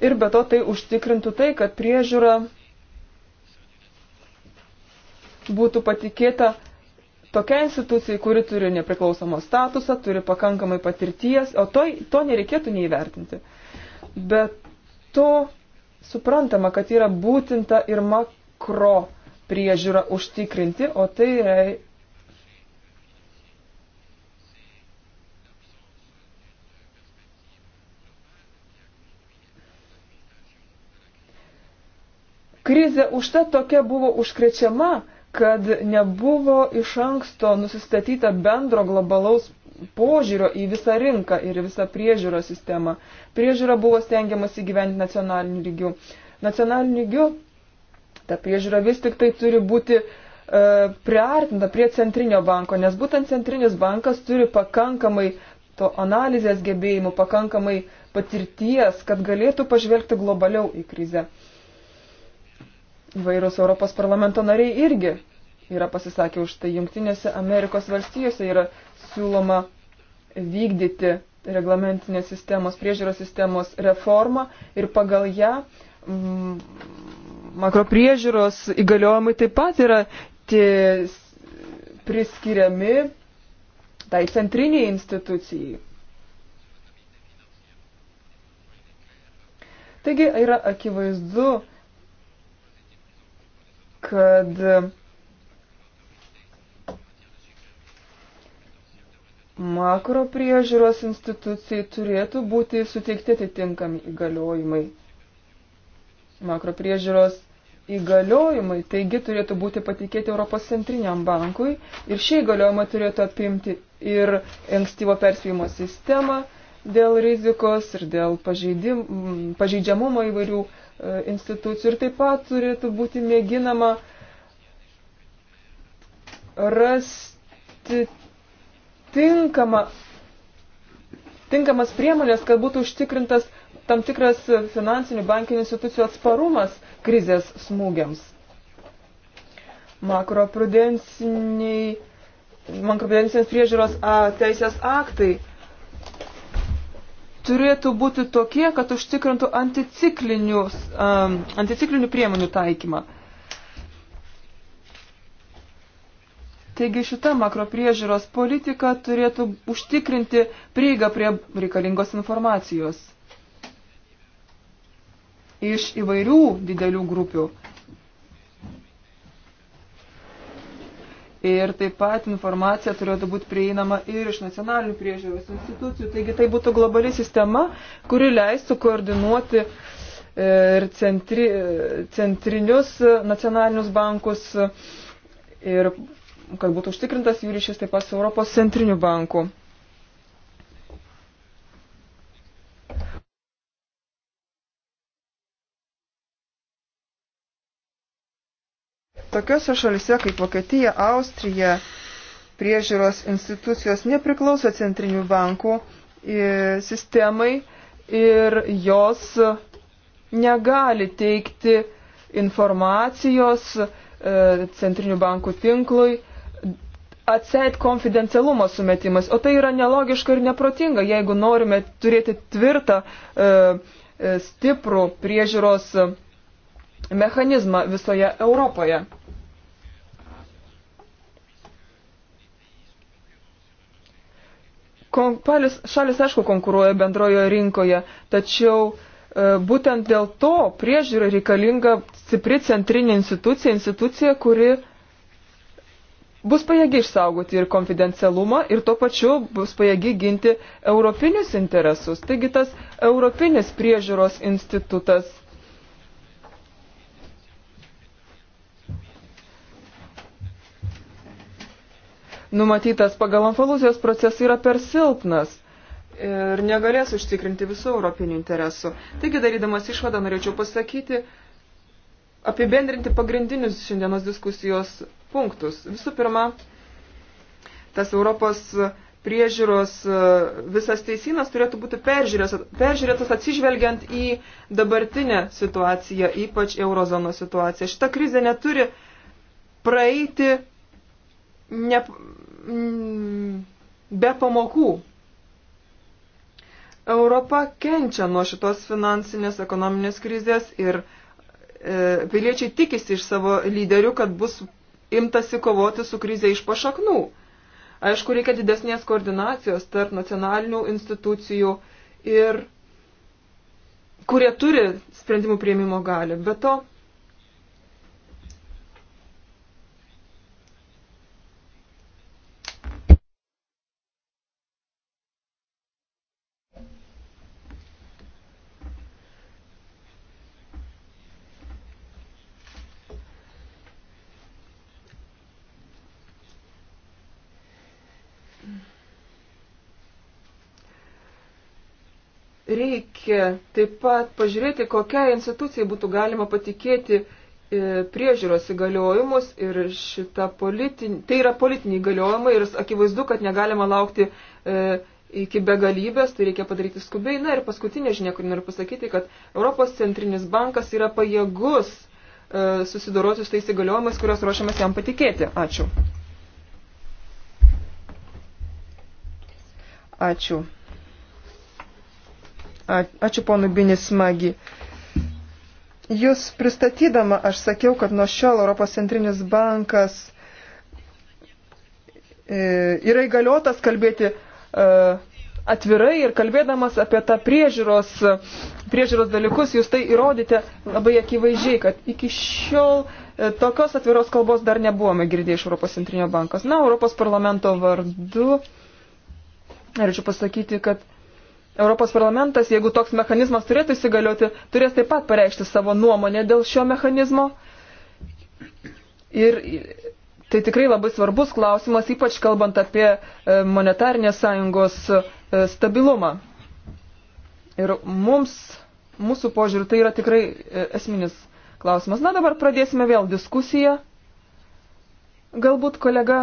[SPEAKER 5] Ir be to tai užtikrintų tai, kad priežiūra būtų patikėta tokia institucija, kuri turi nepriklausomą statusą, turi pakankamai patirties, o to, to nereikėtų neįvertinti. Bet to suprantama, kad yra būtinta ir makro priežiūra užtikrinti, o tai rei... Krize užta tokia buvo užkrečiama, kad nebuvo iš anksto nusistatyta bendro globalaus požiūrio į visą rinką ir į visą priežiūros sistemą. Priežiūra buvo stengiamas įgyventi nacionaliniu lygiu. Nacionaliniu lygiu ta priežiūra vis tik tai turi būti e, priartinta prie centrinio banko, nes būtent centrinis bankas turi pakankamai to analizės gebėjimų, pakankamai patirties, kad galėtų pažvelgti globaliau į krizę. Vairūs Europos parlamento nariai irgi yra pasisakę už tai. Junktinėse Amerikos valstijose yra siūloma vykdyti reglamentinės sistemos, priežiūros sistemos reformą ir pagal ją m, mm, makropriežiūros įgaliojimai taip pat yra tie priskiriami tai centriniai institucijai. Taigi yra akivaizdu, kad makro priežiūros institucijai turėtų būti suteikti atitinkami įgaliojimai. Makro priežiūros įgaliojimai taigi turėtų būti patikėti Europos centriniam bankui ir šie įgaliojimai turėtų apimti ir ankstyvo perspėjimo sistemą dėl rizikos ir dėl pažeidim, pažeidžiamumo įvairių e, institucijų ir taip pat turėtų būti mėginama rasti tinkama, tinkamas priemonės, kad būtų užtikrintas tam tikras finansinių bankinių institucijų atsparumas krizės smūgiams. Makroprudenciniai, makroprudencinės priežiūros a, teisės aktai turėtų būti tokie, kad užtikrintų anticiklinių priemonių taikymą. Taigi šita makropriežiūros politika turėtų užtikrinti prieigą prie reikalingos informacijos iš įvairių didelių grupių. Ir taip pat informacija turėtų būti prieinama ir iš nacionalinių priežiūros institucijų. Taigi tai būtų globali sistema, kuri leistų koordinuoti e, ir centri, centrinius nacionalinius bankus ir kad būtų užtikrintas jų ryšys taip pat su Europos centriniu banku. Tokiose šalise kaip Vokietija, Austrija, priežiūros institucijos nepriklauso centrinių bankų e, sistemai ir jos negali teikti informacijos e, centrinių bankų tinklui atseit konfidencialumo sumetimas, o tai yra nelogiška ir neprotinga, jeigu norime turėti tvirtą, e, e stiprų priežiūros e, mechanizmą visoje Europoje. Kompalis, šalis, aišku, konkuruoja bendrojo rinkoje, tačiau e, būtent dėl to priežiūra reikalinga stipri centrinė institucija, institucija, kuri bus pajėgi išsaugoti ir konfidencialumą ir tuo pačiu bus pajėgi ginti europinius interesus. Taigi tas europinis priežiūros institutas numatytas pagal Anfalusijos procesą yra per silpnas ir negalės užtikrinti visų europinių interesų. Taigi, darydamas išvadą, norėčiau pasakyti, apibendrinti pagrindinius šiandienos diskusijos punktus. Visų pirma, tas Europos priežiūros visas teisinas turėtų būti peržiūrėtas atsižvelgiant į dabartinę situaciją, ypač eurozono situaciją. Šita krizė neturi praeiti ne, mm, be pamokų. Europa kenčia nuo šitos finansinės ekonominės krizės ir e, piliečiai tikisi iš savo lyderių, kad bus imtasi kovoti su krize iš pašaknų. Aišku, reikia didesnės koordinacijos tarp nacionalinių institucijų ir kurie turi sprendimų prieimimo galį. Be to, reikia taip pat pažiūrėti, kokiai institucijai būtų galima patikėti e, priežiūros įgaliojimus ir šita politinė, tai yra politiniai įgaliojimai ir akivaizdu, kad negalima laukti e, iki begalybės, tai reikia padaryti skubiai. Na ir paskutinė žinia, kurį noriu pasakyti, kad Europos centrinis bankas yra pajėgus e, susidoroti su tais įgaliojimais, kuriuos ruošiamas jam patikėti. Ačiū. Ačiū. Ačiū ponui Binis Magi. Jūs pristatydama aš sakiau, kad nuo šiol Europos centrinis bankas e, yra įgaliotas kalbėti e, atvirai ir kalbėdamas apie tą priežiūros, priežiūros dalykus, jūs tai įrodėte labai akivaizdžiai, kad iki šiol e, tokios atviros kalbos dar nebuvome girdėję iš Europos centrinio bankos. Na, Europos parlamento vardu norėčiau pasakyti, kad Europos parlamentas, jeigu toks mechanizmas turėtų įsigalioti, turės taip pat pareikšti savo nuomonę dėl šio mechanizmo. Ir tai tikrai labai svarbus klausimas, ypač kalbant apie e, monetarinės sąjungos e, stabilumą. Ir mums, mūsų požiūriu, tai yra tikrai e, esminis klausimas. Na dabar pradėsime vėl diskusiją. Galbūt kolega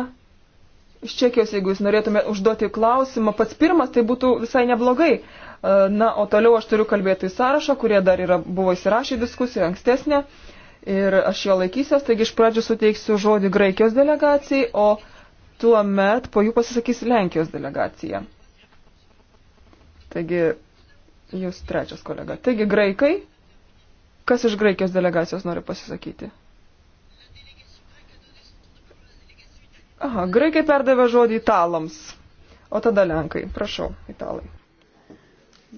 [SPEAKER 5] iš Čekijos, jeigu jūs norėtumėte užduoti klausimą, pats pirmas, tai būtų visai neblogai. E, na, o toliau aš turiu kalbėtojų sąrašą, kurie dar yra, buvo įsirašę diskusiją ankstesnė ir aš jo laikysiuos, taigi iš pradžių suteiksiu žodį Graikijos delegacijai, o tuo met po jų pasisakys Lenkijos delegacija. Taigi, jūs trečias kolega. Taigi, graikai, kas iš Graikijos delegacijos nori pasisakyti? Aha, graikai perdavė žodį italams, o tada lenkai. Prašau, italai.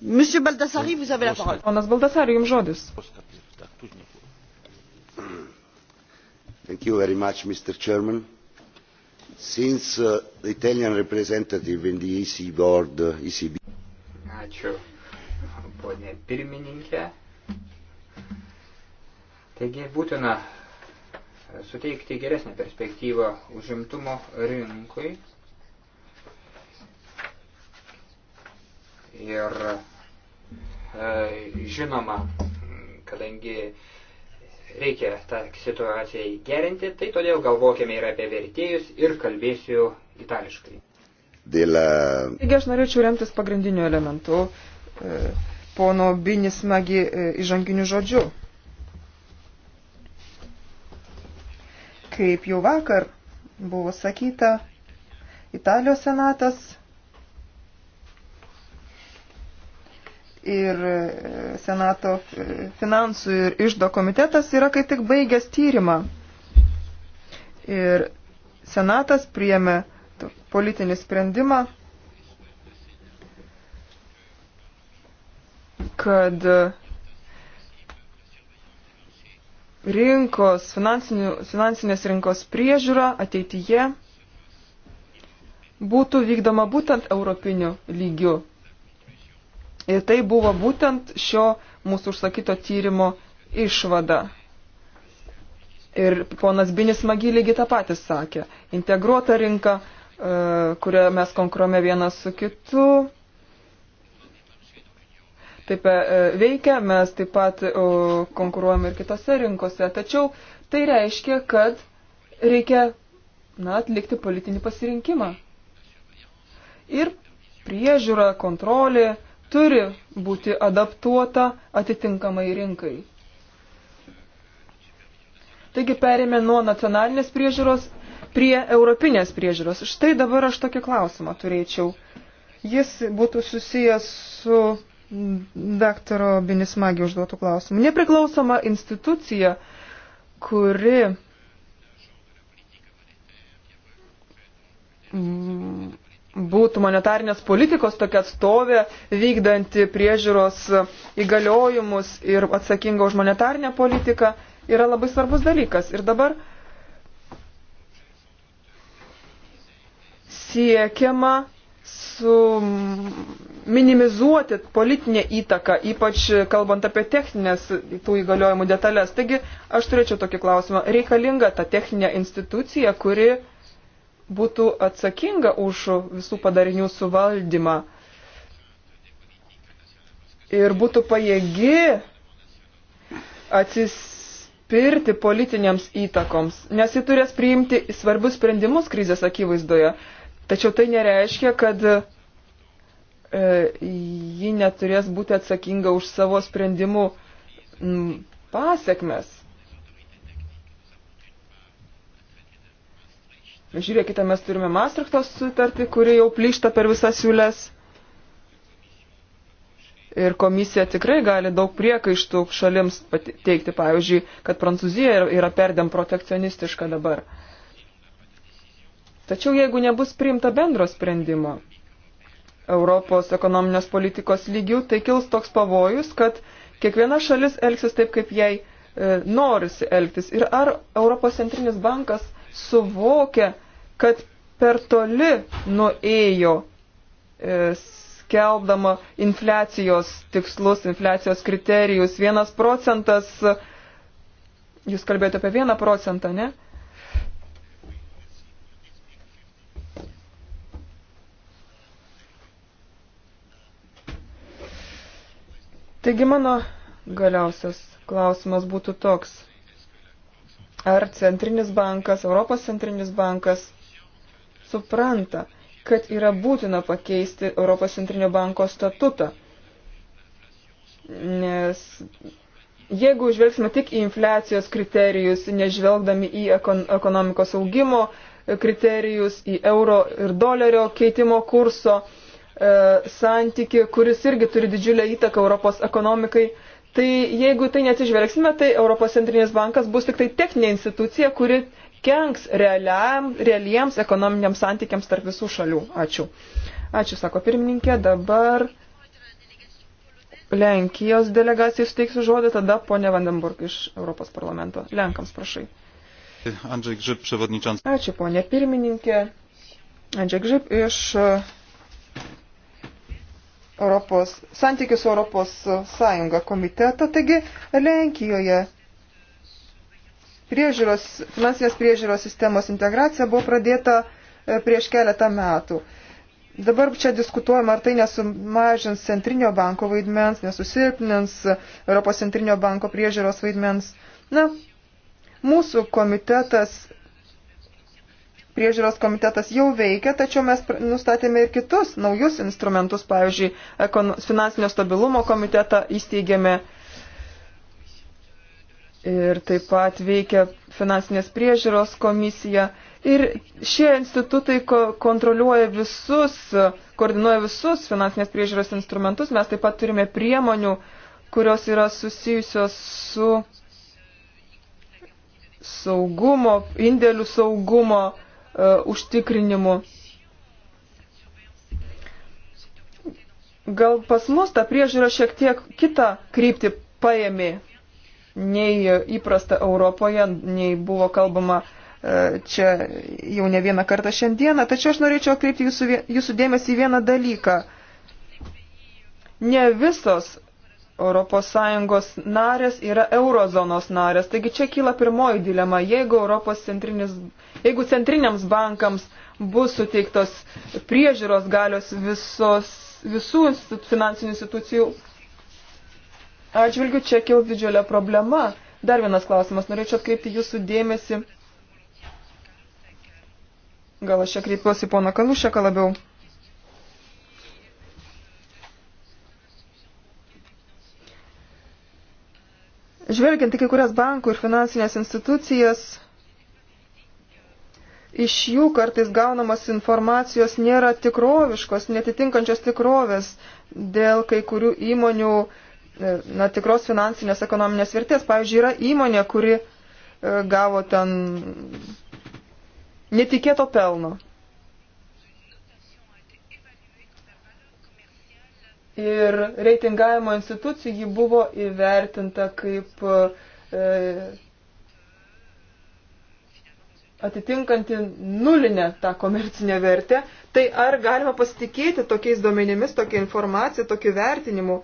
[SPEAKER 4] Monsieur Baldassari, vous avez la
[SPEAKER 5] parole. Ponas Baldassari, jums žodis.
[SPEAKER 3] Thank you very much, Mr. Chairman. Since uh, the Italian representative in the EC board, uh, ECB.
[SPEAKER 2] Ačiū, ponė pirmininkė. Taigi būtina suteikti geresnę perspektyvą užimtumo rinkui. Ir e, žinoma, kadangi reikia tą situaciją gerinti, tai todėl galvokime ir apie vertėjus ir kalbėsiu itališkai.
[SPEAKER 5] Dėl... E, Taigi aš norėčiau remtis pagrindiniu elementu, e, pono Binis Magi įžanginiu žodžiu. Kaip jau vakar buvo sakyta, Italijos senatas ir e, senato e, finansų ir išdo komitetas yra kaip tik baigęs tyrimą. Ir senatas priėmė politinį sprendimą, kad rinkos, finansinės rinkos priežiūra ateityje būtų vykdoma būtent europiniu lygiu. Ir tai buvo būtent šio mūsų užsakyto tyrimo išvada. Ir ponas Binis Magy lygiai tą patį sakė. Integruota rinka, e, kurioje mes konkuruojame vienas su kitu, taip e, veikia, mes taip pat e, konkuruojame ir kitose rinkose. Tačiau tai reiškia, kad reikia na, atlikti politinį pasirinkimą. Ir priežiūra, kontrolė turi būti adaptuota atitinkamai rinkai. Taigi perėmė nuo nacionalinės priežiūros prie europinės priežiūros. Štai dabar aš tokį klausimą turėčiau. Jis būtų susijęs su daktaro Binismagį užduotų klausimų. Nepriklausoma institucija, kuri būtų monetarinės politikos tokia atstovė, vykdanti priežiūros įgaliojimus ir atsakinga už monetarinę politiką, yra labai svarbus dalykas. Ir dabar siekiama su minimizuoti politinę įtaką, ypač kalbant apie techninės tų įgaliojimų detalės. Taigi aš turėčiau tokį klausimą. Reikalinga ta techninė institucija, kuri būtų atsakinga už visų padarinių suvaldymą ir būtų pajėgi atsispirti politinėms įtakoms, nes ji turės priimti svarbius sprendimus krizės akivaizdoje. Tačiau tai nereiškia, kad E, ji neturės būti atsakinga už savo sprendimų pasiekmes. Žiūrėkite, mes turime Maastrichto sutartį, kuri jau plyšta per visas siūlės. Ir komisija tikrai gali daug priekaištų šalims teikti, pavyzdžiui, kad Prancūzija yra perdėm protekcionistiška dabar. Tačiau jeigu nebus priimta bendro sprendimo, Europos ekonominės politikos lygių, tai kils toks pavojus, kad kiekviena šalis elgsis taip, kaip jai e, norisi elgtis. Ir ar Europos centrinis bankas suvokia, kad per toli nuėjo e, skelbdama infliacijos tikslus, infliacijos kriterijus, vienas procentas, jūs kalbėjote apie vieną procentą, ne? Taigi mano galiausias klausimas būtų toks. Ar centrinis bankas, Europos centrinis bankas supranta, kad yra būtina pakeisti Europos centrinio banko statutą? Nes jeigu žvelgsime tik į infliacijos kriterijus, nežvelgdami į ekonomikos augimo kriterijus, į euro ir dolerio keitimo kurso, E, santyki, kuris irgi turi didžiulę įtaką Europos ekonomikai. Tai jeigu tai neatsižvelgsime, tai Europos centrinės bankas bus tik tai techninė institucija, kuri kenks realiam, realiems ekonominiams santykiams tarp visų šalių. Ačiū. Ačiū, sako pirmininkė. Dabar Lenkijos delegacijai suteiksiu žodį, tada ponė Vandenburg iš Europos parlamento. Lenkams prašai.
[SPEAKER 1] Andrzej Grzyb, przewodniczący.
[SPEAKER 5] Ačiū, ponė pirmininkė. Andrzej Grzyb iš Europos, santykių su Europos Sąjunga komitetą. Taigi Lenkijoje priežiūros, finansinės priežiūros sistemos integracija buvo pradėta e, prieš keletą metų. Dabar čia diskutuojama, ar tai nesumažins centrinio banko vaidmens, nesusilpnins Europos centrinio banko priežiūros vaidmens. Na, mūsų komitetas priežiūros komitetas jau veikia, tačiau mes nustatėme ir kitus naujus instrumentus, pavyzdžiui, finansinio stabilumo komitetą įsteigėme ir taip pat veikia finansinės priežiūros komisija. Ir šie institutai kontroliuoja visus, koordinuoja visus finansinės priežiūros instrumentus. Mes taip pat turime priemonių, kurios yra susijusios su saugumo, indėlių saugumo E, užtikrinimu. Gal pas mus ta priežiūra šiek tiek kitą kryptį paėmė nei įprasta Europoje, nei buvo kalbama e, čia jau ne vieną kartą šiandieną. Tačiau aš norėčiau kreipti jūsų, jūsų dėmesį į vieną dalyką. Ne visos ES narės yra eurozonos narės. Taigi čia kyla pirmoji dilema. Jeigu, jeigu centriniams bankams bus suteiktos priežiūros galios visos, visų finansinių institucijų atžvilgių, čia kils didžiulė problema. Dar vienas klausimas. Norėčiau atkreipti jūsų dėmesį. Gal aš čia kreipiuosi pono Kalušeką labiau. Žvelgiant į kai kurias bankų ir finansinės institucijas, iš jų kartais gaunamas informacijos nėra tikroviškos, netitinkančios tikrovės dėl kai kurių įmonių e, na, tikros finansinės ekonominės vertės. Pavyzdžiui, yra įmonė, kuri e, gavo ten netikėto pelno. ir reitingavimo institucijų buvo įvertinta kaip e, atitinkanti nulinę tą komercinę vertę, tai ar galima pasitikėti tokiais duomenimis, tokia informacija, tokiu vertinimu?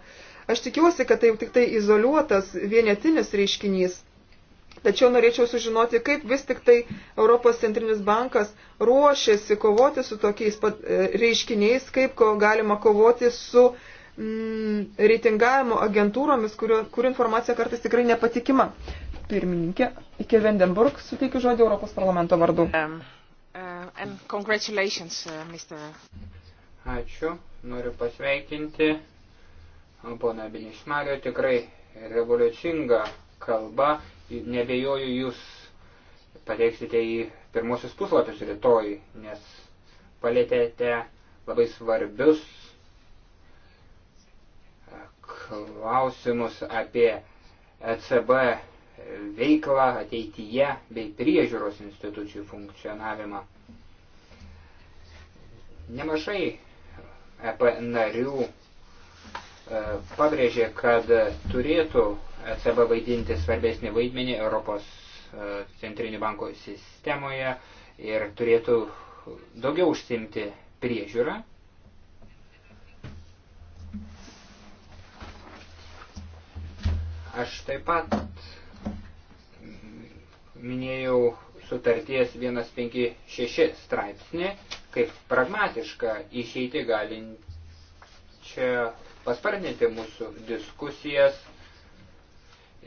[SPEAKER 5] Aš tikiuosi, kad tai jau tik tai izoliuotas vienetinis reiškinys. Tačiau norėčiau sužinoti, kaip vis tik tai Europos centrinis bankas ruošiasi kovoti su tokiais e, reiškiniais, kaip galima kovoti su uh, mm, reitingavimo agentūromis, kurio, kur informacija kartais tikrai nepatikima. Pirmininkė, iki Vandenburg suteikiu žodį Europos parlamento vardu. Um,
[SPEAKER 4] uh, uh
[SPEAKER 2] Ačiū, noriu pasveikinti uh, poną Binišmario, tikrai revoliucinga kalba, nebejoju jūs pateiksite į pirmosius puslapius rytoj, nes palėtėte labai svarbius klausimus apie ECB veiklą ateityje bei priežiūros institucijų funkcionavimą. Nemažai EP narių e, pabrėžė, kad turėtų ECB vaidinti svarbesnį vaidmenį Europos e, centrinio banko sistemoje ir turėtų daugiau užsimti priežiūrą Aš taip pat minėjau sutarties 156 straipsnį kaip pragmatišką išeitį galinčią paspartinti mūsų diskusijas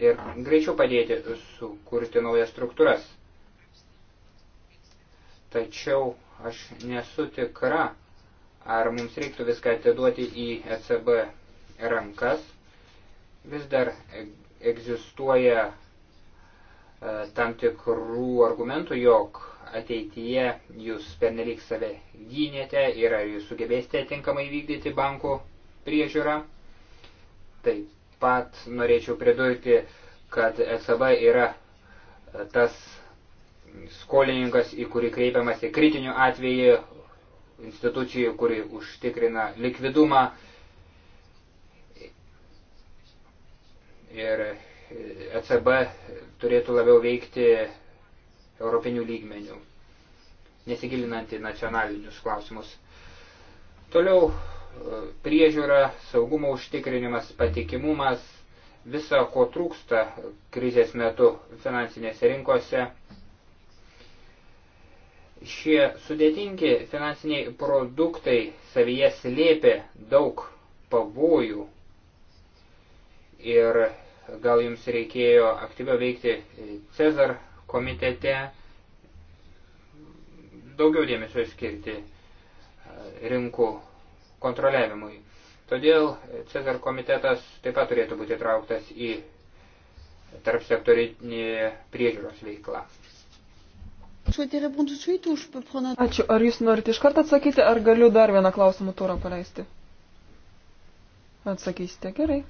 [SPEAKER 2] ir greičiau padėti sukurti naujas struktūras. Tačiau aš nesu tikra, ar mums reiktų viską atiduoti į ECB rankas, vis dar egzistuoja e, tam tikrų argumentų, jog ateityje jūs pernelyg save gynėte ir ar jūs sugebėsite tinkamai vykdyti bankų priežiūrą. Taip pat norėčiau pridurti, kad ECB yra e, tas skolininkas, į kurį kreipiamasi kritiniu atveju institucijų, kuri užtikrina likvidumą ir ECB e turėtų labiau veikti europinių lygmenių, nesigilinant į nacionalinius klausimus. Toliau e, priežiūra, saugumo užtikrinimas, patikimumas, visa ko trūksta krizės metu finansinėse rinkose. Šie sudėtingi finansiniai produktai savyje slėpė daug pavojų ir gal jums reikėjo aktyviau veikti Cezar komitete, daugiau dėmesio skirti e, rinkų kontroliavimui. Todėl Cezar komitetas taip pat turėtų būti trauktas į tarp sektorinį priežiūros veiklą.
[SPEAKER 4] Tai Ačiū.
[SPEAKER 5] Ar jūs norite iš karto atsakyti, ar galiu dar vieną klausimų turą paleisti? Atsakysite, gerai.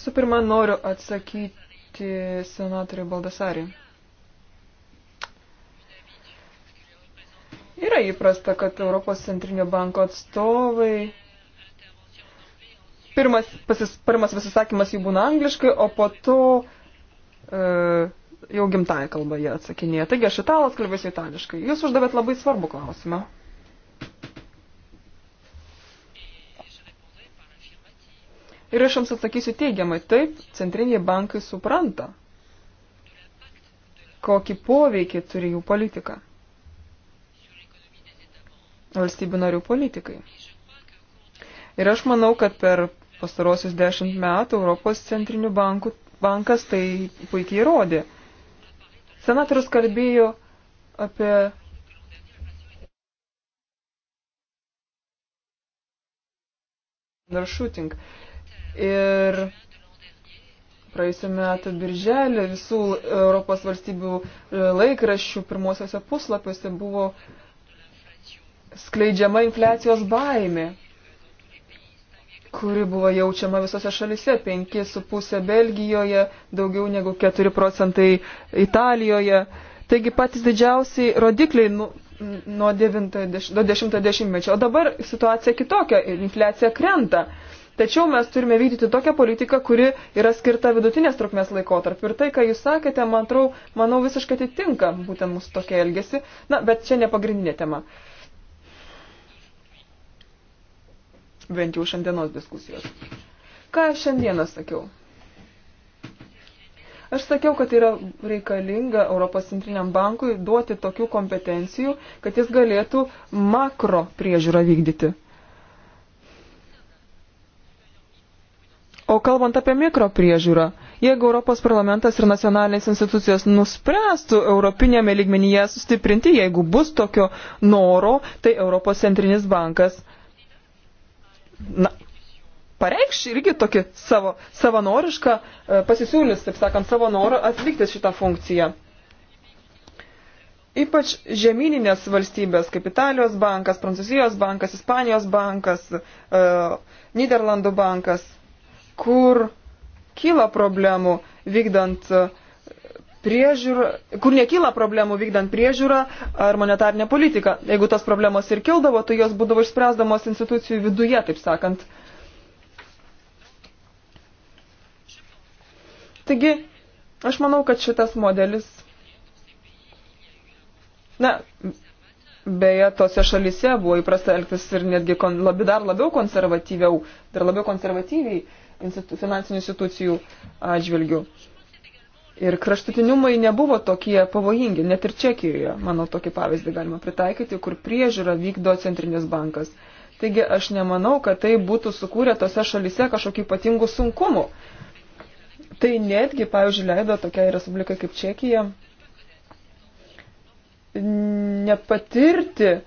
[SPEAKER 5] Su pirma, noriu atsakyti senatoriui Baldasariui. Yra įprasta, kad Europos centrinio banko atstovai. Pirmas, pasis, pirmas pasisakymas jų būna angliškai, o po to e, jau gimtąją kalbą jie atsakinėja. Taigi aš italas kalbėsiu itališkai. Jūs uždavėt labai svarbų klausimą. Ir aš jums atsakysiu teigiamai, taip, centriniai bankai supranta, kokį poveikį turi jų politika. Valstybių narių politikai. Ir aš manau, kad per pastarosius dešimt metų Europos centrinių bankų, bankas tai puikiai įrodė. Senatorius kalbėjo apie. Naršutink. Uh, Ir praėjusiu metu birželį visų Europos valstybių e, laikraščių pirmosiuose puslapiuose buvo skleidžiama infliacijos baimė, kuri buvo jaučiama visose šalise - 5,5 Belgijoje, daugiau negu 4 procentai Italijoje. Taigi patys didžiausiai rodikliai nu, nuo 90-mečio. O dabar situacija kitokia - infliacija krenta. Tačiau mes turime vykdyti tokią politiką, kuri yra skirta vidutinės trukmės laikotarpiu. Ir tai, ką jūs sakėte, man trau, manau, visiškai atitinka būtent mūsų tokia elgesi. Na, bet čia ne pagrindinė tema. Bent jau šiandienos diskusijos. Ką aš šiandieną sakiau? Aš sakiau, kad yra reikalinga Europos centriniam bankui duoti tokių kompetencijų, kad jis galėtų makro priežiūrą vykdyti. O kalbant apie mikropriežiūrą, jeigu Europos parlamentas ir nacionalinės institucijos nuspręstų europinėme lygmenyje sustiprinti, jeigu bus tokio noro, tai Europos centrinis bankas na, pareikš irgi tokį savo, savanorišką, e, pasisiūlis, taip sakant, savo norą atlikti šitą funkciją. Ypač žemyninės valstybės, kaip Italijos bankas, Prancūzijos bankas, Ispanijos bankas, e, Niderlandų bankas – kur kyla problemų vykdant e, priežiūrą, kur nekyla problemų vykdant priežiūrą ar monetarnę politiką. Jeigu tos problemos ir kildavo, tai jos būdavo išspręsdamos institucijų viduje, taip sakant. Taigi, aš manau, kad šitas modelis. Na, beje, tose šalise buvo įprasta elgtis ir netgi kon, labi, dar labiau konservatyviau, dar labiau konservatyviai. Uh, finansinių institucijų atžvilgių. Ir kraštutinumai nebuvo tokie pavojingi, net ir Čekijoje, manau, tokį pavyzdį galima pritaikyti, kur priežiūra vykdo centrinis bankas. Taigi aš nemanau, kad tai būtų sukūrę tose šalise kažkokių ypatingų sunkumų. Tai netgi, pavyzdžiui, leido tokiai respublikai kaip Čekija nepatirti e,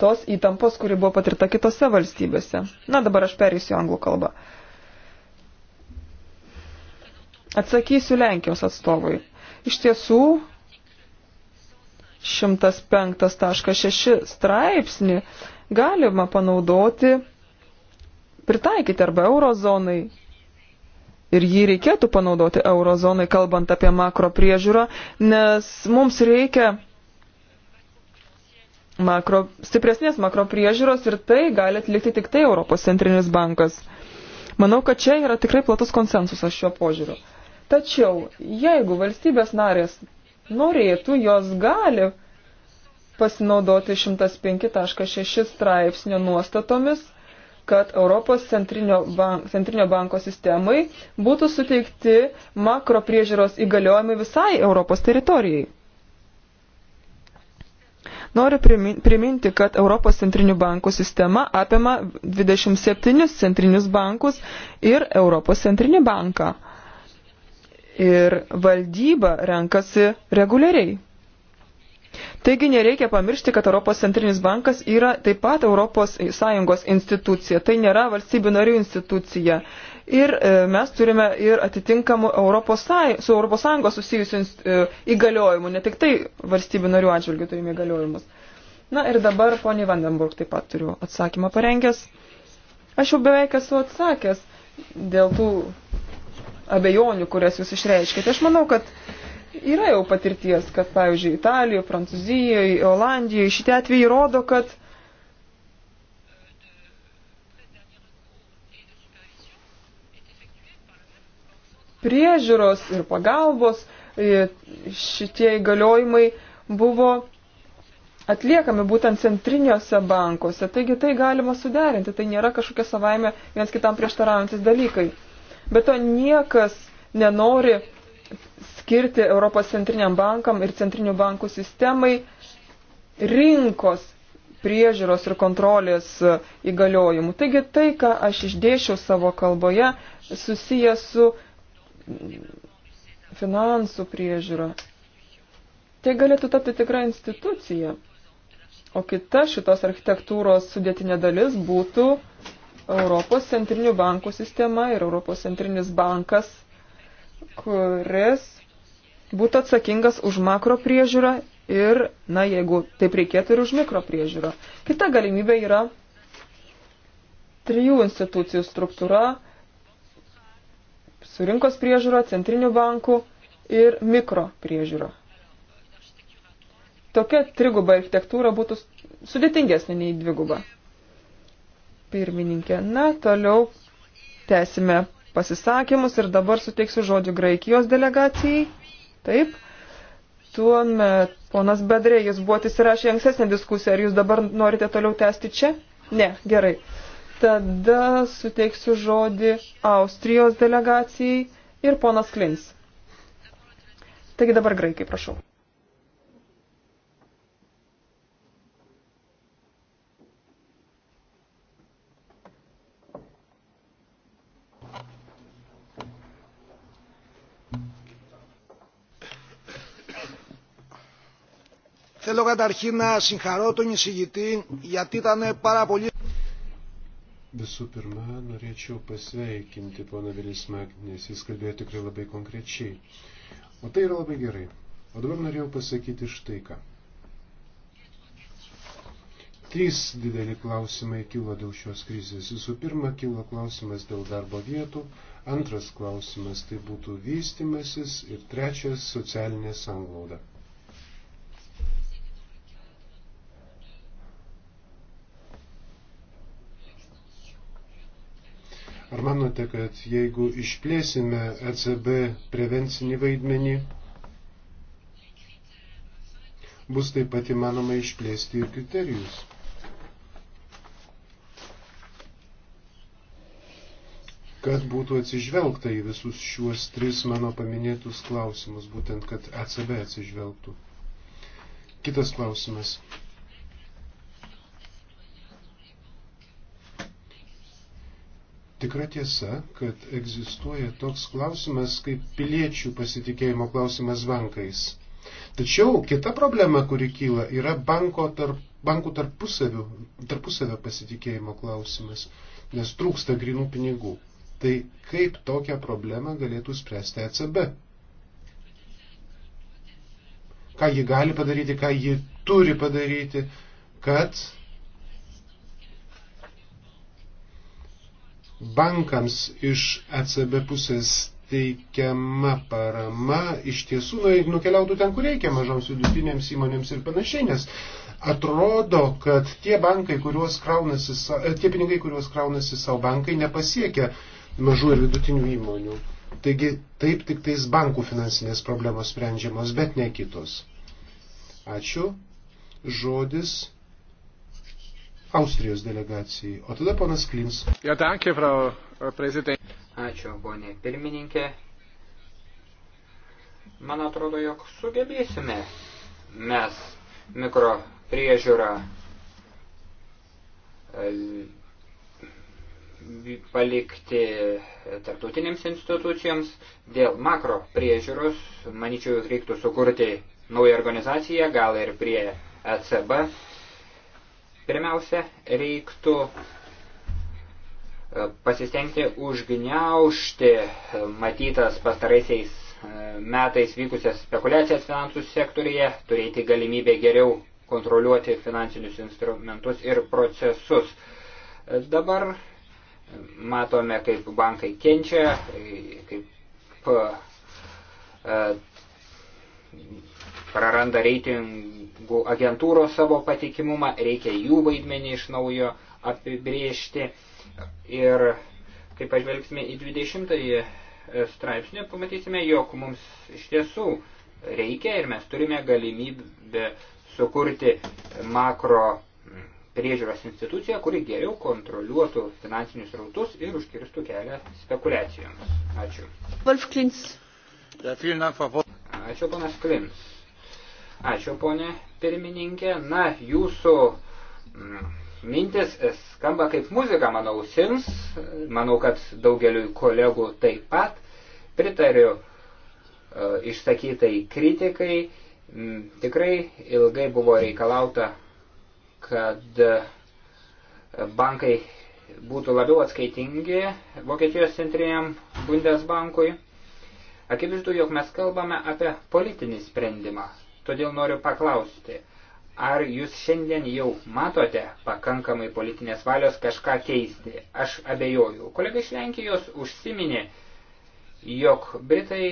[SPEAKER 5] tos įtampos, kuri buvo patirta kitose valstybėse. Na, dabar aš perėsiu anglų kalbą. Atsakysiu Lenkijos atstovui. Iš tiesų, 105.6 straipsnį galima panaudoti, pritaikyti arba eurozonai. Ir jį reikėtų panaudoti eurozonai, kalbant apie makro priežiūrą, nes mums reikia makro, stipresnės makro priežiūros ir tai gali atlikti tik tai Europos centrinis bankas. Manau, kad čia yra tikrai platus konsensusas šiuo požiūriu. Tačiau, jeigu valstybės narės norėtų, jos gali pasinaudoti 105.6 straipsnio nuostatomis, kad Europos centrinio, bank, centrinio banko sistemai būtų suteikti makro priežiūros įgaliojimai visai Europos teritorijai. Noriu priminti, kad Europos centrinių bankų sistema apima 27 centrinius bankus ir Europos centrinį banką. Ir valdyba renkasi reguliariai. Taigi nereikia pamiršti, kad Europos centrinis bankas yra taip pat Europos Sąjungos institucija, tai nėra valstybių narių institucija. Ir e, mes turime ir atitinkamų Europos Sąjungos, su ES susijusių e, įgaliojimų, ne tik tai valstybių narių atžvilgių turime įgaliojimus. Na ir dabar poniai Vandenburg taip pat turiu atsakymą parengęs. Aš jau beveik esu atsakęs dėl tų abejonių, kurias jūs išreiškite. Aš manau, kad yra jau patirties, kad, pavyzdžiui, Italijoje, Prancūzijoje, Olandijoje šitie atvejai rodo, kad uh, priežiūros ir pagalbos e, šitie įgaliojimai buvo atliekami būtent centriniuose bankuose. Taigi tai galima suderinti, tai nėra kažkokie savaime viens kitam prieštaraujantis dalykai. Bet to niekas nenori skirti Europos centriniam bankam ir centrinių bankų sistemai rinkos priežiūros ir kontrolės e, įgaliojimų. Taigi tai, ką aš išdėšiau savo kalboje, susijęs su finansų priežiūra. Tai galėtų tapti tikra institucija. O kita šitos architektūros sudėtinė dalis būtų Europos centrinių bankų sistema ir Europos centrinis bankas, kuris būtų atsakingas už makro priežiūrą ir, na, jeigu taip reikėtų, ir už mikro priežiūrą. Kita galimybė yra trijų institucijų struktūra su rinkos priežiūra, centrinių bankų ir mikro priežiūra. Tokia triguba architektūra būtų sudėtingesnė nei dviguba. Pirmininkė, na, toliau tęsime pasisakymus ir dabar suteiksiu žodžių Graikijos delegacijai. Taip. Tuomet, ponas Bedrė, jūs buvote įsirašę ankstesnę diskusiją, ar jūs dabar norite toliau tęsti čia? Ne, gerai. Tada suteiksiu žodį Austrijos delegacijai ir ponas Klins. Taigi dabar graikai, prašau.
[SPEAKER 3] Θέλω καταρχήν να συγχαρώ τον εισηγητή γιατί ήταν πάρα πολύ
[SPEAKER 1] Visų pirma, norėčiau pasveikinti poną Vilis Magnės, jis kalbėjo tikrai labai konkrečiai. O tai yra labai gerai. O dabar norėjau pasakyti štai ką. Trys dideli klausimai kilo dėl šios krizės. Visų pirma, kilo klausimas dėl darbo vietų, antras klausimas tai būtų vystimasis ir trečias socialinė sanglauda. Ar manote, kad jeigu išplėsime ECB prevencinį vaidmenį, bus taip pat įmanoma išplėsti ir kriterijus? kad būtų atsižvelgta į visus šiuos tris mano paminėtus klausimus, būtent kad ECB atsižvelgtų. Kitas klausimas. tikra tiesa, kad egzistuoja toks klausimas kaip piliečių pasitikėjimo klausimas bankais. Tačiau kita problema, kuri kyla, yra banko tarp, bankų tarpusavio, tarpusavio pasitikėjimo klausimas, nes trūksta grinų pinigų. Tai kaip tokią problemą galėtų spręsti ECB? Ką ji gali padaryti, ką ji turi padaryti, kad bankams iš ECB pusės teikiama parama iš tiesų nukeliautų ten, kur reikia, mažoms vidutinėms įmonėms ir panašiai, nes atrodo, kad tie, bankai, kraunasi, e, tie pinigai, kuriuos kraunasi savo bankai, nepasiekia mažų ir vidutinių įmonių. Taigi taip tik tais bankų finansinės problemos sprendžiamos, bet ne kitos. Ačiū. Žodis Austrijos delegacijai. O tada ponas Klins.
[SPEAKER 2] Ja, danke, Frau äh, Prezident. Ačiū, ponė pirmininkė. Man atrodo, jog sugebėsime mes mikro priežiūrą e, palikti tarptautinėms institucijoms. Dėl makro priežiūros, manyčiau, reiktų sukurti naują organizaciją, gal ir prie ECB, Pirmiausia, reiktų e, pasistengti užgniaušti e, matytas pastaraisiais e, metais vykusias spekulacijas finansų sektorije, turėti galimybę geriau kontroliuoti finansinius instrumentus ir procesus. Dabar matome, kaip bankai kenčia, kaip praranda reitingų agentūros savo patikimumą, reikia jų vaidmenį iš naujo apibriežti. Ir kai pažvelgsime į 20 straipsnį, pamatysime, jog mums iš tiesų reikia ir mes turime galimybę sukurti makro priežiūros instituciją, kuri geriau kontroliuotų finansinius rautus ir užkirstų kelią spekulacijoms. Ačiū. Wolf Klins. Ačiū, panas Klins. Ačiū, ponė pirmininkė. Na, jūsų mm, mintis skamba kaip muzika mano ausims. Manau, kad daugeliu kolegų taip pat. Pritariu e, išsakytai kritikai. Mm, tikrai ilgai buvo reikalauta, kad e, bankai būtų labiau atskaitingi Vokietijos centriniam Bundesbankui. Akivaizdu, jog mes kalbame apie politinį sprendimą. Todėl noriu paklausti, ar jūs šiandien jau matote pakankamai politinės valios kažką keisti? Aš abejoju. Kolega iš Lenkijos užsiminė, jog Britai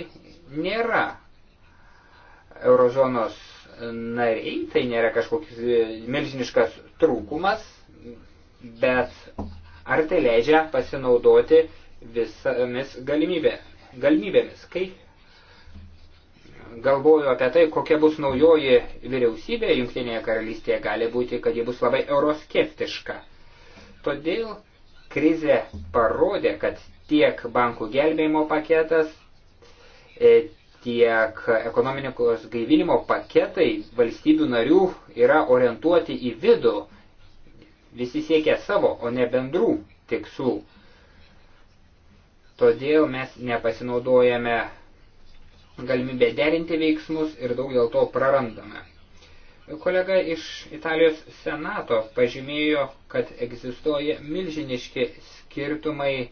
[SPEAKER 2] nėra eurozonos nariai, tai nėra kažkoks e, milžiniškas trūkumas, bet ar tai leidžia pasinaudoti visomis galimybė, galimybėmis? Kaip galvoju apie tai, kokia bus naujoji vyriausybė Junktinėje karalystėje, gali būti, kad ji bus labai euroskeptiška. Todėl krizė parodė, kad tiek bankų gelbėjimo paketas, e, tiek ekonomikos gaivinimo paketai valstybių narių yra orientuoti į vidų, visi siekia savo, o ne bendrų tikslų. Todėl mes nepasinaudojame galimybę derinti veiksmus ir daug dėl to prarandame. Kolega iš Italijos senato pažymėjo, kad egzistuoja milžiniški skirtumai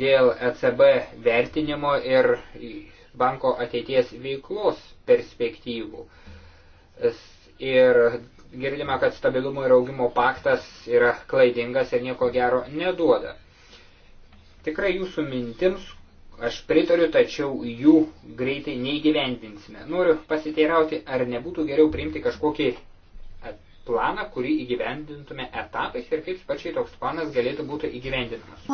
[SPEAKER 2] dėl ECB vertinimo ir banko ateities veiklos perspektyvų. Ir girdime, kad stabilumo ir augimo paktas yra klaidingas ir nieko gero neduoda. Tikrai jūsų mintims, aš pritariu, tačiau jų greitai neįgyvendinsime. Noriu pasiteirauti, ar nebūtų geriau priimti kažkokį planą, kurį įgyvendintume etapais ir kaip sparčiai toks planas galėtų būti įgyvendinamas.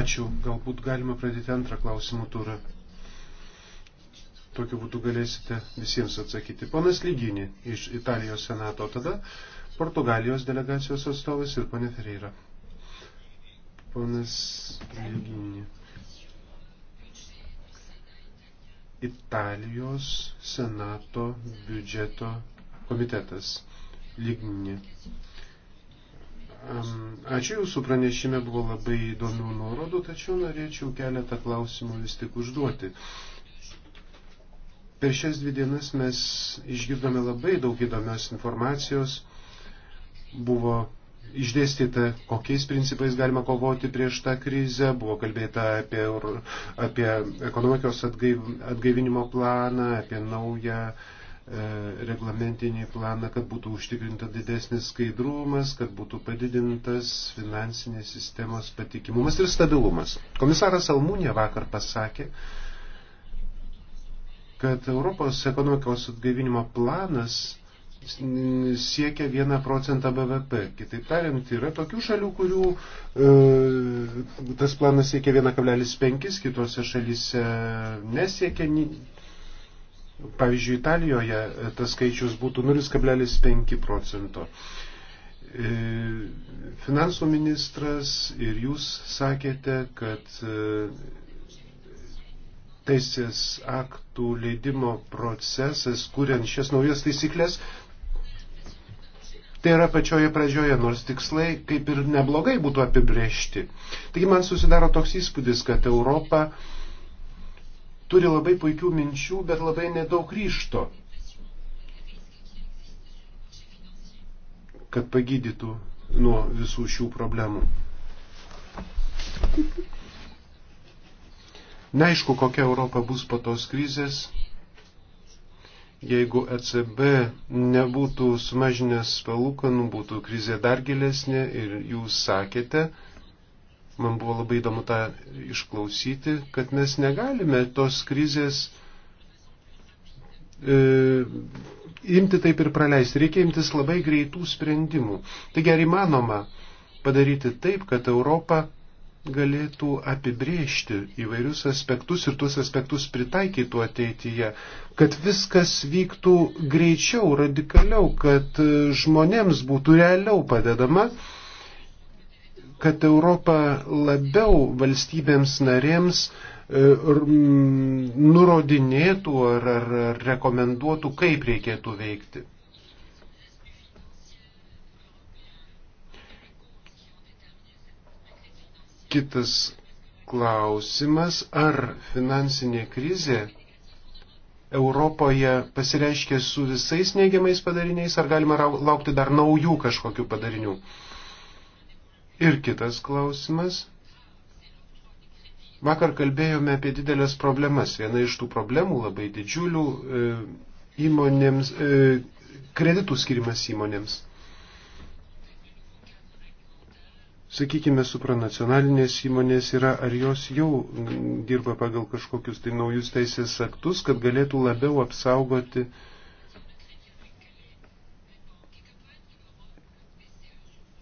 [SPEAKER 1] Ačiū. Galbūt galima pradėti antrą klausimų turą. Tokiu būdu galėsite visiems atsakyti. Ponas Lyginį iš Italijos senato, tada Portugalijos delegacijos atstovas ir ponė Ferreira. Ponas Leginė. Italijos senato biudžeto komitetas. Lignė. Ačiū Jūsų pranešime, buvo labai įdomių nuorodų, tačiau norėčiau keletą klausimų vis tik užduoti. Per šias dvi dienas mes išgirdome labai daug įdomios informacijos. Buvo išdėstyta, kokiais principais galima kovoti prieš tą krizę, buvo kalbėta apie, apie ekonomikos atgaiv, atgaivinimo planą, apie naują e, reglamentinį planą, kad būtų užtikrinta didesnis skaidrumas, kad būtų padidintas finansinės sistemos patikimumas ir stabilumas. Komisaras Almūnė vakar pasakė, kad Europos ekonomikos atgaivinimo planas siekia 1 procentą BVP. Kitaip tariant, yra tokių šalių, kurių e, tas planas siekia 1,5, kitose šalyse nesiekia. Pavyzdžiui, Italijoje e, tas skaičius būtų 0,5 procento. E, finansų ministras ir jūs sakėte, kad e, teisės aktų leidimo procesas, kuriant šias naujas taisyklės, Tai yra pačioje pradžioje, nors tikslai kaip ir neblogai būtų apibriežti. Taigi man susidaro toks įspūdis, kad Europa turi labai puikių minčių, bet labai nedaug ryšto, kad pagydytų nuo visų šių problemų. Neaišku, kokia Europa bus po tos krizės, jeigu ECB nebūtų sumažinęs palūkanų, būtų krizė dar gilesnė ir jūs sakėte, man buvo labai įdomu tą išklausyti, kad mes negalime tos krizės e, imti taip ir praleisti. Reikia imtis labai greitų sprendimų. Taigi ar įmanoma padaryti taip, kad Europa galėtų apibrėžti įvairius aspektus ir tuos aspektus pritaikytų ateityje, kad viskas vyktų greičiau, radikaliau, kad žmonėms būtų realiau padedama, kad Europa labiau valstybėms narėms e, nurodinėtų ar, ar, ar rekomenduotų, kaip reikėtų veikti. Kitas klausimas, ar finansinė krizė Europoje pasireiškė su visais neigiamais padariniais, ar galima laukti dar naujų kažkokių padarinių. Ir kitas klausimas. Vakar kalbėjome apie didelės problemas. Viena iš tų problemų labai didžiulių e, įmonėms, e, kreditų skirimas įmonėms. sakykime, supranacionalinės įmonės yra, ar jos jau dirba pagal kažkokius tai naujus teisės aktus, kad galėtų labiau apsaugoti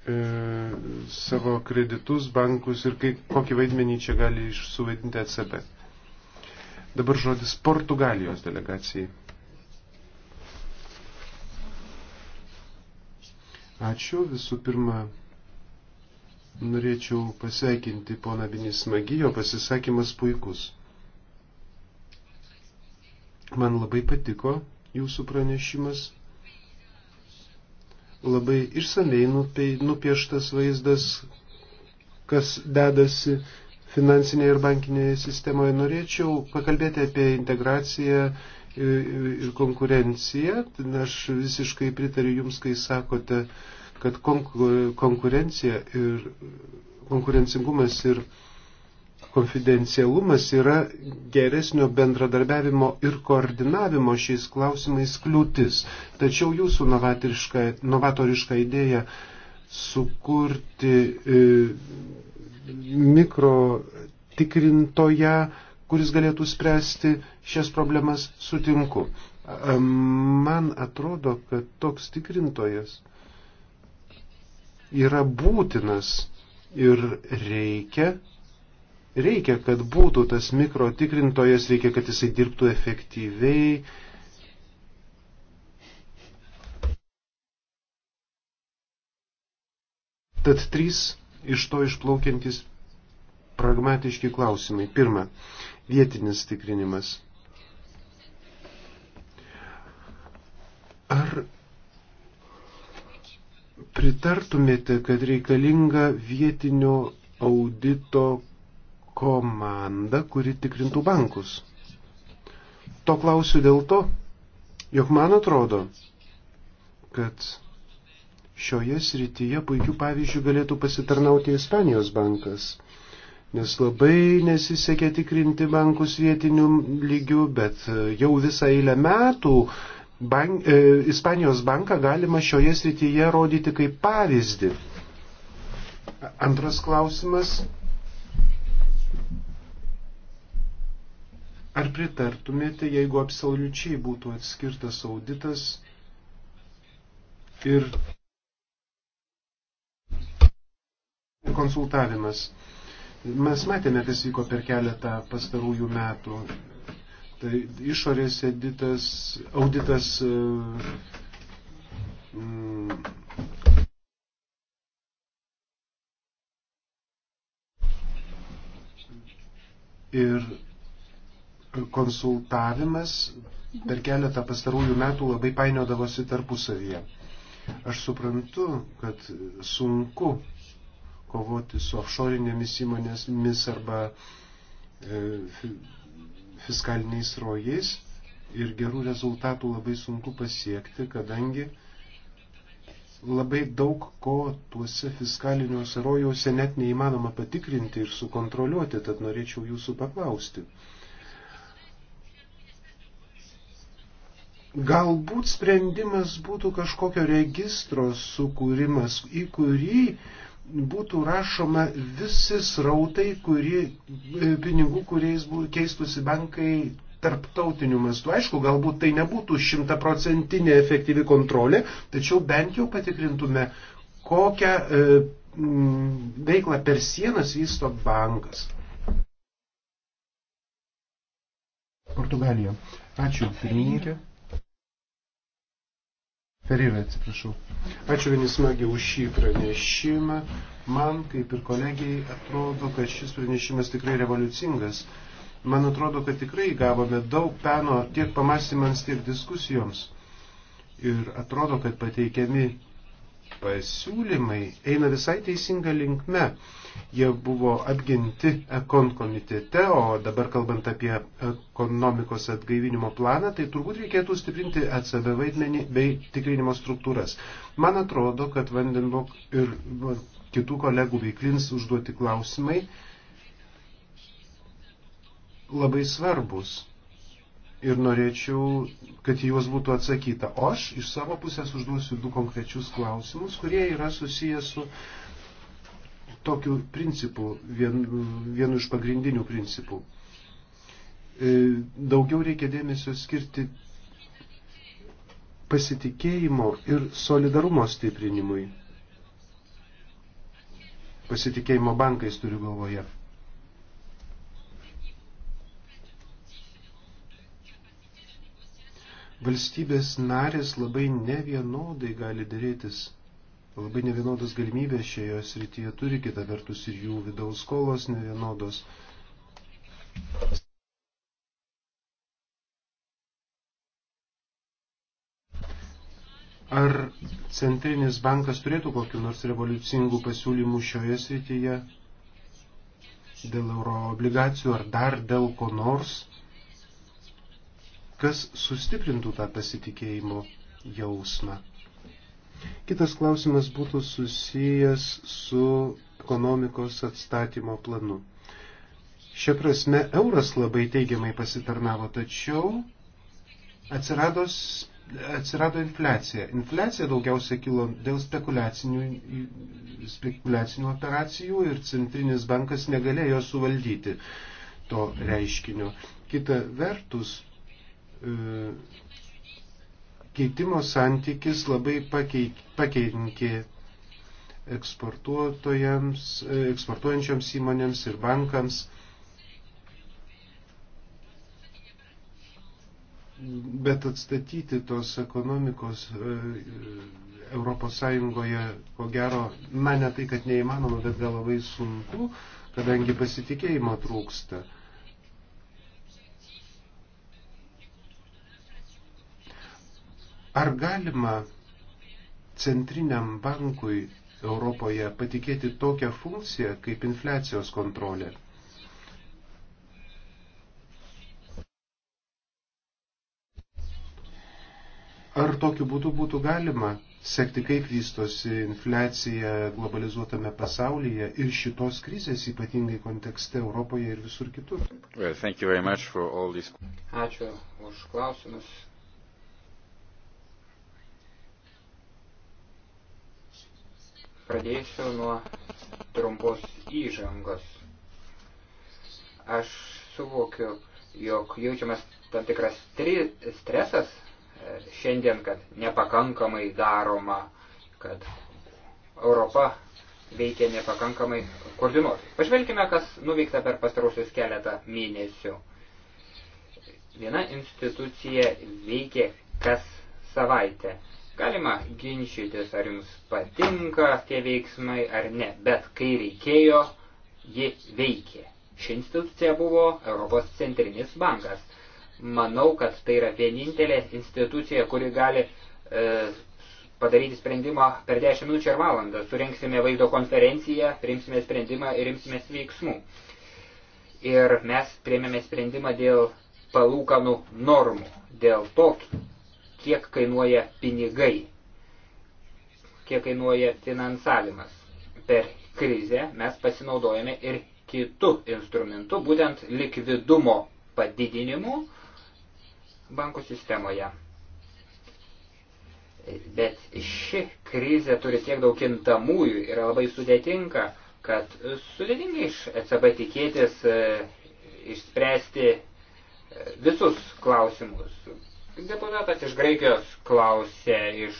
[SPEAKER 1] e, savo kreditus, bankus ir kaip, kokį vaidmenį čia gali suvaidinti ECB. Dabar žodis Portugalijos delegacijai. Ačiū visų pirma Norėčiau pasveikinti poną Binis Magijo, pasisakymas puikus. Man labai patiko jūsų pranešimas. Labai išsamei nupieštas vaizdas, kas dedasi finansinėje ir bankinėje sistemoje. Norėčiau pakalbėti apie integraciją ir konkurenciją. Aš visiškai pritariu jums, kai sakote, kad konkurencija ir konkurencingumas ir konfidencialumas yra geresnio bendradarbiavimo ir koordinavimo šiais klausimais kliūtis. Tačiau jūsų novatoriška idėja sukurti e, mikro tikrintoje, kuris galėtų spręsti šias problemas, sutinku. Man atrodo, kad toks tikrintojas yra būtinas ir reikia, reikia, kad būtų tas mikro tikrintojas, reikia, kad jisai dirbtų efektyviai. Tad trys iš to išplaukiantis pragmatiški klausimai. Pirma, vietinis tikrinimas. Ar pritartumėte, kad reikalinga vietinio audito komanda, kuri tikrintų bankus? To klausiu dėl to, jog man atrodo, kad šioje srityje puikių pavyzdžių galėtų pasitarnauti Ispanijos bankas nes labai nesisekė tikrinti bankus vietinių lygių, bet jau visą eilę metų bank, e, Ispanijos banką galima šioje srityje rodyti kaip pavyzdį. Antras klausimas. Ar pritartumėte, jeigu absoliučiai būtų atskirtas auditas ir konsultavimas? Mes matėme, kas vyko per keletą pastarųjų metų tai išorės editas, auditas. E, mm, ir konsultavimas per keletą pastarųjų metų labai painiodavosi tarpusavyje. Aš suprantu, kad sunku kovoti su offshore'inėmis įmonėmis arba e, fiskaliniais rojais ir gerų rezultatų labai sunku pasiekti, kadangi labai daug ko tuose fiskaliniuose rojuose net neįmanoma patikrinti ir sukontroliuoti, tad norėčiau jūsų paklausti. Galbūt sprendimas būtų kažkokio registro sukūrimas, į kurį būtų rašoma visi srautai, kuri, e, pinigų, kuriais keistusi bankai tarptautiniu mastu. Aišku, galbūt tai nebūtų šimtaprocentinė efektyvi kontrolė, tačiau bent jau patikrintume, kokią e, veiklą per sienas vysto bankas. Portugalija. Ačiū, pirmininkė. Per yra, atsiprašau. Ačiū Venismagė už šį pranešimą. Man, kaip ir kolegijai, atrodo, kad šis pranešimas tikrai revoliucingas. Man atrodo, kad tikrai gavome daug peno tiek pamastymams, tiek diskusijoms. Ir atrodo, kad pateikiami pasiūlymai eina visai teisinga linkme. Jie buvo apginti ekon komitete, o dabar kalbant apie ekonomikos atgaivinimo planą, tai turbūt reikėtų stiprinti ECB vaidmenį bei tikrinimo struktūras. Man atrodo, kad Vandenbok ir kitų kolegų veiklins užduoti klausimai labai svarbus ir norėčiau, kad į juos būtų atsakyta. O aš iš savo pusės užduosiu du konkrečius klausimus, kurie yra susijęs su tokiu principu, vien, vienu iš pagrindinių principų. E, daugiau reikia dėmesio skirti pasitikėjimo ir solidarumo stiprinimui. Pasitikėjimo bankais turiu galvoje. valstybės narės labai nevienodai gali dėrėtis. Labai nevienodas galimybės šioje srityje turi kita vertus ir jų vidaus skolos nevienodos. Ar centrinis bankas turėtų kokiu nors revoliucingų pasiūlymų šioje srityje dėl euro obligacijų ar dar dėl ko nors? kas sustiprintų tą pasitikėjimo jausmą. Kitas klausimas būtų susijęs su ekonomikos atstatymo planu. Šia prasme euras labai teigiamai pasitarnavo, tačiau atsirado, atsirado infliacija. Infliacija daugiausia kilo dėl spekuliacinių, spekuliacinių operacijų ir centrinis bankas negalėjo suvaldyti to reiškinio. Kita vertus, E, keitimo santykis labai pakenkė eksportuotojams, e, eksportuojančiams įmonėms ir bankams. Bet atstatyti tos ekonomikos e, Europos Sąjungoje, ko gero, na ne tai, kad neįmanoma, bet gal labai sunku, kadangi pasitikėjimo trūksta. Ar galima centriniam bankui Europoje patikėti tokią funkciją kaip infliacijos kontrolė? Ar tokiu būdu būtų galima sekti, kaip vystosi infliacija globalizuotame pasaulyje ir šitos krizės ypatingai kontekste Europoje ir visur kitur?
[SPEAKER 2] Well,
[SPEAKER 3] Ačiū už klausimus.
[SPEAKER 2] Pradėsiu nuo trumpos įžangos. Aš suvokiu, jog jaučiamas tam tikras stresas e, šiandien, kad nepakankamai daroma, kad Europa veikia nepakankamai koordinuotai. Pažvelkime, kas nuveikta per pastarusius keletą mėnesių. Viena institucija veikia kas savaitę. Galima ginčytis, ar jums patinka tie veiksmai ar ne, bet kai reikėjo, ji veikė. Ši institucija buvo Europos centrinis bankas. Manau, kad tai yra vienintelė institucija, kuri gali e, padaryti sprendimą per 10 minučių ar valandą. Surenksime vaizdo konferenciją, rimsime sprendimą ir rimsime veiksmų. Ir mes priemėme sprendimą dėl palūkanų normų. Dėl to kiek kainuoja pinigai, kiek kainuoja finansavimas. Per krizę mes pasinaudojame ir kitų instrumentų, būtent likvidumo padidinimu bankų sistemoje. Bet ši krizė turi tiek daug kintamųjų, yra labai sudėtinga, kad sudėtinga iš ECB tikėtis e, išspręsti e, visus klausimus. Deputatas iš Graikijos klausė iš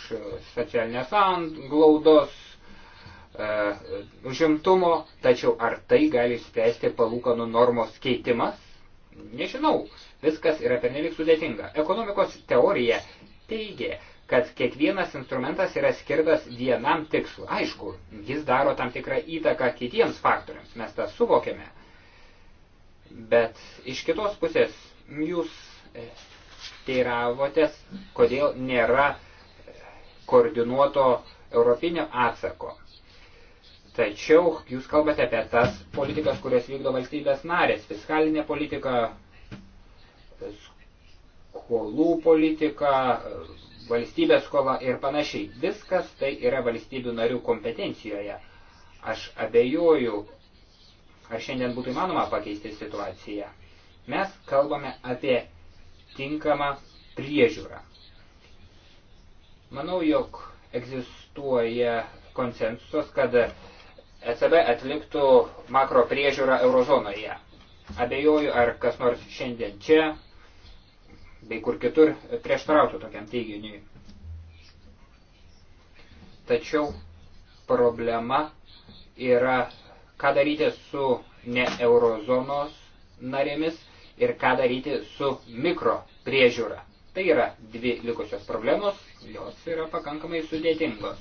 [SPEAKER 2] socialinės anglaudos e, užimtumo, e, tačiau ar tai gali spręsti palūkanų normos keitimas? Nežinau, viskas yra pernelik sudėtinga. Ekonomikos teorija teigia, kad kiekvienas instrumentas yra skirtas vienam tikslui. Aišku, jis daro tam tikrą įtaką kitiems faktoriams, mes tą suvokiame. Bet iš kitos pusės jūs teiravotės, kodėl nėra koordinuoto europinio atsako. Tačiau jūs kalbate apie tas politikas, kurias vykdo valstybės narės, fiskalinė politika, skolų politika, valstybės skola ir panašiai. Viskas tai yra valstybių narių kompetencijoje. Aš abejoju, ar šiandien būtų įmanoma pakeisti situaciją. Mes kalbame apie tinkamą priežiūrą. Manau, jog egzistuoja konsensusas, kad ECB atliktų makro priežiūrą eurozonoje. Abejoju, ar kas nors šiandien čia bei kur kitur prieštarautų tokiam teiginiui. Tačiau problema yra, ką daryti su ne eurozonos narėmis ir ką daryti su mikro priežiūra. Tai yra dvi likusios problemos, jos yra pakankamai sudėtingos.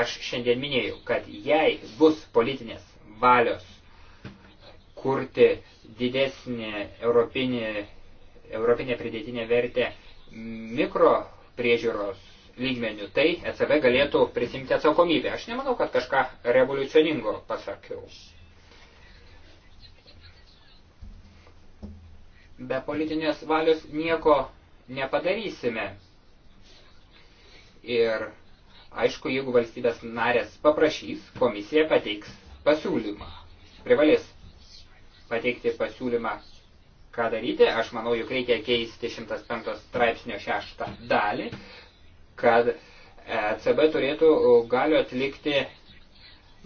[SPEAKER 2] Aš šiandien minėjau, kad jei bus politinės valios kurti didesnį europinį, europinę pridėtinę vertę mikro priežiūros lygmenių, tai ECB galėtų prisimti atsakomybę. Aš nemanau, kad kažką revoliucioningo pasakiau. Be politinės valios nieko nepadarysime. Ir aišku, jeigu valstybės narės paprašys, komisija pateiks pasiūlymą. Privalės pateikti pasiūlymą, ką daryti. Aš manau, juk reikia keisti 105 straipsnio 6 dalį, kad ECB turėtų galiu atlikti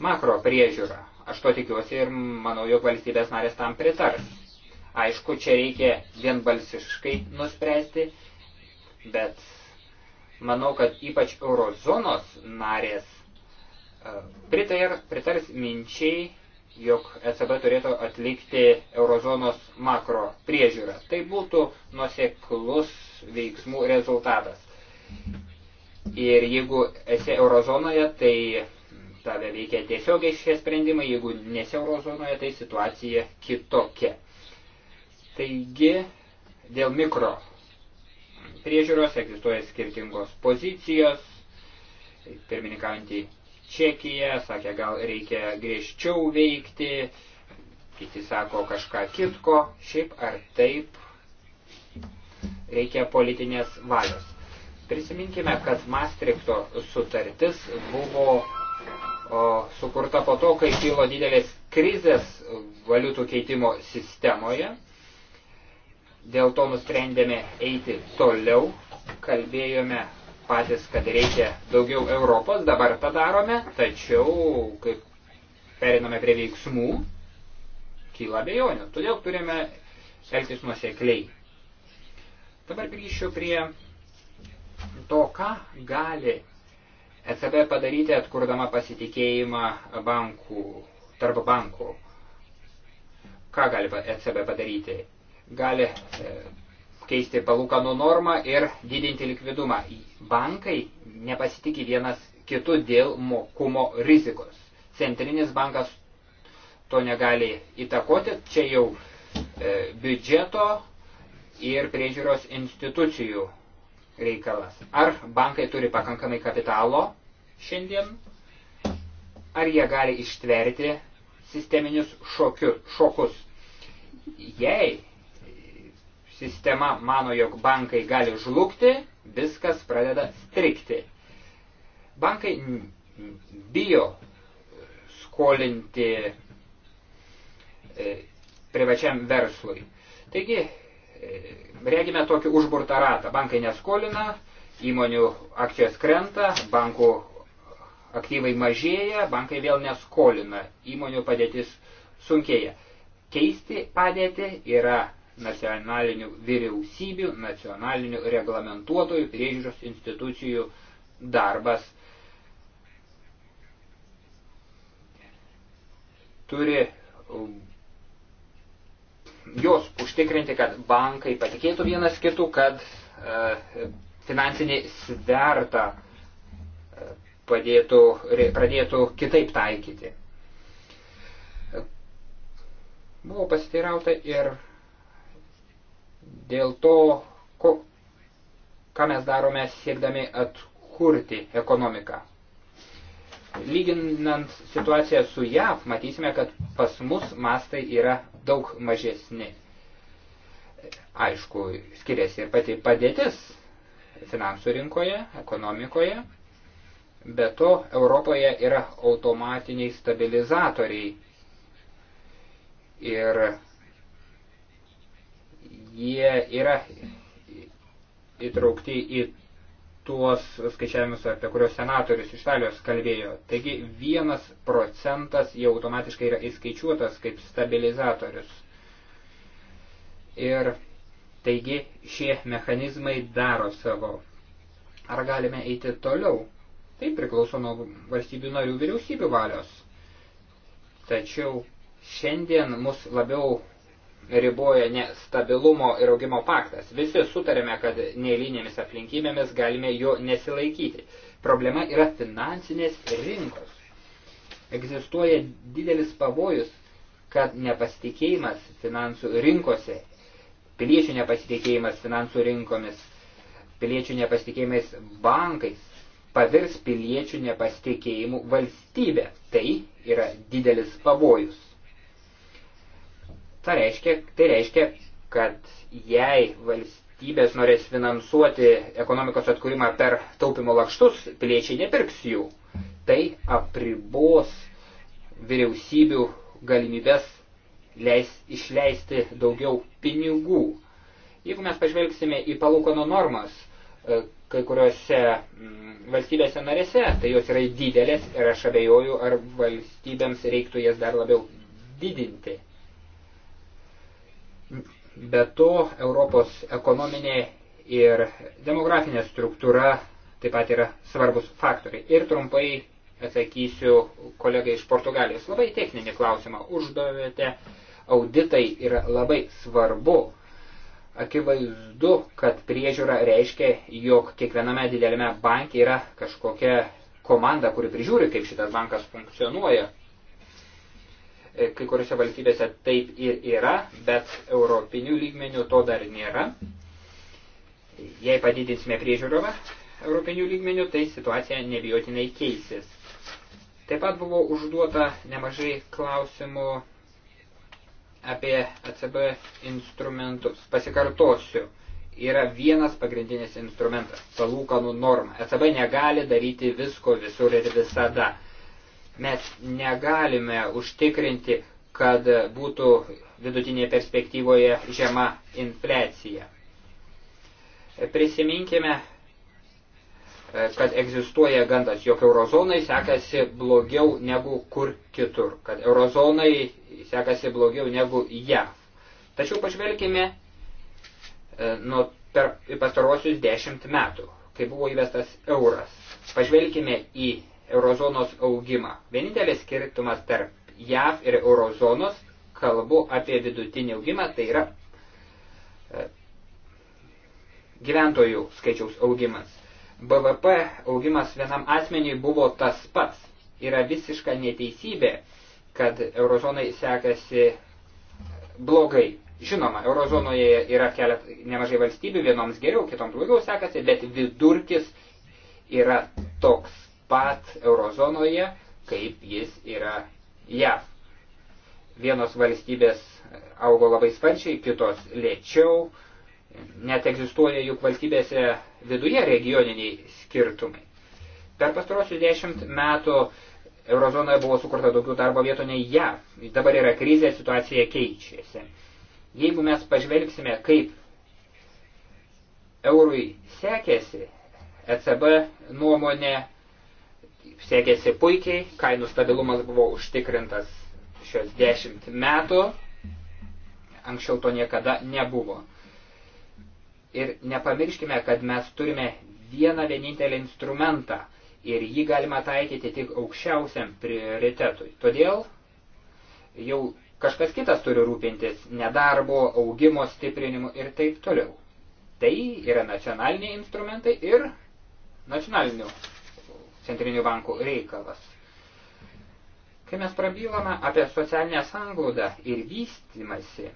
[SPEAKER 2] makro priežiūrą. Aš to tikiuosi ir manau, jog valstybės narės tam pritars. Aišku, čia reikia vienbalsiškai nuspręsti, bet manau, kad ypač eurozonos narės e, pritar, pritars minčiai, jog ECB turėtų atlikti eurozonos makro priežiūrą. Tai būtų nuseklus veiksmų rezultatas. Ir jeigu esi eurozonoje, tai tave veikia tiesiogiai šie sprendimai, jeigu nesi eurozonoje, tai situacija kitokia. Taigi, dėl mikro priežiūros egzistuoja skirtingos pozicijos. Pirmininkaujantį Čekiją sakė, gal reikia griežčiau veikti, kiti sako kažką kitko, šiaip ar taip reikia politinės valios. Prisiminkime, kad Maastrichto sutartis buvo o, sukurta po to, kai kilo didelės krizės valiutų keitimo sistemoje Dėl to nusprendėme eiti toliau, kalbėjome patys, kad reikia daugiau Europos, dabar tą darome, tačiau kaip periname prie veiksmų, kyla bejonių. Todėl turime elgtis nuosekliai. Dabar grįšiu prie to, ką gali ECB padaryti atkurdama pasitikėjimą bankų, tarp bankų. Ką gali ECB padaryti? gali e, keisti palūkanų normą ir didinti likvidumą. Bankai nepasitikė vienas kitu dėl mokumo rizikos. Centrinis bankas to negali įtakoti, čia jau e, biudžeto ir priežiūros institucijų reikalas. Ar bankai turi pakankamai kapitalo šiandien, ar jie gali ištverti sisteminius šokiu, šokus. Jei sistema mano, jog bankai gali žlugti, viskas pradeda strikti. Bankai bijo skolinti e, privačiam verslui. Taigi, e, regime tokį užburtą ratą. Bankai neskolina, įmonių akcijos krenta, bankų aktyvai mažėja, bankai vėl neskolina, įmonių padėtis sunkėja. Keisti padėtį yra nacionalinių vyriausybių, nacionalinių reglamentuotojų priežiūros institucijų darbas turi um, jos užtikrinti, kad bankai patikėtų vienas kitų, kad e, finansinį svertą uh, padėtų, pradėtų kitaip taikyti. Buvo pasiteirauta ir dėl to, ko, ką mes darome siekdami atkurti ekonomiką. Lyginant situaciją su JAV, matysime, kad pas mus mastai yra daug mažesni. Aišku, skiriasi ir pati padėtis finansų rinkoje, ekonomikoje. Be to, Europoje yra automatiniai stabilizatoriai. Ir jie yra įtraukti į tuos skaičiavimus, apie kurios senatorius iš Italijos kalbėjo. Taigi vienas procentas jau automatiškai yra įskaičiuotas kaip stabilizatorius. Ir taigi šie mechanizmai daro savo. Ar galime eiti toliau? Tai priklauso nuo valstybių narių vyriausybių valios. Tačiau šiandien mus labiau riboja nestabilumo ir augimo paktas. Visi sutarėme, kad neįlynėmis aplinkybėmis galime jo nesilaikyti. Problema yra finansinės rinkos. Egzistuoja didelis pavojus, kad nepasitikėjimas finansų rinkose, piliečių nepasitikėjimas finansų rinkomis, piliečių nepasitikėjimas bankais pavirs piliečių nepasitikėjimu valstybė. Tai yra didelis pavojus. Ta reiškia, tai reiškia, kad jei valstybės norės finansuoti ekonomikos atkūrimą per taupimo lakštus, piliečiai nepirks jų. Tai apribos vyriausybių galimybės leis, išleisti daugiau pinigų. Jeigu mes pažvelgsime į palūkanų normas, e, kai kuriuose mm, valstybėse narėse, tai jos yra didelės ir aš abejoju, ar valstybėms reiktų jas dar labiau didinti. Be to, Europos ekonominė ir demografinė struktūra taip pat yra svarbus faktoriai. Ir trumpai atsakysiu kolegai iš Portugalijos. Labai techninį klausimą uždavėte. Auditai yra labai svarbu. Akivaizdu, kad priežiūra reiškia, jog kiekviename dideliame banke yra kažkokia komanda, kuri prižiūri, kaip šitas bankas funkcionuoja. E, kai kuriuose valstybėse taip ir yra, bet europinių lygmenių to dar nėra. Jei padidinsime priežiūrovą europinių lygmenių, tai situacija nebijotinai keisis. Taip pat buvo užduota nemažai klausimų apie ACB instrumentus. Pasikartosiu, yra vienas pagrindinis instrumentas – palūkanų norma. ECB negali daryti visko visur ir visada. Mes negalime užtikrinti, kad būtų vidutinėje perspektyvoje žema inflecija. Prisiminkime, kad egzistuoja gandas, jog eurozonai sekasi blogiau negu kur kitur, kad eurozonai sekasi blogiau negu JAV. Tačiau pažvelkime e, nuo per pastaruosius dešimt metų, kai buvo įvestas euras. Pažvelkime į eurozonos augimą. Vienintelis skirtumas tarp JAV ir eurozonos, kalbu apie vidutinį augimą, tai yra e, gyventojų skaičiaus augimas. BVP augimas vienam asmeniui buvo tas pats. Yra visiška neteisybė, kad eurozonai sekasi blogai. Žinoma, eurozonoje yra kelet, nemažai valstybių, vienoms geriau, kitoms blogiau sekasi, bet vidurkis yra toks pat eurozonoje, kaip jis yra JAV. Vienos valstybės augo labai sparčiai, kitos lėčiau, net egzistuoja juk valstybėse viduje regioniniai skirtumai. Per pastarosius dešimt metų eurozonoje buvo sukurta daugiau darbo vietų nei JAV. Dabar yra krizė, situacija keičiasi. Jeigu mes pažvelgsime, kaip eurui sekėsi, ECB nuomonė sekėsi puikiai, kainų stabilumas buvo užtikrintas šios dešimt metų, anksčiau to niekada nebuvo. Ir nepamirškime, kad mes turime vieną vienintelį instrumentą ir jį galima taikyti tik aukščiausiam prioritetui. Todėl jau kažkas kitas turi rūpintis nedarbo, augimo stiprinimu ir taip toliau. Tai yra nacionaliniai instrumentai ir nacionalinių centrinių bankų reikalas. Kai mes prabylame apie socialinę sanglaudą ir vystimasi,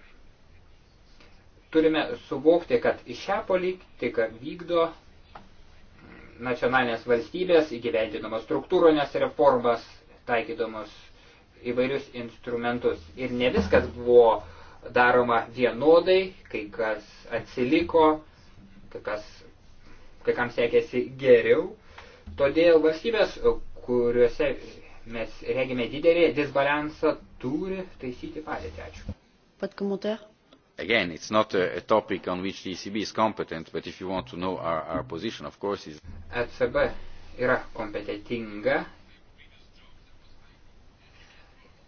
[SPEAKER 2] turime suvokti, kad šią politiką vykdo nacionalinės valstybės, įgyvendinamos struktūronės reformas, taikydamos įvairius instrumentus. Ir ne viskas buvo daroma vienodai, kai kas atsiliko, kai, kas, kai kam sekėsi geriau. Todėl valstybės, kuriuose mes regime didelį disbalansą, turi taisyti padėtį. Ačiū. Pat komentar? Again, it's not a, a topic on which the ECB is competent, but if you want to know our, our position, of course, is... ECB yra kompetitinga.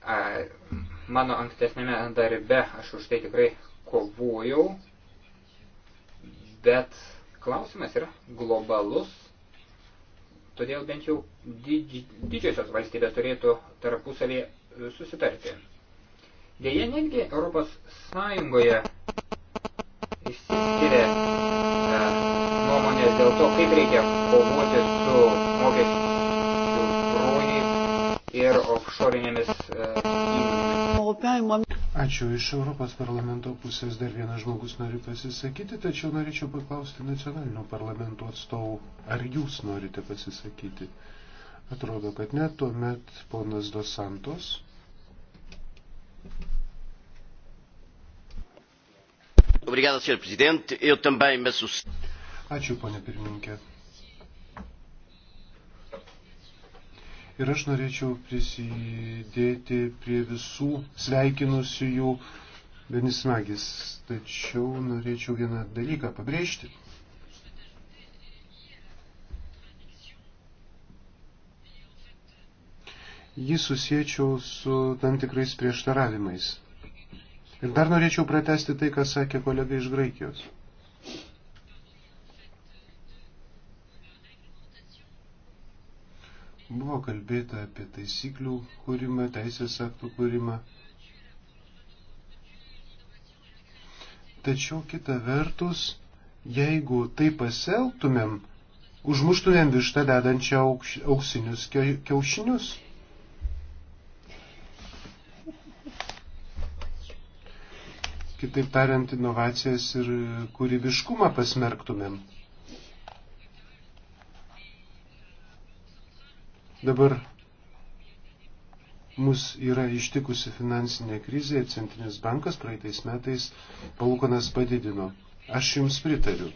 [SPEAKER 2] A, mano ankstesnėme darbe aš už tai tikrai kovojau, bet klausimas yra globalus Todėl bent jau didži, didžiosios valstybės turėtų tarpusavėje susitarti. Deja, netgi Europos Sąjungoje išsiskiria e, nuomonės dėl to, kaip reikia kovoti su mokesčių rojais ir offshore'inėmis e,
[SPEAKER 1] įmonėmis. Ačiū. Iš Europos parlamento pusės dar vienas žmogus nori pasisakyti, tačiau norėčiau paklausti nacionalinio parlamento atstovų, ar jūs norite pasisakyti. Atrodo, kad ne, tuomet ponas Dos Santos.
[SPEAKER 3] Obrigado, senhor presidente. Eu também me Ačiū,
[SPEAKER 1] ponė pirmininkė. ir aš norėčiau prisidėti prie visų sveikinusių jų Benismagis. Tačiau norėčiau vieną dalyką pabrėžti. jį susiečiau su tam tikrais prieštaravimais. Ir dar norėčiau pratesti tai, ką sakė kolega iš Graikijos. Buvo kalbėta apie taisyklių kūrimą, teisės aktų kūrimą. Tačiau kita vertus, jeigu tai pasielgtumėm, užmuštumėm vištą dedančią auksinius kiaušinius. Kitaip tariant, inovacijas ir kūrybiškumą pasmerktumėm. Dabar mus yra ištikusi finansinė krizė ir Centrinis bankas praeitais metais palūkanas padidino. Aš jums pritariu.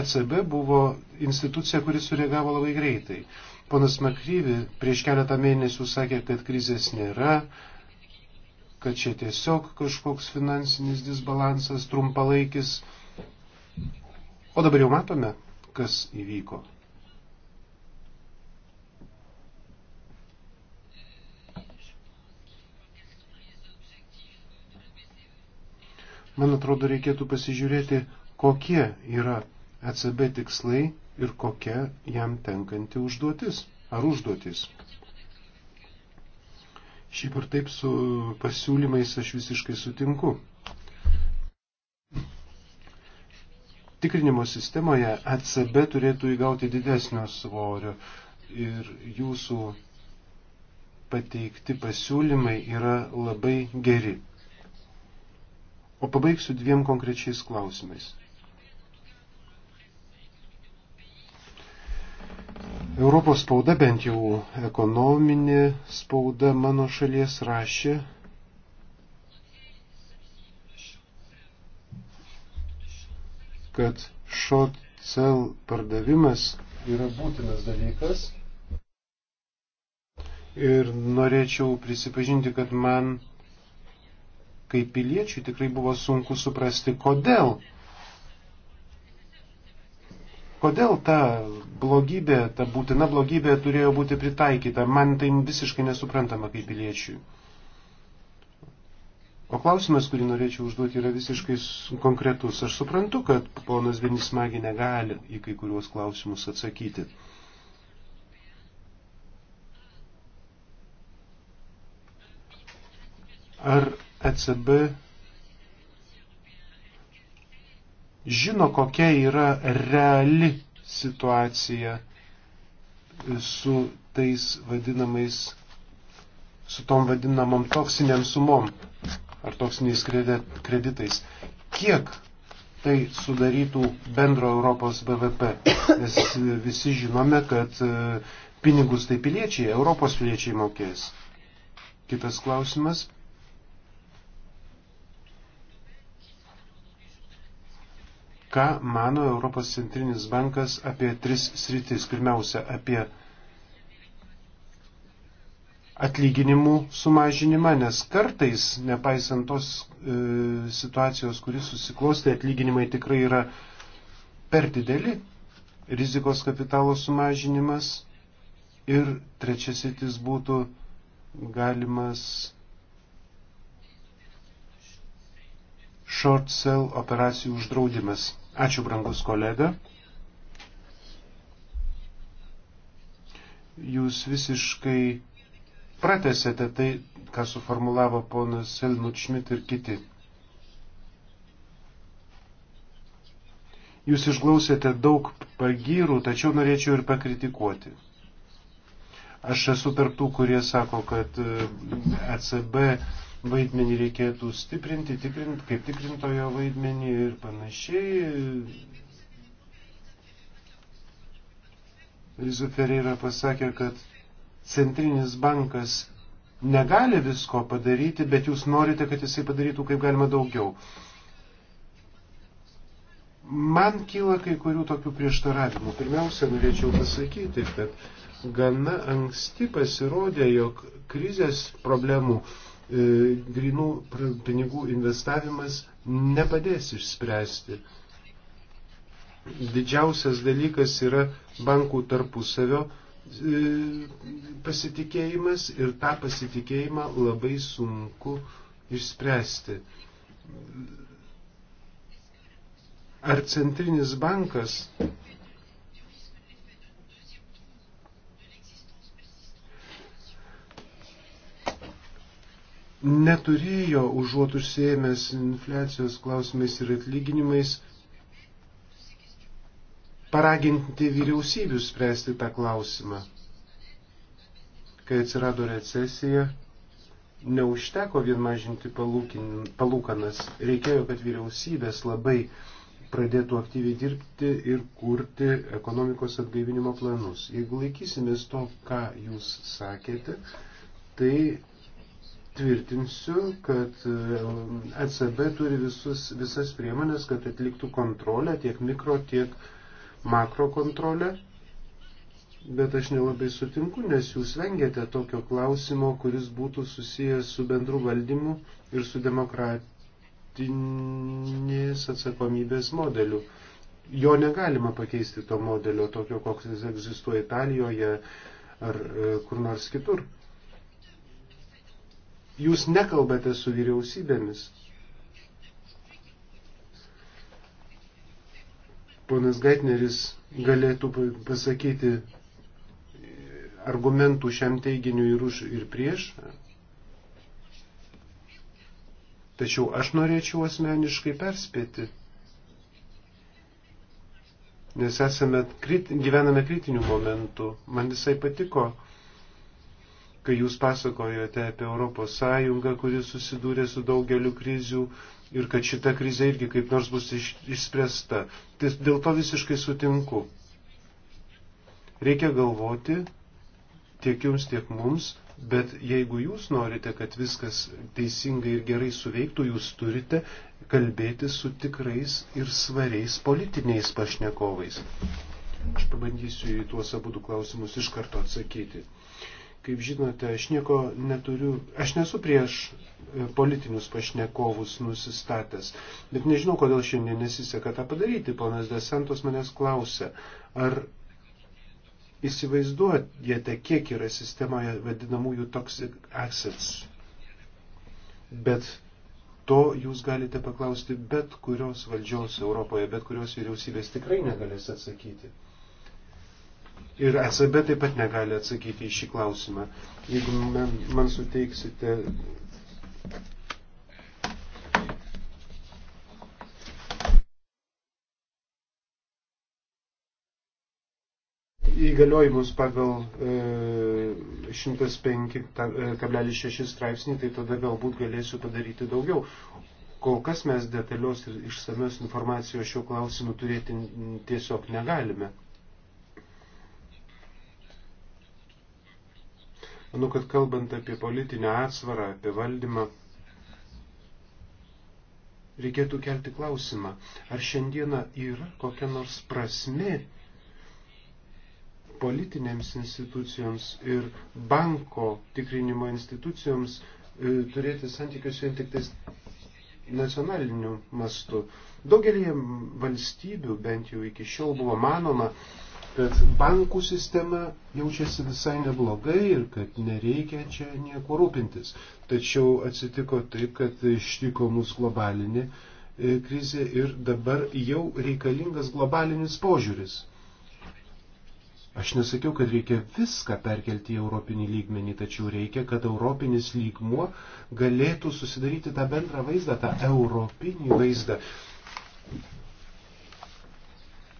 [SPEAKER 1] ECB e buvo institucija, kuris sureagavo labai greitai. Ponas Makryvi prieš keletą mėnesių sakė, kad krizės nėra, kad čia tiesiog kažkoks finansinis disbalansas trumpalaikis. O dabar jau matome, kas įvyko. Man atrodo, reikėtų pasižiūrėti, kokie yra ECB tikslai ir kokia jam tenkanti užduotis ar užduotis. Šiaip ar taip su pasiūlymais aš visiškai sutinku. Tikrinimo sistemoje ECB turėtų įgauti didesnio svorio ir jūsų pateikti pasiūlymai yra labai geri. O pabaigsiu dviem konkrečiais klausimais. Europos spauda, bent jau ekonominė spauda mano šalies rašė, kad short cell pardavimas yra būtinas dalykas. Ir norėčiau prisipažinti, kad man kaip piliečiui tikrai buvo sunku suprasti, kodėl. Kodėl ta blogybė, ta būtina blogybė turėjo būti pritaikyta? Man tai visiškai nesuprantama kaip piliečiui. O klausimas, kurį norėčiau užduoti, yra visiškai konkretus. Aš suprantu, kad ponas Vinis Magi negali į kai kuriuos klausimus atsakyti. Ar ECB žino, kokia yra reali situacija su tais vadinamais, su tom vadinamom toksiniam sumom ar toksiniais kreditais. Kiek tai sudarytų bendro Europos BVP. Nes visi žinome, kad e, pinigus tai piliečiai, Europos piliečiai mokės. Kitas klausimas. ką mano Europos centrinis bankas apie tris sritis. Pirmiausia, apie atlyginimų sumažinimą, nes kartais, nepaisant tos e, situacijos, kuris susiklosti, atlyginimai tikrai yra per dideli. Rizikos kapitalo sumažinimas ir trečiasitis būtų galimas short sell operacijų uždraudimas. Ačiū, brangus kolega. Jūs visiškai pratesėte tai, ką suformulavo ponas Helmut Schmidt ir kiti. Jūs išklausėte daug pagyrų, tačiau norėčiau ir pakritikuoti. Aš esu tarptų, kurie sako, kad ECB e vaidmenį reikėtų stiprinti, tikrint, kaip tikrintojo vaidmenį ir panašiai. Izuferi yra pasakė, kad centrinis bankas negali visko padaryti, bet jūs norite, kad jisai padarytų kaip galima daugiau. Man kyla kai kurių tokių prieštaravimų. Pirmiausia, norėčiau pasakyti, kad gana anksti pasirodė, jog krizės problemų uh, E, grinų pinigų investavimas nepadės išspręsti. Didžiausias dalykas yra bankų tarpusavio e, pasitikėjimas ir tą pasitikėjimą labai sunku išspręsti. Ar centrinis bankas neturėjo užuot užsiemęs infliacijos klausimais ir atlyginimais paraginti vyriausybių spręsti tą klausimą. Kai atsirado recesija, neužteko vien mažinti palūkanas, reikėjo, kad vyriausybės labai pradėtų aktyviai dirbti ir kurti ekonomikos atgaivinimo planus. Jeigu laikysimės to, ką jūs sakėte, tai tvirtinsiu, kad ECB e turi visus, visas priemonės, kad atliktų kontrolę, tiek mikro, tiek makro kontrolę. Bet aš nelabai sutinku, nes jūs vengiate tokio klausimo, kuris būtų susijęs su bendru valdymu ir su demokratinės atsakomybės modeliu. Jo negalima pakeisti to modelio, tokio, koks jis egzistuoja Italijoje ar e, kur nors kitur jūs nekalbate su vyriausybėmis. Ponas Gaitneris galėtų pasakyti argumentų šiam teiginiu ir už ir prieš. Tačiau aš norėčiau asmeniškai perspėti, nes esame, gyvename kritiniu momentu. Man visai patiko kai jūs pasakojote apie Europos Sąjungą, kuris susidūrė su daugeliu krizių ir kad šita krizė irgi kaip nors bus iš, išspręsta. Tai dėl to visiškai sutinku. Reikia galvoti tiek jums, tiek mums, bet jeigu jūs norite, kad viskas teisingai ir gerai suveiktų, jūs turite kalbėti su tikrais ir svariais politiniais pašnekovais. Aš pabandysiu į tuos abu klausimus iš karto atsakyti. Kaip žinote, aš nieko neturiu, aš nesu prieš e, politinius pašnekovus nusistatęs, bet nežinau, kodėl šiandien nesiseka tą padaryti. Ponas Desantos manęs klausė, ar įsivaizduojate, kiek yra sistemoje vadinamųjų toxic assets. Bet to jūs galite paklausti bet kurios valdžios Europoje, bet kurios vyriausybės tikrai negalės atsakyti. Ir ECB taip pat negali atsakyti į šį klausimą. Jeigu man, man suteiksite. Įgaliojimus pagal e, 105,6 e, straipsnį, tai tada galbūt galėsiu padaryti daugiau. Kol kas mes detalios ir išsamios informacijos šiuo klausimu turėti tiesiog negalime. Manau, kad kalbant apie politinę atsvarą, apie valdymą, reikėtų kelti klausimą, ar šiandieną yra kokia nors prasme politinėms institucijoms ir banko tikrinimo institucijoms e, turėti santykius vien tik tais nacionaliniu mastu. Daugelį valstybių bent jau iki šiol buvo manoma, kad bankų sistema jaučiasi visai neblogai ir kad nereikia čia nieko rūpintis. Tačiau atsitiko taip, kad ištiko mus globalinė e, krizė ir dabar jau reikalingas globalinis požiūris. Aš nesakiau, kad reikia viską perkelti į europinį lygmenį, tačiau reikia, kad europinis lygmuo galėtų susidaryti tą bendrą vaizdą, tą europinį vaizdą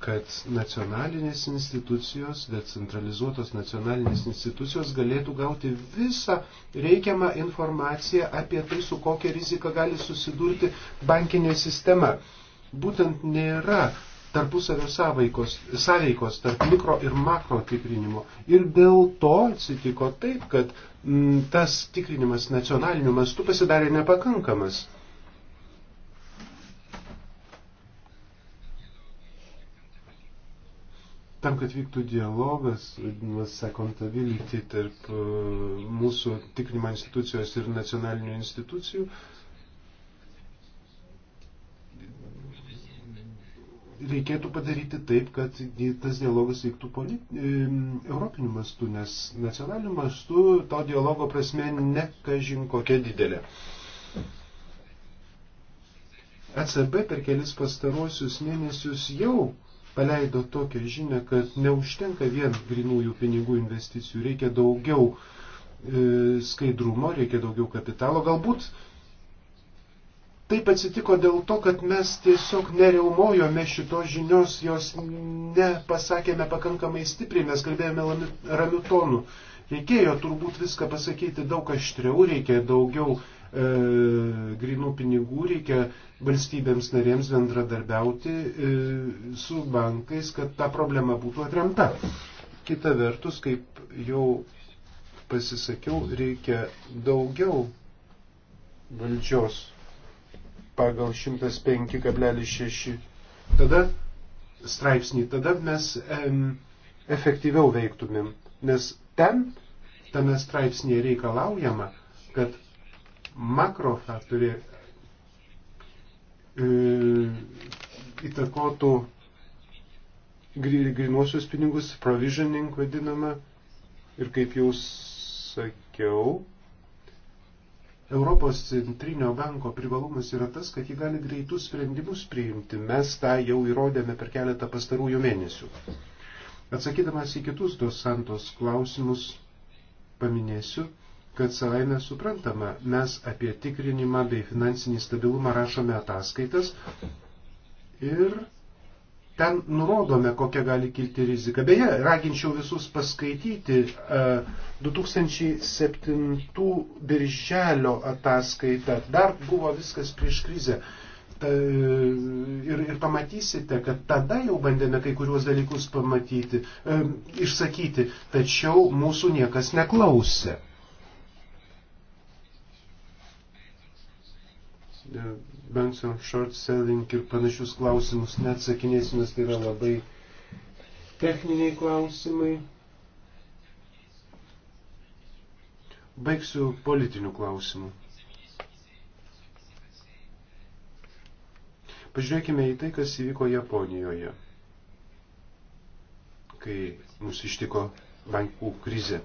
[SPEAKER 1] kad nacionalinės institucijos, decentralizuotos nacionalinės institucijos galėtų gauti visą reikiamą informaciją apie tai, su kokia rizika gali susidurti bankinė sistema. Būtent nėra tarpusavio sąveikos, sąveikos tarp mikro ir makro tikrinimo. Ir dėl to atsitiko taip, kad m, mm, tas tikrinimas nacionaliniu mastu pasidarė nepakankamas. Tam, kad vyktų dialogas, vadinamas accountability tarp e, mūsų tikrinimo institucijos ir nacionalinių institucijų, reikėtų padaryti taip, kad tas dialogas vyktų politi... E, europiniu mastu, nes nacionaliniu mastu to dialogo prasme ne kažin kokia didelė. ECB per kelis pastaruosius mėnesius jau paleido tokią žinę, kad neužtenka vien grinųjų pinigų investicijų, reikia daugiau e, skaidrumo, reikia daugiau kapitalo. Galbūt taip atsitiko dėl to, kad mes tiesiog nereumojome šitos žinios, jos nepasakėme pakankamai stipriai, mes kalbėjome ramiu tonu. Reikėjo turbūt viską pasakyti daug aštriau, reikia daugiau E, grinų pinigų, reikia valstybėms narėms bendradarbiauti e, su bankais, kad ta problema būtų atremta. Kita vertus, kaip jau pasisakiau, reikia daugiau valdžios pagal 105,6 tada straipsnį, tada mes em, efektyviau veiktumėm, nes ten, tame straipsnėje reikalaujama, kad makrofaktoriai e, įtakotų grinuosius pinigus, provisioning vadinama. Ir kaip jau sakiau, Europos centrinio banko privalumas yra tas, kad jį gali greitus sprendimus priimti. Mes tą jau įrodėme per keletą pastarųjų mėnesių. Atsakydamas į kitus dos santos klausimus, paminėsiu, kad savaime suprantama, mes apie tikrinimą bei finansinį stabilumą rašome ataskaitas ir ten nurodome, kokia gali kilti rizika. Beje, raginčiau visus paskaityti 2007 e, birželio ataskaitą. Dar buvo viskas prieš krizę. Ir, ir pamatysite, kad tada jau bandėme kai kuriuos dalykus pamatyti, e, išsakyti, tačiau mūsų niekas neklausė. E, Benson short selling ir panašius klausimus neatsakinėsime, tai yra labai techniniai klausimai. Baigsiu politinių klausimų. Pažiūrėkime į tai, kas įvyko Japonijoje, kai mus ištiko bankų krize.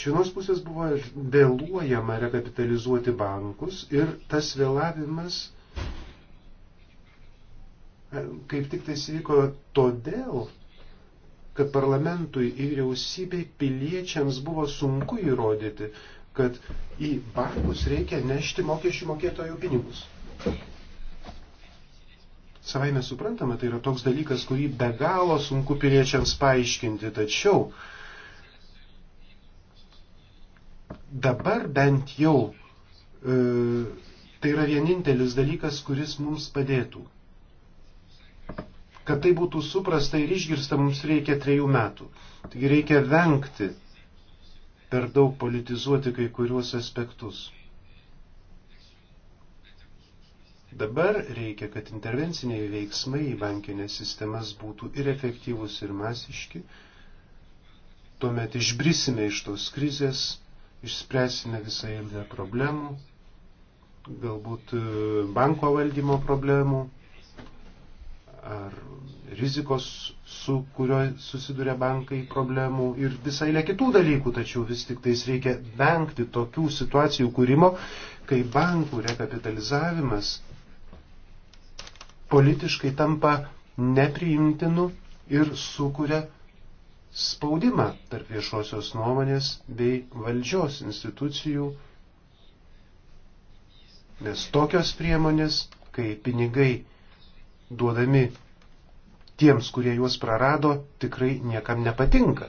[SPEAKER 1] Iš vienos pusės buvo vėluojama rekapitalizuoti bankus ir tas vėlavimas e, kaip tik tai įvyko todėl, kad parlamentui ir vyriausybei piliečiams buvo sunku įrodyti, kad į bankus reikia nešti mokesčių mokėtojų pinigus. Savaime suprantama, tai yra toks dalykas, kurį be galo sunku piliečiams paaiškinti, tačiau dabar bent jau e, tai yra vienintelis dalykas, kuris mums padėtų. Kad tai būtų suprasta ir išgirsta, mums reikia trejų metų. Taigi reikia vengti per daug politizuoti kai kuriuos aspektus. Dabar reikia, kad intervenciniai veiksmai į bankinės sistemas būtų ir efektyvūs, ir masiški. Tuomet išbrisime iš tos krizės išspręsime visą eilę problemų, galbūt e, banko valdymo problemų ar rizikos, su kurio susiduria bankai problemų ir visai ne kitų dalykų, tačiau vis tik tais reikia vengti tokių situacijų kūrimo, kai bankų rekapitalizavimas politiškai tampa nepriimtinu ir sukuria spaudimą tarp viešosios nuomonės bei valdžios institucijų, nes tokios priemonės, kai pinigai duodami tiems, kurie juos prarado, tikrai niekam nepatinka.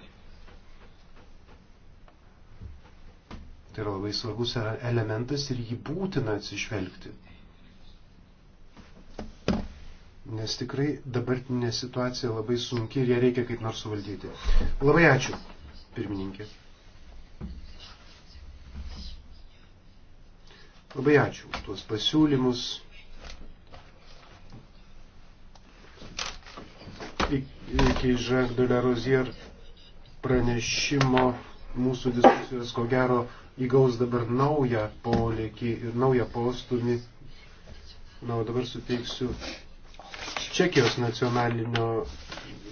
[SPEAKER 1] Tai yra labai svarbus elementas ir jį būtina atsižvelgti nes tikrai dabartinė situacija labai sunki ir ją reikia kaip nors suvaldyti. Labai ačiū, pirmininkė. Labai ačiū už tuos pasiūlymus. Iki Jacques de la Rozier pranešimo mūsų diskusijos ko gero įgaus dabar naują polėkį ir naują postumį. Na, o dabar suteiksiu Čekijos nacionalinio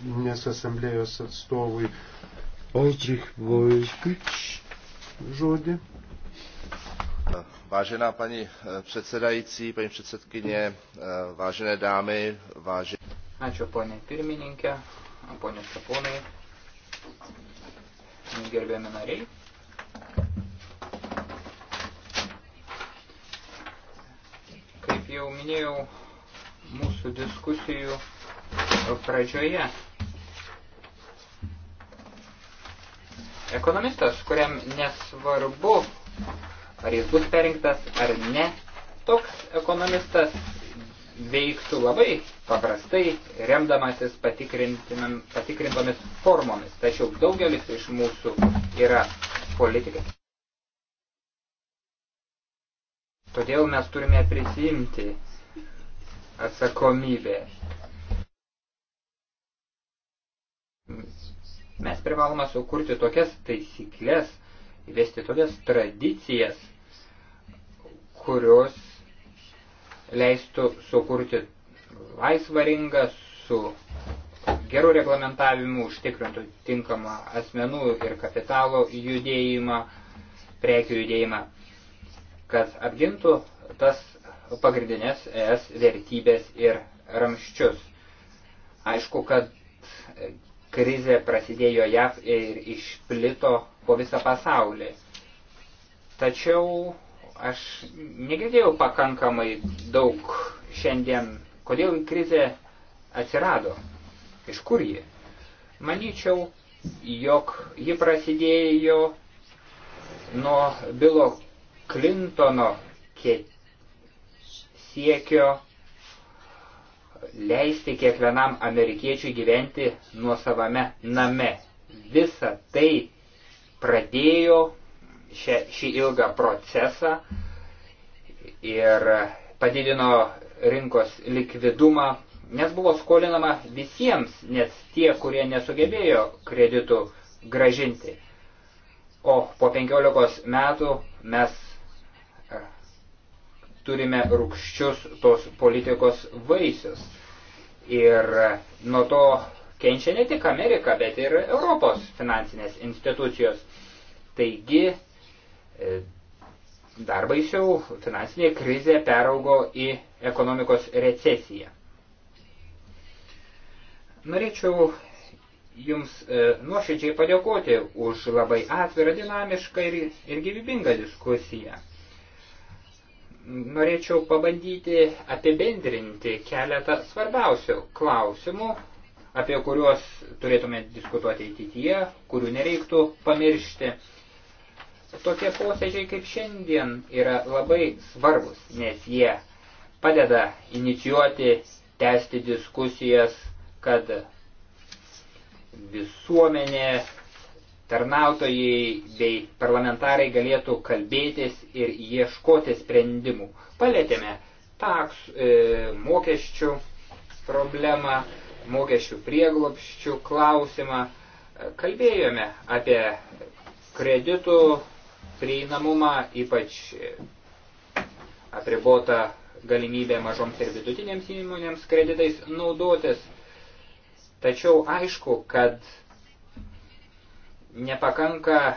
[SPEAKER 1] nes asamblėjos atstovui Oldrich Vojskič žodį. Vážená paní eh, předsedající, paní předsedkyně, eh, vážené dámy, vážené...
[SPEAKER 2] Ačiū ponė pirmininkė, ponė Šaponai, gerbėmi nariai. Kaip jau minėjau, mūsų diskusijų pradžioje. Ekonomistas, kuriam nesvarbu, ar jis bus perinktas ar ne, toks ekonomistas veiktų labai paprastai, remdamasis patikrintomis formomis. Tačiau daugelis iš mūsų yra politikai. Todėl mes turime prisimti atsakomybė. Mes privalome sukurti tokias taisyklės, įvesti tokias tradicijas, kurios leistų sukurti laisvą ringą su gerų reglamentavimų užtikrintų tinkamą asmenų ir kapitalo judėjimą, prekių judėjimą, kad apgintų tas pagrindinės ES vertybės ir ramščius. Aišku, kad krizė prasidėjo JAV ir išplito po visą pasaulį. Tačiau aš negirdėjau pakankamai daug šiandien, kodėl krizė atsirado, iš kur ji. Manyčiau, jog ji prasidėjo nuo Bilo Klintono ketinimo siekio leisti kiekvienam amerikiečiui gyventi nuo savame name. Visa tai pradėjo šią, šį ilgą procesą ir padidino rinkos likvidumą, nes buvo skolinama visiems, nes tie, kurie nesugebėjo kreditų gražinti. O po 15 metų mes turime rūkščius tos politikos vaisius. Ir nuo to kenčia ne tik Amerika, bet ir Europos finansinės institucijos. Taigi, e, dar baisiau, finansinė krizė peraugo į ekonomikos recesiją. Norėčiau Jums e, nuoširdžiai padėkoti už labai atvirą, dinamišką ir, ir gyvybingą diskusiją norėčiau pabandyti apibendrinti keletą svarbiausių klausimų, apie kuriuos turėtume diskutuoti ateityje, kurių nereiktų pamiršti. Tokie posėdžiai kaip šiandien yra labai svarbus, nes jie padeda inicijuoti, tęsti diskusijas, kad visuomenė tarnautojai bei parlamentarai galėtų kalbėtis ir ieškoti sprendimų. Palėtėme taks, e, mokesčių problemą, mokesčių prieglopščių klausimą, e, kalbėjome apie kreditų prieinamumą, ypač e, apribota galimybė mažoms ir vidutinėms įmonėms kreditais naudotis. Tačiau aišku, kad nepakanka, e,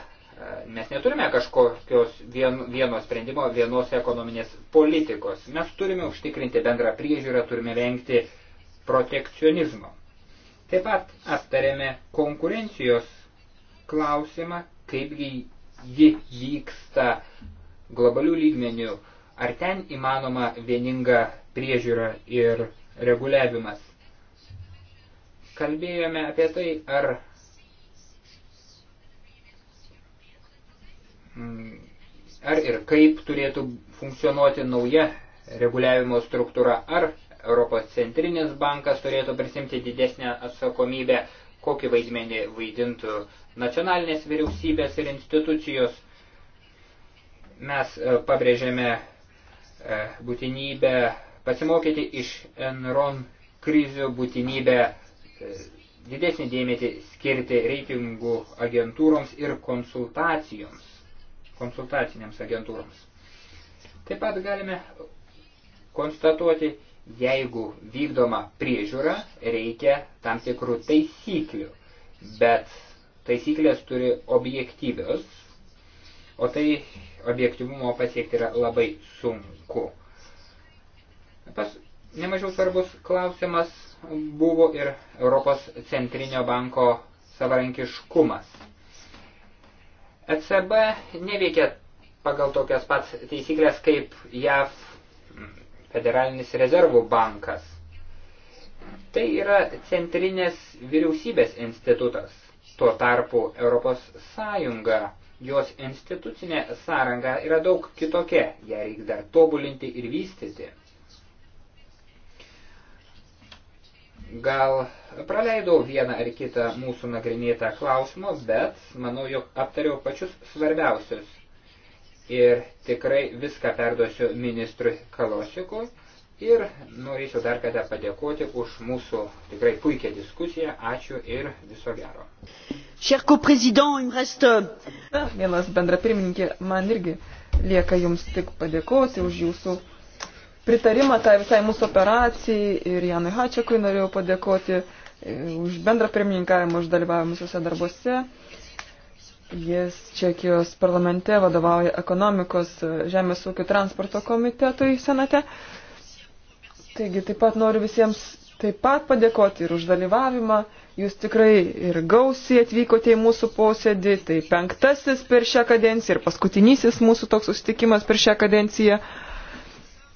[SPEAKER 2] mes neturime kažkokios vien, vieno sprendimo, vienos ekonominės politikos. Mes turime užtikrinti bendrą priežiūrą, turime vengti protekcionizmo. Taip pat aptarėme konkurencijos klausimą, kaipgi ji vyksta globalių lygmenių, ar ten įmanoma vieninga priežiūra ir reguliavimas. Kalbėjome apie tai, ar Mm. ar ir kaip turėtų funkcionuoti nauja reguliavimo struktūra, ar Europos centrinis bankas turėtų prisimti didesnę atsakomybę, kokį vaidmenį vaidintų nacionalinės vyriausybės ir institucijos. Mes e, pabrėžėme e, būtinybę pasimokyti iš Enron krizių, būtinybę e, didesnį dėmesį skirti reitingų agentūroms ir konsultacijoms konsultacinėms agentūroms. Taip pat galime konstatuoti, jeigu vykdoma priežiūra, reikia tam tikrų taisyklių, bet taisyklės turi objektyvios, o tai objektivumo pasiekti yra labai sunku. Pas, nemažiau svarbus klausimas buvo ir Europos centrinio banko savarankiškumas. ECB neveikia pagal tokias pats taisyklės kaip JAV federalinis rezervų bankas. Tai yra centrinės vyriausybės institutas. Tuo tarpu Europos Sąjunga, jos institucinė sąranga yra daug kitokia, ją reikia dar tobulinti ir vystyti. Gal praleidau vieną ar kitą mūsų nagrinėtą klausimą, bet manau, jog aptariau pačius svarbiausius. Ir tikrai viską perduosiu ministrui Kalosikui. Ir norėčiau dar kartą padėkoti už mūsų tikrai puikią diskusiją. Ačiū ir viso gero.
[SPEAKER 4] Šerko prezident, jums resta. Mielas bendra pirmininkė,
[SPEAKER 5] man irgi lieka jums tik padėkoti už jūsų pritarimą tai visai mūsų operacijai ir Janui Hačiakui norėjau padėkoti e, už bendrą pirmininkavimą, už dalyvavimą visose darbuose. Jis Čekijos parlamente vadovauja ekonomikos e, žemės ūkio transporto komitetui senate. Taigi taip pat noriu visiems taip pat padėkoti ir už dalyvavimą. Jūs tikrai ir gausiai atvykote į mūsų posėdį. Tai penktasis per šią kadenciją ir paskutinysis mūsų toks susitikimas per šią kadenciją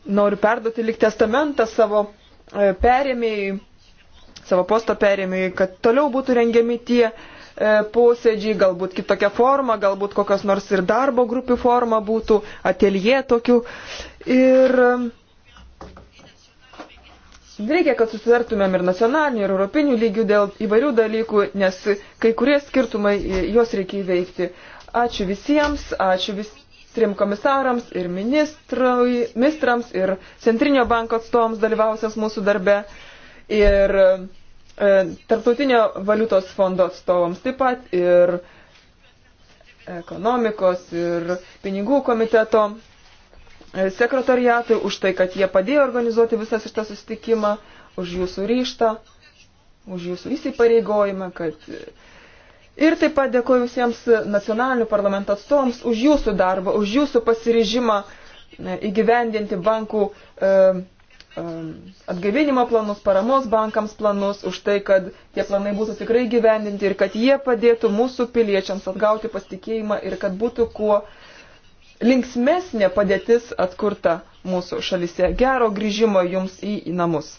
[SPEAKER 5] noriu perduoti lik testamentą savo e, perėmėjai, savo posto perėmėjai, kad toliau būtų rengiami tie e, posėdžiai, galbūt kitokia forma, galbūt kokios nors ir darbo grupių forma būtų, atelje tokių. Ir e, Reikia, kad susitartumėm ir nacionalinių, ir europinių lygių dėl įvairių dalykų, nes kai kurie skirtumai juos reikia įveikti. Ačiū visiems, ačiū visiems trim komisarams ir ministrams ir Centrinio banko atstovams dalyvausios mūsų darbe ir e, Tartautinio valiutos fondo atstovams taip pat ir ekonomikos ir pinigų komiteto e, sekretariatui už tai, kad jie padėjo organizuoti visą šitą susitikimą, už jūsų ryštą, už jūsų įsipareigojimą, kad e, Ir taip pat dėkoju visiems nacionalinių parlamento atstovams už jūsų darbą, už jūsų pasiryžimą e, įgyvendinti bankų e, e, atgaivinimo planus, paramos bankams planus, už tai, kad tie planai būtų tikrai gyvendinti ir kad jie padėtų mūsų piliečiams atgauti pasitikėjimą ir kad būtų kuo linksmesnė padėtis atkurta mūsų šalise. Gero grįžimo jums į, į namus.